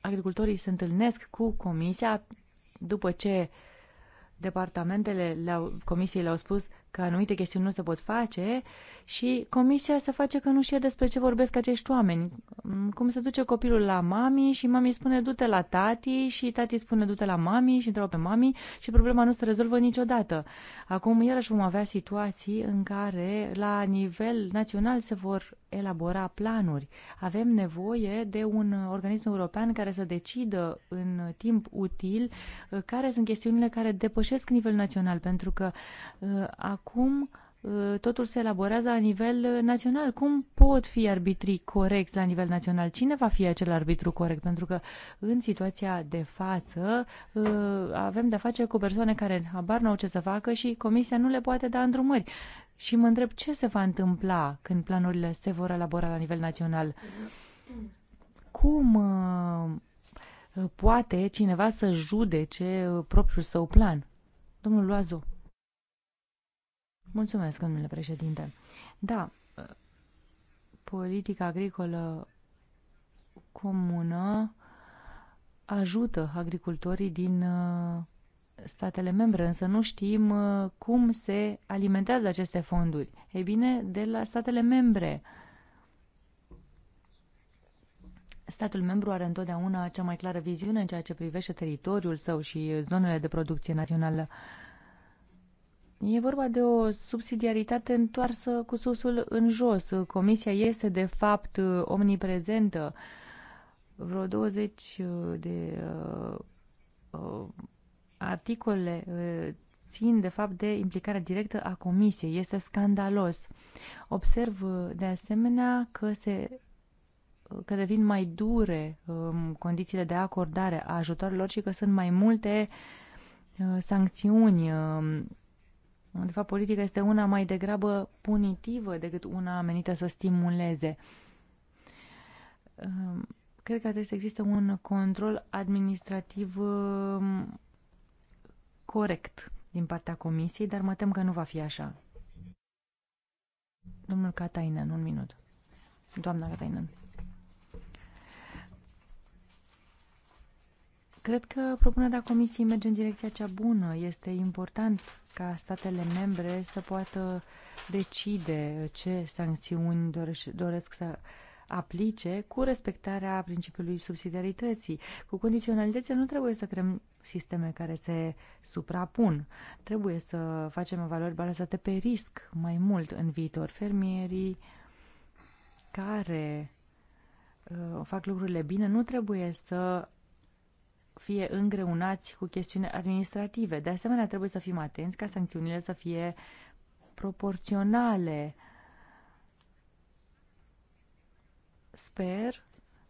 agricultorii se întâlnesc cu Comisia după ce departamentele le-au, comisiei le-au spus că anumite chestiuni nu se pot face și comisia se face că nu știe despre ce vorbesc acești oameni. Mm, cum se duce copilul la mami și mami spune du-te la tati și tati spune du-te la mami și întreabă pe mami și problema nu se rezolvă niciodată. Acum iarăși vom avea situații în care la nivel național se vor elabora planuri. Avem nevoie de un organism european care să decidă în timp util uh, care sunt chestiunile care depășesc nivelul național, pentru că uh, acum uh, totul se elaborează la nivel uh, național. Cum pot fi arbitrii corect la nivel național? Cine va fi acel arbitru corect? Pentru că în situația de față uh, avem de-a face cu persoane care habar n-au ce să facă și comisia nu le poate da îndrumări. Și mă întreb ce se va întâmpla când planurile se vor elabora la nivel național. Cum poate cineva să judece propriul său plan? Domnul Loazu. Mulțumesc, domnule președinte. Da, politica agricolă comună ajută agricultorii din uh, statele membre, însă nu știm uh, cum se alimentează aceste fonduri. Ei bine, de la statele membre. Statul membru are întotdeauna cea mai clară viziune în ceea ce privește teritoriul său și zonele de producție națională. Uh, E vorba de o subsidiaritate întoarsă cu susul în jos. Comisia este, de fapt, omniprezentă. Vreo 20 uh, de uh, uh, articole uh, țin, de fapt, de implicarea directă a Comisiei. Este scandalos. Observ, uh, de asemenea, că se uh, că devin mai dure um, condițiile de acordare a ajutorilor și că sunt mai multe uh, sancțiuni uh, de fapt, politica este una mai degrabă punitivă decât una menită să stimuleze. Ehm, cred că trebuie să existe un control administrativ ehm, corect din partea comisiei, dar mă tem că nu va fi așa. Domnul Katainen, un minut. Doamna Katainen. Cred că propunerea comisiei merge în direcția cea bună. Este important ca statele membre să poată decide ce sancțiuni doresc să aplice cu respectarea principiului subsidiarității. Cu condiționalitățile nu trebuie să creăm sisteme care se suprapun. Trebuie să facem valori bazate pe risc mai mult în viitor. Fermierii care uh, fac lucrurile bine nu trebuie să fie îngreunați cu chestiuni administrative. De asemenea, trebuie să fim atenți ca sancțiunile să fie proporționale. Sper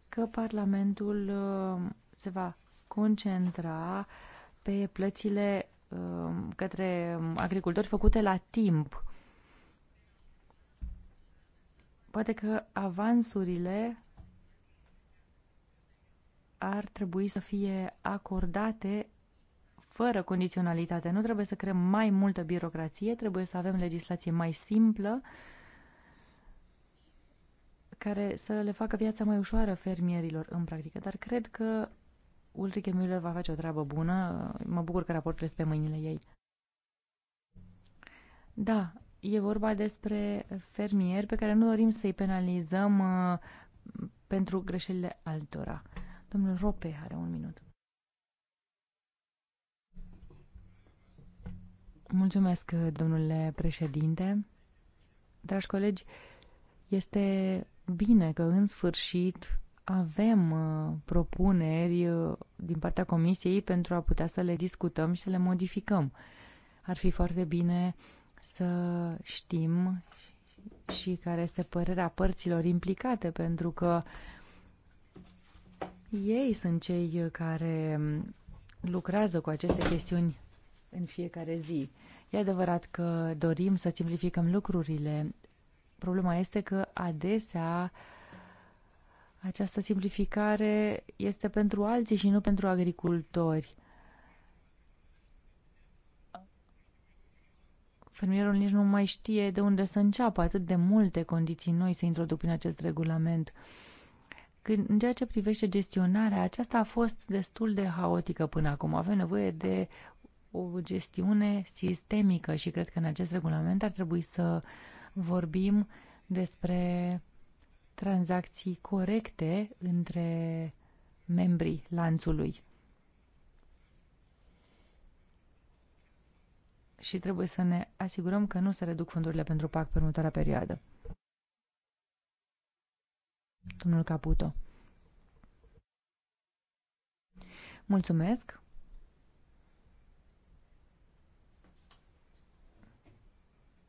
că Parlamentul uh, se va concentra pe plățile uh, către agricultori făcute la timp. Poate că avansurile ar trebui să fie acordate fără condiționalitate. Nu trebuie să creăm mai multă birocrație, trebuie să avem legislație mai simplă care să le facă viața mai ușoară fermierilor în practică. Dar cred că Ulrike Müller va face o treabă bună. Mă bucur că raportul este pe mâinile ei. Da, e vorba despre fermieri pe care nu dorim să-i penalizăm uh, pentru greșelile altora. Domnul Rope are un minut. Mulțumesc, domnule președinte. Dragi colegi, este bine că în sfârșit avem uh, propuneri uh, din partea Comisiei pentru a putea să le discutăm și să le modificăm. Ar fi foarte bine să știm și care este părerea părților implicate, pentru că uh, ei sunt cei care lucrează cu aceste chestiuni în fiecare zi. E adevărat că dorim să simplificăm lucrurile. Problema este că adesea această simplificare este pentru alții și nu pentru agricultori. Fermierul nici nu mai știe de unde să înceapă atât de multe condiții noi se introduc prin acest regulament. Uh, când, în ceea ce privește gestionarea, aceasta a fost destul de haotică până acum. Avem nevoie de o gestiune sistemică și cred că în acest regulament ar trebui să vorbim despre tranzacții corecte între membrii lanțului. Și trebuie să ne asigurăm că nu se reduc fondurile pentru PAC pe următoarea perioadă. Domnul Caputo. Mulțumesc.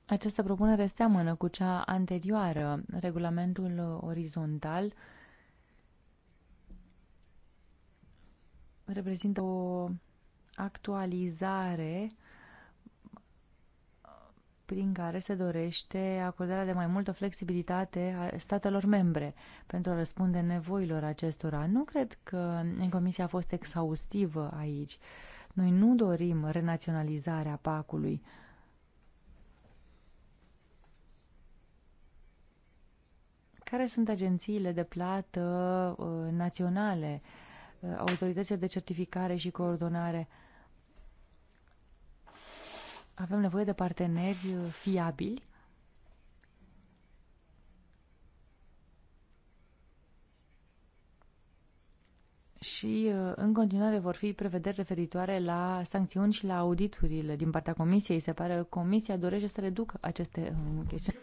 Această propunere seamănă cu cea anterioară, regulamentul orizontal reprezintă o actualizare prin care se dorește acordarea de mai multă flexibilitate a statelor membre pentru a răspunde nevoilor acestora. Nu cred că Comisia a fost exhaustivă aici. Noi nu dorim renaționalizarea PAC-ului. Care sunt agențiile de plată uh, naționale, uh, autoritățile de certificare și coordonare? Avem nevoie de parteneri uh, fiabili și uh, în continuare vor fi prevederi referitoare la sancțiuni și la auditurile din partea Comisiei. Se pare că Comisia dorește să reducă aceste uh, chestiuni.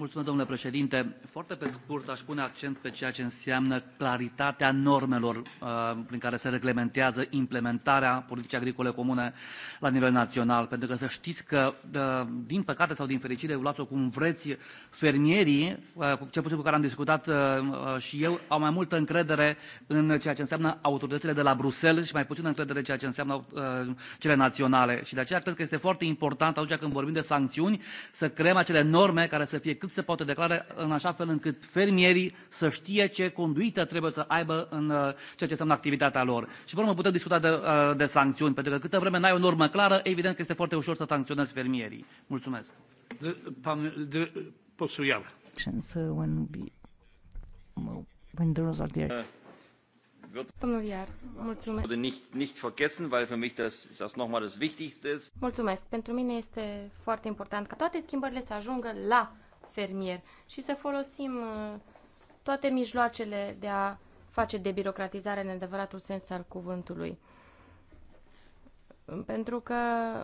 Mulțumesc, domnule președinte. Foarte pe scurt, aș pune accent pe ceea ce înseamnă claritatea normelor uh, prin care se reglementează implementarea politicii agricole comune la nivel național. Pentru că să știți că, uh, din păcate sau din fericire, luați-o cum vreți, fermierii, uh, cel puțin cu care am discutat uh, uh, și eu, au mai multă încredere în ceea ce înseamnă autoritățile de la Bruxelles și mai puțină încredere în ceea ce înseamnă uh, cele naționale. Și de aceea cred că este foarte important, atunci când vorbim de sancțiuni, să creăm acele norme care să fie cât cât se poate declara în așa fel încât fermierii să știe ce conduită trebuie să aibă în uh, ceea ce înseamnă activitatea lor. Și până urmă putem discuta de, uh, de sancțiuni, pentru că câtă vreme n-ai o normă clară, evident că este foarte ușor să sancționezi fermierii. Mulțumesc. Mulțumesc. Pentru mine este foarte important ca toate schimbările să ajungă la fermier și să folosim uh, toate mijloacele de a face debirocratizare în adevăratul sens al cuvântului. Pentru că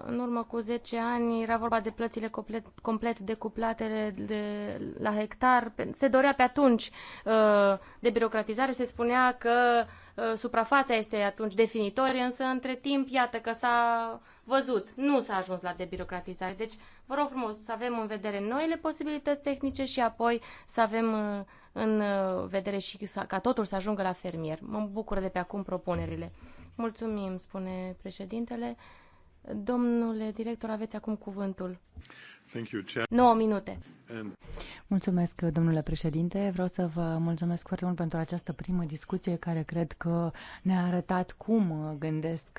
în urmă cu 10 ani era vorba de plățile complet, complet decuplate de, la hectar. Se dorea pe atunci uh, de birocratizare, se spunea că uh, Uh, suprafața este atunci definitorie, însă între timp, iată că s-a văzut, nu s-a ajuns la debirocratizare. Deci, vă rog frumos să avem în vedere noile posibilități tehnice și apoi să avem uh, în uh, vedere și ca totul să ajungă la fermier. Mă bucur de pe acum propunerile. Mulțumim, spune președintele. Domnule director, aveți acum cuvântul. 9 minute. Mulțumesc, domnule președinte. Vreau să vă mulțumesc foarte mult pentru această primă discuție care cred că ne-a arătat cum gândesc,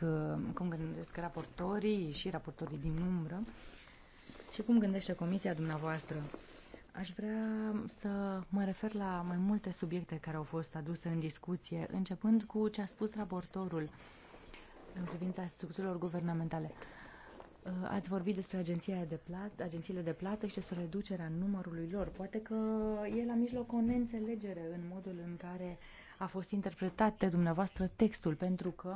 cum gândesc raportorii și raportorii din umbră și cum gândește comisia dumneavoastră. Aș vrea să mă refer la mai multe subiecte care au fost aduse în discuție, începând cu ce a spus raportorul în privința structurilor guvernamentale. Uh, Uh, ați vorbit despre agenția de plat, agențiile de plată și despre reducerea numărului lor. Poate că e la mijloc o neînțelegere în modul în care a fost interpretat de dumneavoastră textul, pentru că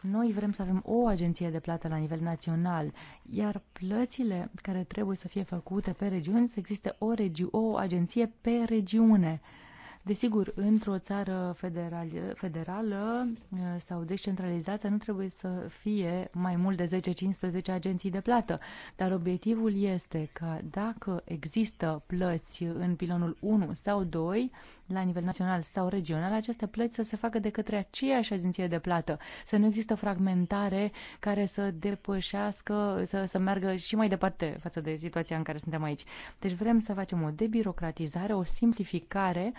noi vrem să avem o agenție de plată la nivel național, iar plățile care trebuie să fie făcute pe regiuni, să existe o, regi- o agenție pe regiune. Uh, Desigur, într-o țară federal, federală uh, sau descentralizată nu trebuie să fie mai mult de 10-15 agenții de plată, dar obiectivul este că dacă există plăți în pilonul 1 sau 2, la nivel național sau regional, aceste plăți să se facă de către aceeași agenție de plată, să nu există fragmentare care să depășească, să, să meargă și mai departe față de situația în care suntem aici. Deci vrem să facem o debirocratizare, o simplificare,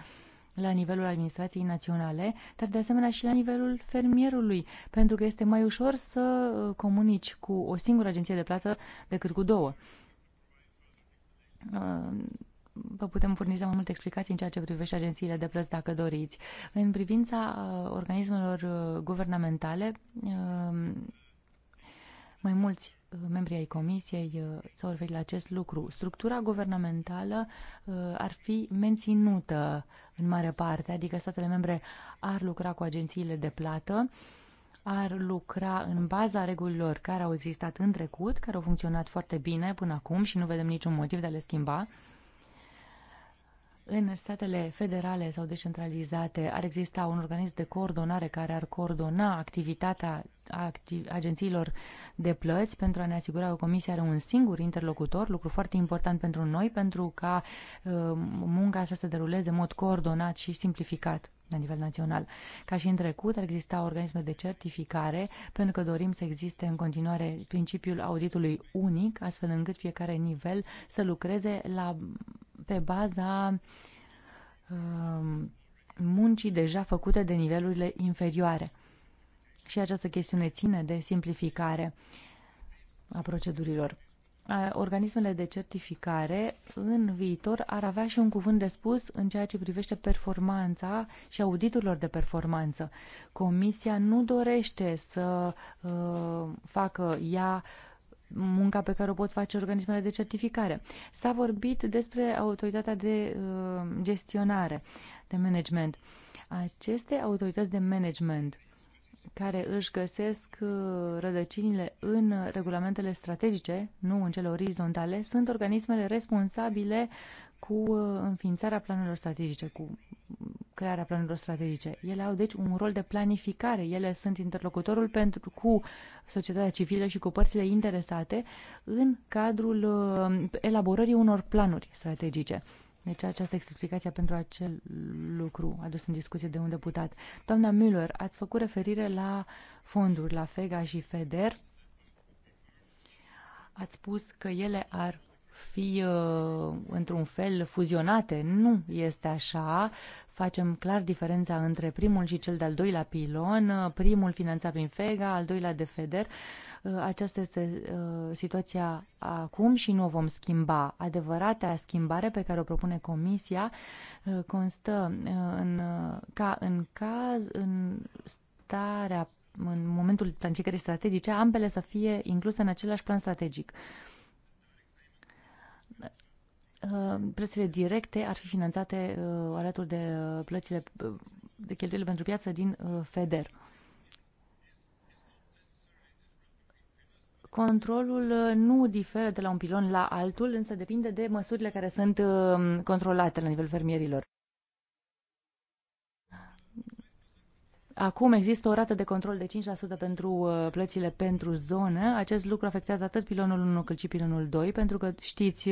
la nivelul administrației naționale, dar de asemenea și la nivelul fermierului, pentru că este mai ușor să uh, comunici cu o singură agenție de plată decât cu două. Uh, vă putem furniza mai multe explicații în ceea ce privește agențiile de plăți, dacă doriți. În privința uh, organismelor guvernamentale, mai mulți Uh, membrii ai comisiei uh, s-au referit la acest lucru. Structura guvernamentală uh, ar fi menținută în mare parte, adică statele membre ar lucra cu agențiile de plată, ar lucra în baza regulilor care au existat în trecut, care au funcționat foarte bine până acum și nu vedem niciun motiv de a le schimba. În statele federale sau descentralizate ar exista un organism de coordonare care ar coordona activitatea agențiilor de plăți pentru a ne asigura că Comisia are un singur interlocutor, lucru foarte important pentru noi, pentru ca uh, munca să se deruleze în mod coordonat și simplificat la nivel național. Ca și în trecut, ar exista organisme de certificare, pentru că dorim să existe în continuare principiul auditului unic, astfel încât fiecare nivel să lucreze la, pe baza uh, muncii deja făcute de nivelurile inferioare și această chestiune ține de simplificare a procedurilor. Organismele de certificare în viitor ar avea și un cuvânt de spus în ceea ce privește performanța și auditurilor de performanță. Comisia nu dorește să uh, facă ea munca pe care o pot face organismele de certificare. S-a vorbit despre autoritatea de uh, gestionare, de management. Aceste autorități de management care își găsesc uh, rădăcinile în regulamentele strategice, nu în cele orizontale, sunt organismele responsabile cu uh, înființarea planurilor strategice, cu crearea planurilor strategice. Ele au, deci, un rol de planificare. Ele sunt interlocutorul pentru, cu societatea civilă și cu părțile interesate în cadrul uh, elaborării unor planuri strategice. Deci această explicație pentru acel lucru adus în discuție de un deputat. Doamna Müller, ați făcut referire la fonduri, la FEGA și FEDER. Ați spus că ele ar fi uh, într-un fel fuzionate. Nu este așa facem clar diferența între primul și cel de-al doilea pilon, primul finanțat prin FEGA, al doilea de FEDER. Aceasta este uh, situația acum și nu o vom schimba. Adevărata schimbare pe care o propune Comisia uh, constă uh, în, ca în caz, în starea, în momentul planificării strategice, ambele să fie incluse în același plan strategic. Uh, plățile directe ar fi finanțate uh, alături de uh, plățile de cheltuielile pentru piață din FEDER. Controlul nu diferă de la un pilon la altul, însă depinde de măsurile care sunt controlate la nivel fermierilor. Acum există o rată de control de 5% pentru plățile pentru zonă. Acest lucru afectează atât pilonul 1 cât și pilonul 2, pentru că știți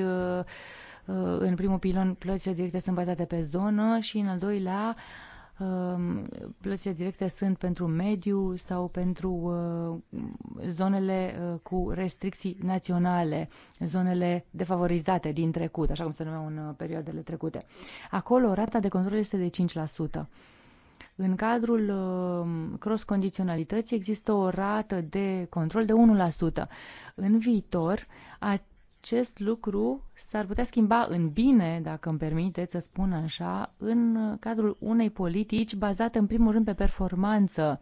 în primul pilon, plățile directe sunt bazate pe zonă și în al doilea, um, plățile directe sunt pentru mediu sau pentru uh, zonele uh, cu restricții naționale, zonele defavorizate din trecut, așa cum se numeau în uh, perioadele trecute. Acolo rata de control este de 5%. În cadrul um, cross-condiționalității există o rată de control de 1%. În viitor, acest lucru s-ar putea schimba în bine, dacă îmi permiteți să spun așa, în cadrul unei politici bazate în primul rând pe performanță.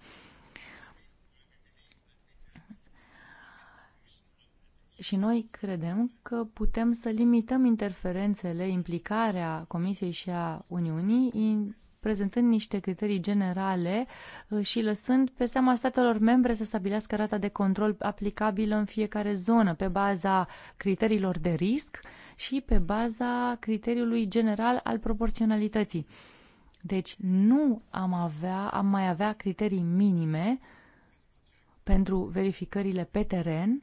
Și noi credem că putem să limităm interferențele, implicarea Comisiei și a Uniunii prezentând niște criterii generale uh, și lăsând pe seama statelor membre să stabilească rata de control aplicabilă în fiecare zonă pe baza criteriilor de risc și pe baza criteriului general al proporționalității. Deci nu am, avea, am mai avea criterii minime pentru verificările pe teren.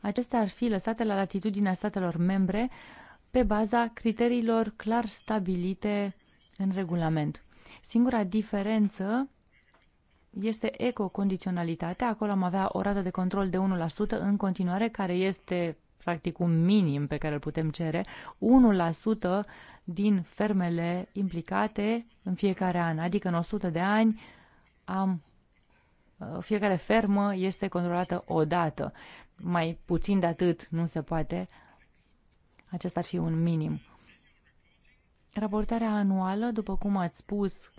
Acestea ar fi lăsate la latitudinea statelor membre pe baza criteriilor clar stabilite în regulament. Singura diferență este ecocondiționalitatea. Acolo am avea o rată de control de 1% în continuare, care este practic un minim pe care îl putem cere, 1% din fermele implicate în fiecare an, adică în 100 de ani am uh, fiecare fermă este controlată o dată. Mai puțin de atât nu se poate. Acesta ar fi un minim. Raportarea anuală, după cum ați spus,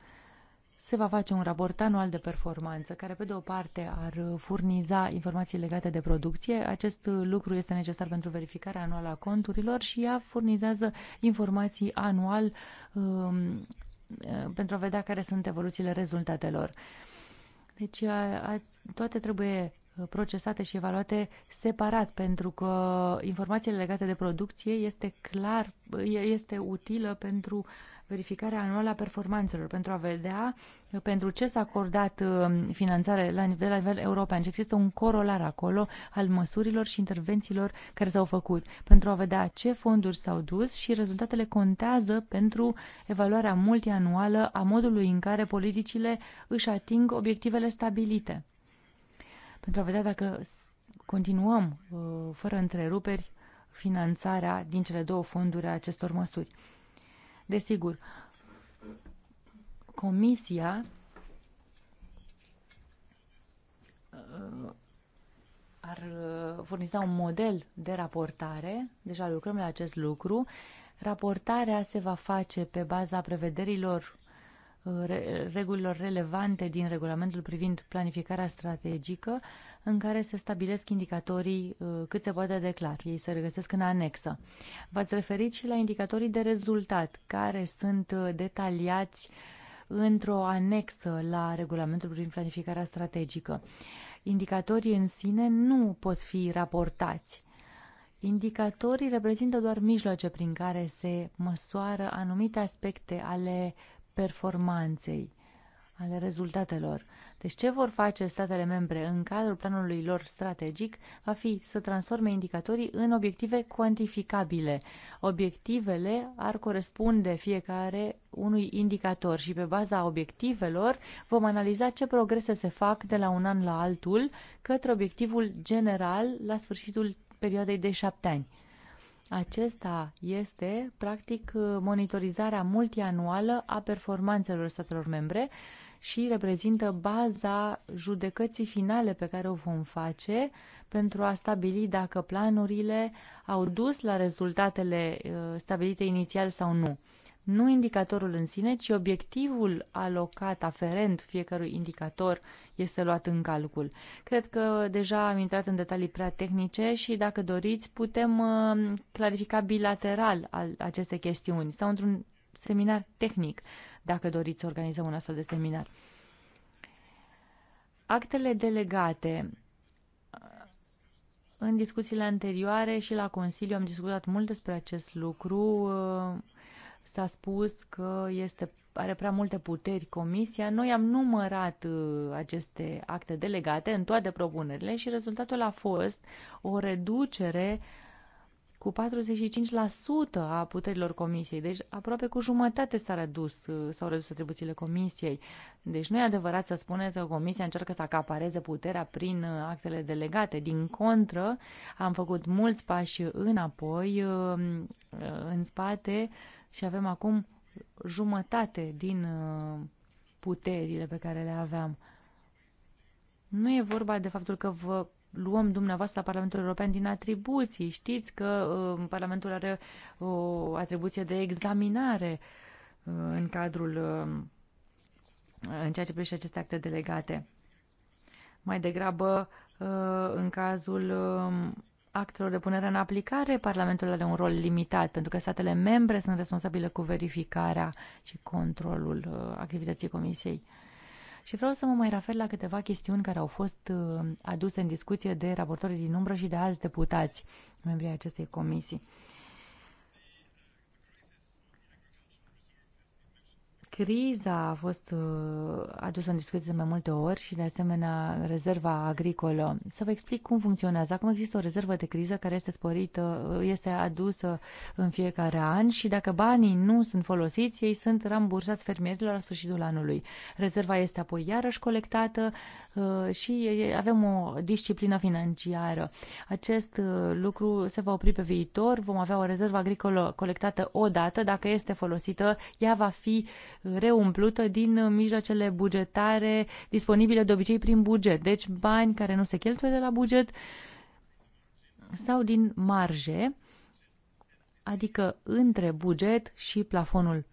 se va face un raport anual de performanță, care pe de o parte ar furniza informații legate de producție. Acest lucru este necesar pentru verificarea anuală a conturilor și ea furnizează informații anual um, uh, pentru a vedea care sunt evoluțiile rezultatelor. Deci a, a, toate trebuie procesate și evaluate separat, pentru că informațiile legate de producție este clar, este utilă pentru verificarea anuală a performanțelor, pentru a vedea uh, pentru ce s-a acordat uh, finanțare la nivel, la nivel european și există un corolar acolo al măsurilor și intervențiilor care s-au făcut, pentru a vedea ce fonduri s-au dus și rezultatele contează pentru evaluarea multianuală a modului în care politicile își ating obiectivele stabilite pentru a vedea dacă continuăm uh, fără întreruperi finanțarea din cele două fonduri a acestor măsuri. Desigur, Comisia uh, ar uh, furniza un model de raportare, deja lucrăm la acest lucru. Raportarea se va face pe baza prevederilor regulilor relevante din regulamentul privind planificarea strategică, în care se stabilesc indicatorii uh, cât se poate de clar. Ei se regăsesc în anexă. V-ați referit și la indicatorii de rezultat, care sunt uh, detaliați într-o anexă la regulamentul privind planificarea strategică. Indicatorii în sine nu pot fi raportați. Indicatorii reprezintă doar mijloace prin care se măsoară anumite aspecte ale uh, performanței, ale rezultatelor. Deci ce vor face statele membre în cadrul planului lor strategic va fi să transforme indicatorii în obiective cuantificabile. Obiectivele ar corespunde fiecare unui indicator și pe baza obiectivelor vom analiza ce progrese se fac de la un an la altul către obiectivul general la sfârșitul perioadei de șapte ani. Acesta este, practic, monitorizarea multianuală a performanțelor statelor membre și reprezintă baza judecății finale pe care o vom face pentru a stabili dacă planurile au dus la rezultatele uh, stabilite inițial sau nu nu indicatorul în sine, ci obiectivul alocat aferent fiecărui indicator este luat în calcul. Cred că deja am intrat în detalii prea tehnice și dacă doriți putem uh, clarifica bilateral aceste chestiuni sau într-un seminar tehnic, dacă doriți să organizăm un astfel de seminar. Actele delegate. În discuțiile anterioare și la Consiliu am discutat mult despre acest lucru. Uh, S-a spus că este, are prea multe puteri comisia. Noi am numărat uh, aceste acte delegate în toate propunerile și rezultatul a fost o reducere cu 45% a puterilor comisiei. Deci aproape cu jumătate s-a redus, uh, s-au redus atribuțiile comisiei. Deci nu e adevărat să spuneți că comisia încearcă să acapareze puterea prin uh, actele delegate. Din contră, am făcut mulți pași înapoi, în spate, și avem acum jumătate din uh, puterile pe care le aveam. Nu e vorba de faptul că vă luăm dumneavoastră la Parlamentul European din atribuții. Știți că uh, Parlamentul are o atribuție de examinare uh, în cadrul uh, în ceea ce privește aceste acte delegate. Mai degrabă uh, în cazul uh, actelor de punere în aplicare, Parlamentul are un rol limitat, pentru că statele membre sunt responsabile cu verificarea și controlul uh, activității Comisiei. Și vreau să mă mai refer la câteva chestiuni care au fost uh, aduse în discuție de raportorii din umbră și de alți deputați, membrii acestei comisii. Uh, Criza a fost uh, adusă în discuție de mai multe ori și, de asemenea, rezerva agricolă. Să vă explic cum funcționează. Acum există o rezervă de criză care este sporită, uh, este adusă în fiecare an și dacă banii nu sunt folosiți, ei sunt rambursați fermierilor la sfârșitul anului. Rezerva este apoi iarăși colectată uh, și avem o disciplină financiară. Acest lucru se va opri pe viitor. Vom avea o rezervă agricolă colectată odată. Dacă este folosită, ea va fi reumplută din mijloacele bugetare disponibile de obicei prin buget. Deci bani care nu se cheltuie de la buget sau din marje, adică între buget și plafonul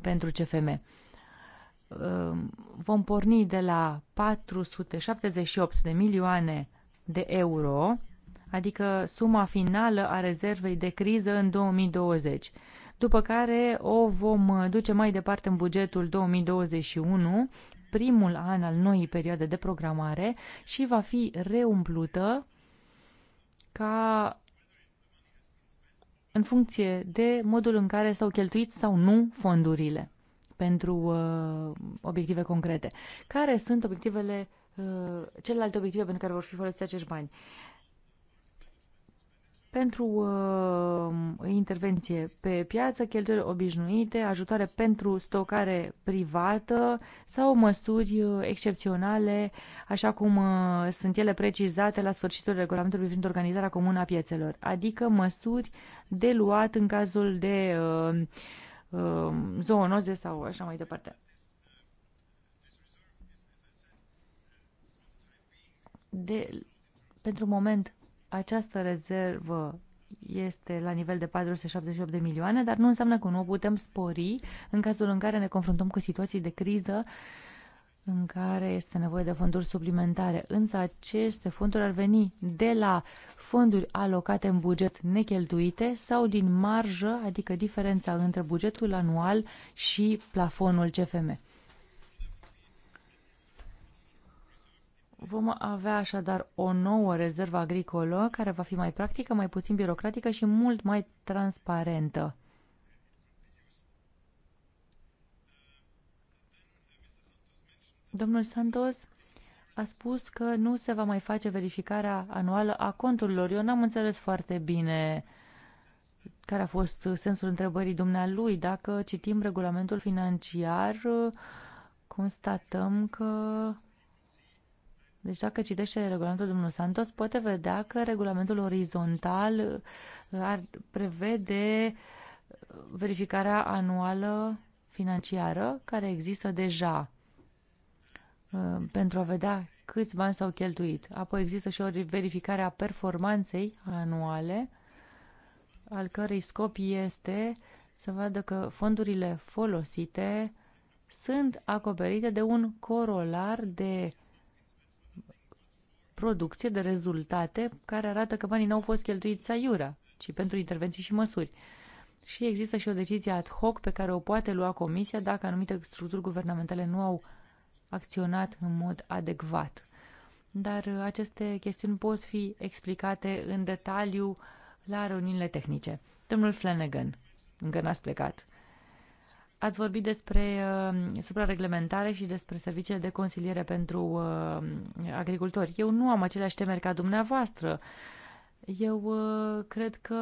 pentru CFM. Ehm, vom porni de la 478 de milioane de euro, adică suma finală a rezervei de criză în 2020 după care o vom duce mai departe în bugetul 2021, primul an al noii perioade de programare și va fi reumplută ca în funcție de modul în care s-au cheltuit sau nu fondurile pentru uh, obiective concrete. Care sunt obiectivele, uh, celelalte obiective pentru care vor fi folosiți acești bani? Uh, pentru uh, intervenție pe piață, cheltuieli obișnuite, ajutoare pentru stocare privată sau măsuri uh, excepționale, așa cum uh, sunt ele precizate la sfârșitul regulamentului privind organizarea comună a piețelor, adică măsuri de luat în cazul de uh, uh, zoonoze sau așa mai departe. De, pentru moment, această rezervă este la nivel de 478 de milioane, dar nu înseamnă că nu o putem spori în cazul în care ne confruntăm cu situații de criză în care este nevoie de fonduri suplimentare. Însă aceste fonduri ar veni de la fonduri alocate în buget necheltuite sau din marjă, adică diferența între bugetul anual și plafonul CFM. Vom avea așadar o nouă rezervă agricolă care va fi mai practică, mai puțin birocratică și mult mai transparentă. Domnul Santos a spus că nu se va mai face verificarea anuală a conturilor. Eu n-am înțeles foarte bine care a fost sensul întrebării dumnealui. Dacă citim regulamentul financiar, constatăm că deci dacă citește regulamentul domnul Santos, poate vedea că regulamentul orizontal uh, ar prevede uh, verificarea anuală financiară care există deja uh, pentru a vedea câți bani s-au cheltuit. Apoi există și o verificare a performanței anuale, al cărei scop este să vadă că fondurile folosite sunt acoperite de un corolar de producție de rezultate care arată că banii nu au fost cheltuiți aiurea, ci pentru intervenții și măsuri. Și există și o decizie ad hoc pe care o poate lua Comisia dacă anumite structuri guvernamentale nu au acționat în mod adecvat. Dar aceste chestiuni pot fi explicate în detaliu la reuniunile tehnice. Domnul Flanagan, încă n-ați plecat. Ați vorbit despre uh, suprareglementare și despre serviciile de consiliere pentru uh, agricultori. Eu nu am aceleași temeri ca dumneavoastră. Eu uh, cred că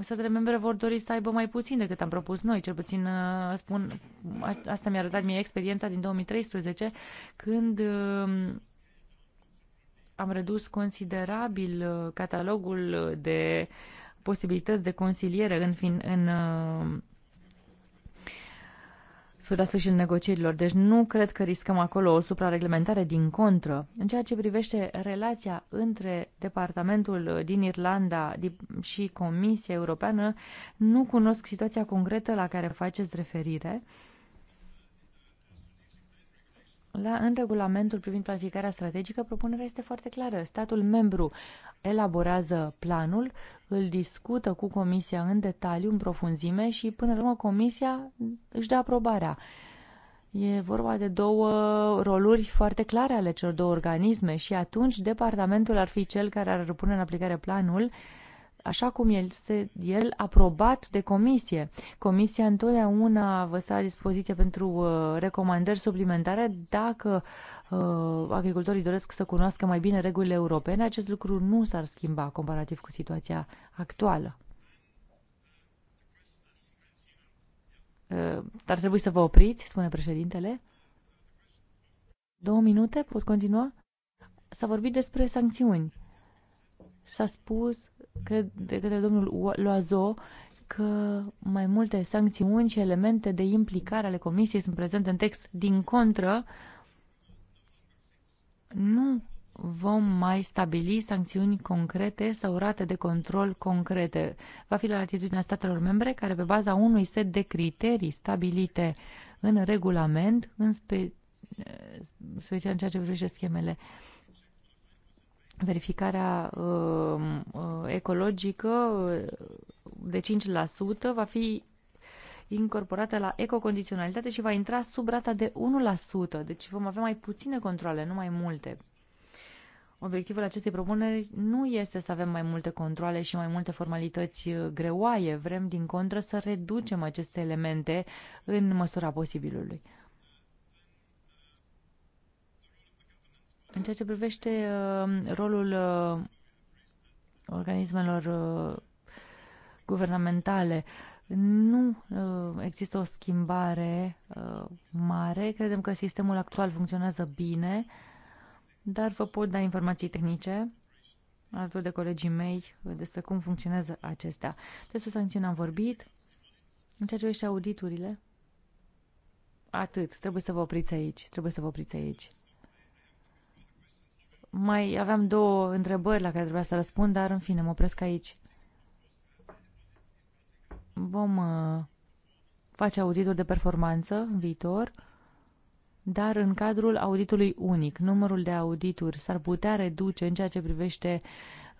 statele membre vor dori să aibă mai puțin decât am propus noi, cel puțin uh, spun, a, asta mi-a arătat mie experiența din 2013, când uh, am redus considerabil uh, catalogul de posibilități de consiliere în, fin, în uh, la sfârșitul negocierilor. Deci nu cred că riscăm acolo o suprareglementare din contră. În ceea ce privește relația între departamentul din Irlanda și Comisia Europeană, nu cunosc situația concretă la care faceți referire la, în regulamentul privind planificarea strategică, propunerea este foarte clară. Statul membru elaborează planul, îl discută cu Comisia în detaliu, în profunzime și până la urmă Comisia își dă aprobarea. E vorba de două roluri foarte clare ale celor două organisme și atunci departamentul ar fi cel care ar pune în aplicare planul așa cum este el aprobat de comisie. Comisia întotdeauna vă stă la dispoziție pentru uh, recomandări suplimentare dacă uh, agricultorii doresc să cunoască mai bine regulile europene. Acest lucru nu s-ar schimba comparativ cu situația actuală. Uh, ar trebui să vă opriți, spune președintele. Două minute, pot continua? S-a vorbit despre sancțiuni. S-a spus cred de către domnul Loazo că mai multe sancțiuni și elemente de implicare ale comisiei sunt prezente în text. Din contră, nu vom mai stabili sancțiuni concrete sau rate de control concrete. Va fi la latitudinea statelor membre care, pe baza unui set de criterii stabilite în regulament, în special în ceea ce privește schemele uh, verificarea um, uh, ecologică uh, de 5% va fi incorporată la ecocondiționalitate și va intra sub rata de 1%, deci vom avea mai puține controle, nu mai multe. Obiectivul acestei propuneri nu este să avem mai multe controle și mai multe formalități uh, greoaie, vrem din contră să reducem aceste elemente în măsura posibilului. În ceea ce privește uh, rolul uh, organismelor uh, guvernamentale, nu uh, există o schimbare uh, mare. Credem că sistemul actual funcționează bine, dar vă pot da informații tehnice altul de colegii mei despre cum funcționează acestea. Despre sancțiuni am vorbit. În ceea ce privește auditurile, atât. Trebuie să vă opriți aici. Trebuie să vă opriți aici. Mai aveam două întrebări la care trebuia să răspund, dar în fine, mă opresc aici. Vom uh, face auditul de performanță în viitor, dar în cadrul auditului unic, numărul de audituri s-ar putea reduce în ceea ce privește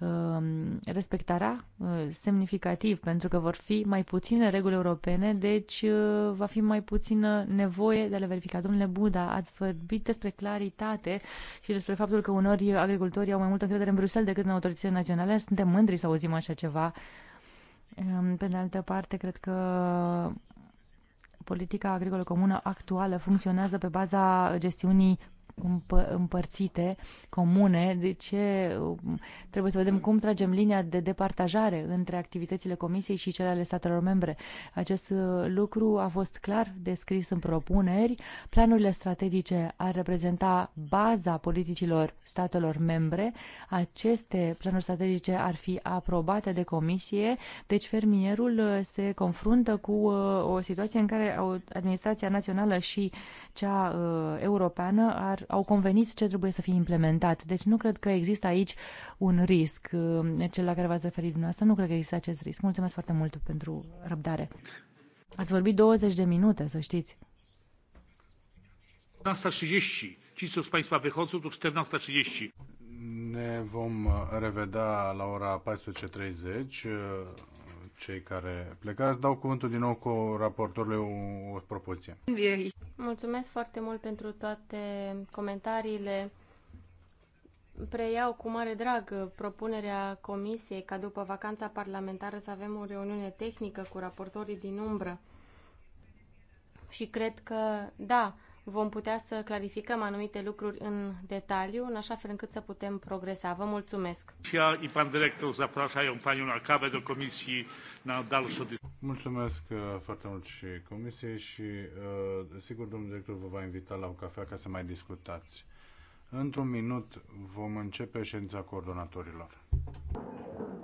Um, respectarea uh, semnificativ, pentru că vor fi mai puține reguli europene, deci uh, va fi mai puțină nevoie de a le verifica. Domnule Buda, ați vorbit despre claritate și despre faptul că unor agricultorii au mai multă încredere în Bruxelles decât în autoritățile naționale. Suntem mândri să auzim așa ceva. Um, pe de altă parte, cred că politica agricolă comună actuală funcționează pe baza gestiunii împărțite, comune, de ce um, trebuie să vedem cum tragem linia de departajare între activitățile Comisiei și cele ale statelor membre. Acest uh, lucru a fost clar descris în propuneri. Planurile strategice ar reprezenta baza politicilor statelor membre. Aceste planuri strategice ar fi aprobate de Comisie, deci fermierul uh, se confruntă cu uh, o situație în care administrația națională și cea europeană ar au convenit ce trebuie să fie implementat. Deci nu cred că există aici un risc. Uh, cel la care v-ați referit dumneavoastră, nu cred că există acest risc. Mulțumesc foarte mult pentru răbdare. Ați vorbit 20 de minute, să știți. 14.30. Ci co z Państwa 14.30. Ne vom uh, revedea la ora 14.30 cei care plecați. Dau cuvântul din nou cu raportorului o, o propoziție. Mulțumesc foarte mult pentru toate comentariile. Preiau cu mare drag propunerea Comisiei ca după vacanța parlamentară să avem o reuniune tehnică cu raportorii din umbră. Și cred că, da, vom putea să clarificăm anumite lucruri în detaliu, în așa fel încât să putem progresa. Vă mulțumesc! I pan director zapraszają panią na kawę do komisji na dalszą Mulțumesc uh, foarte mult și comisiei și, uh, sigur, domnul director vă va invita la o cafea ca să mai discutați. Într-un minut vom începe ședința coordonatorilor.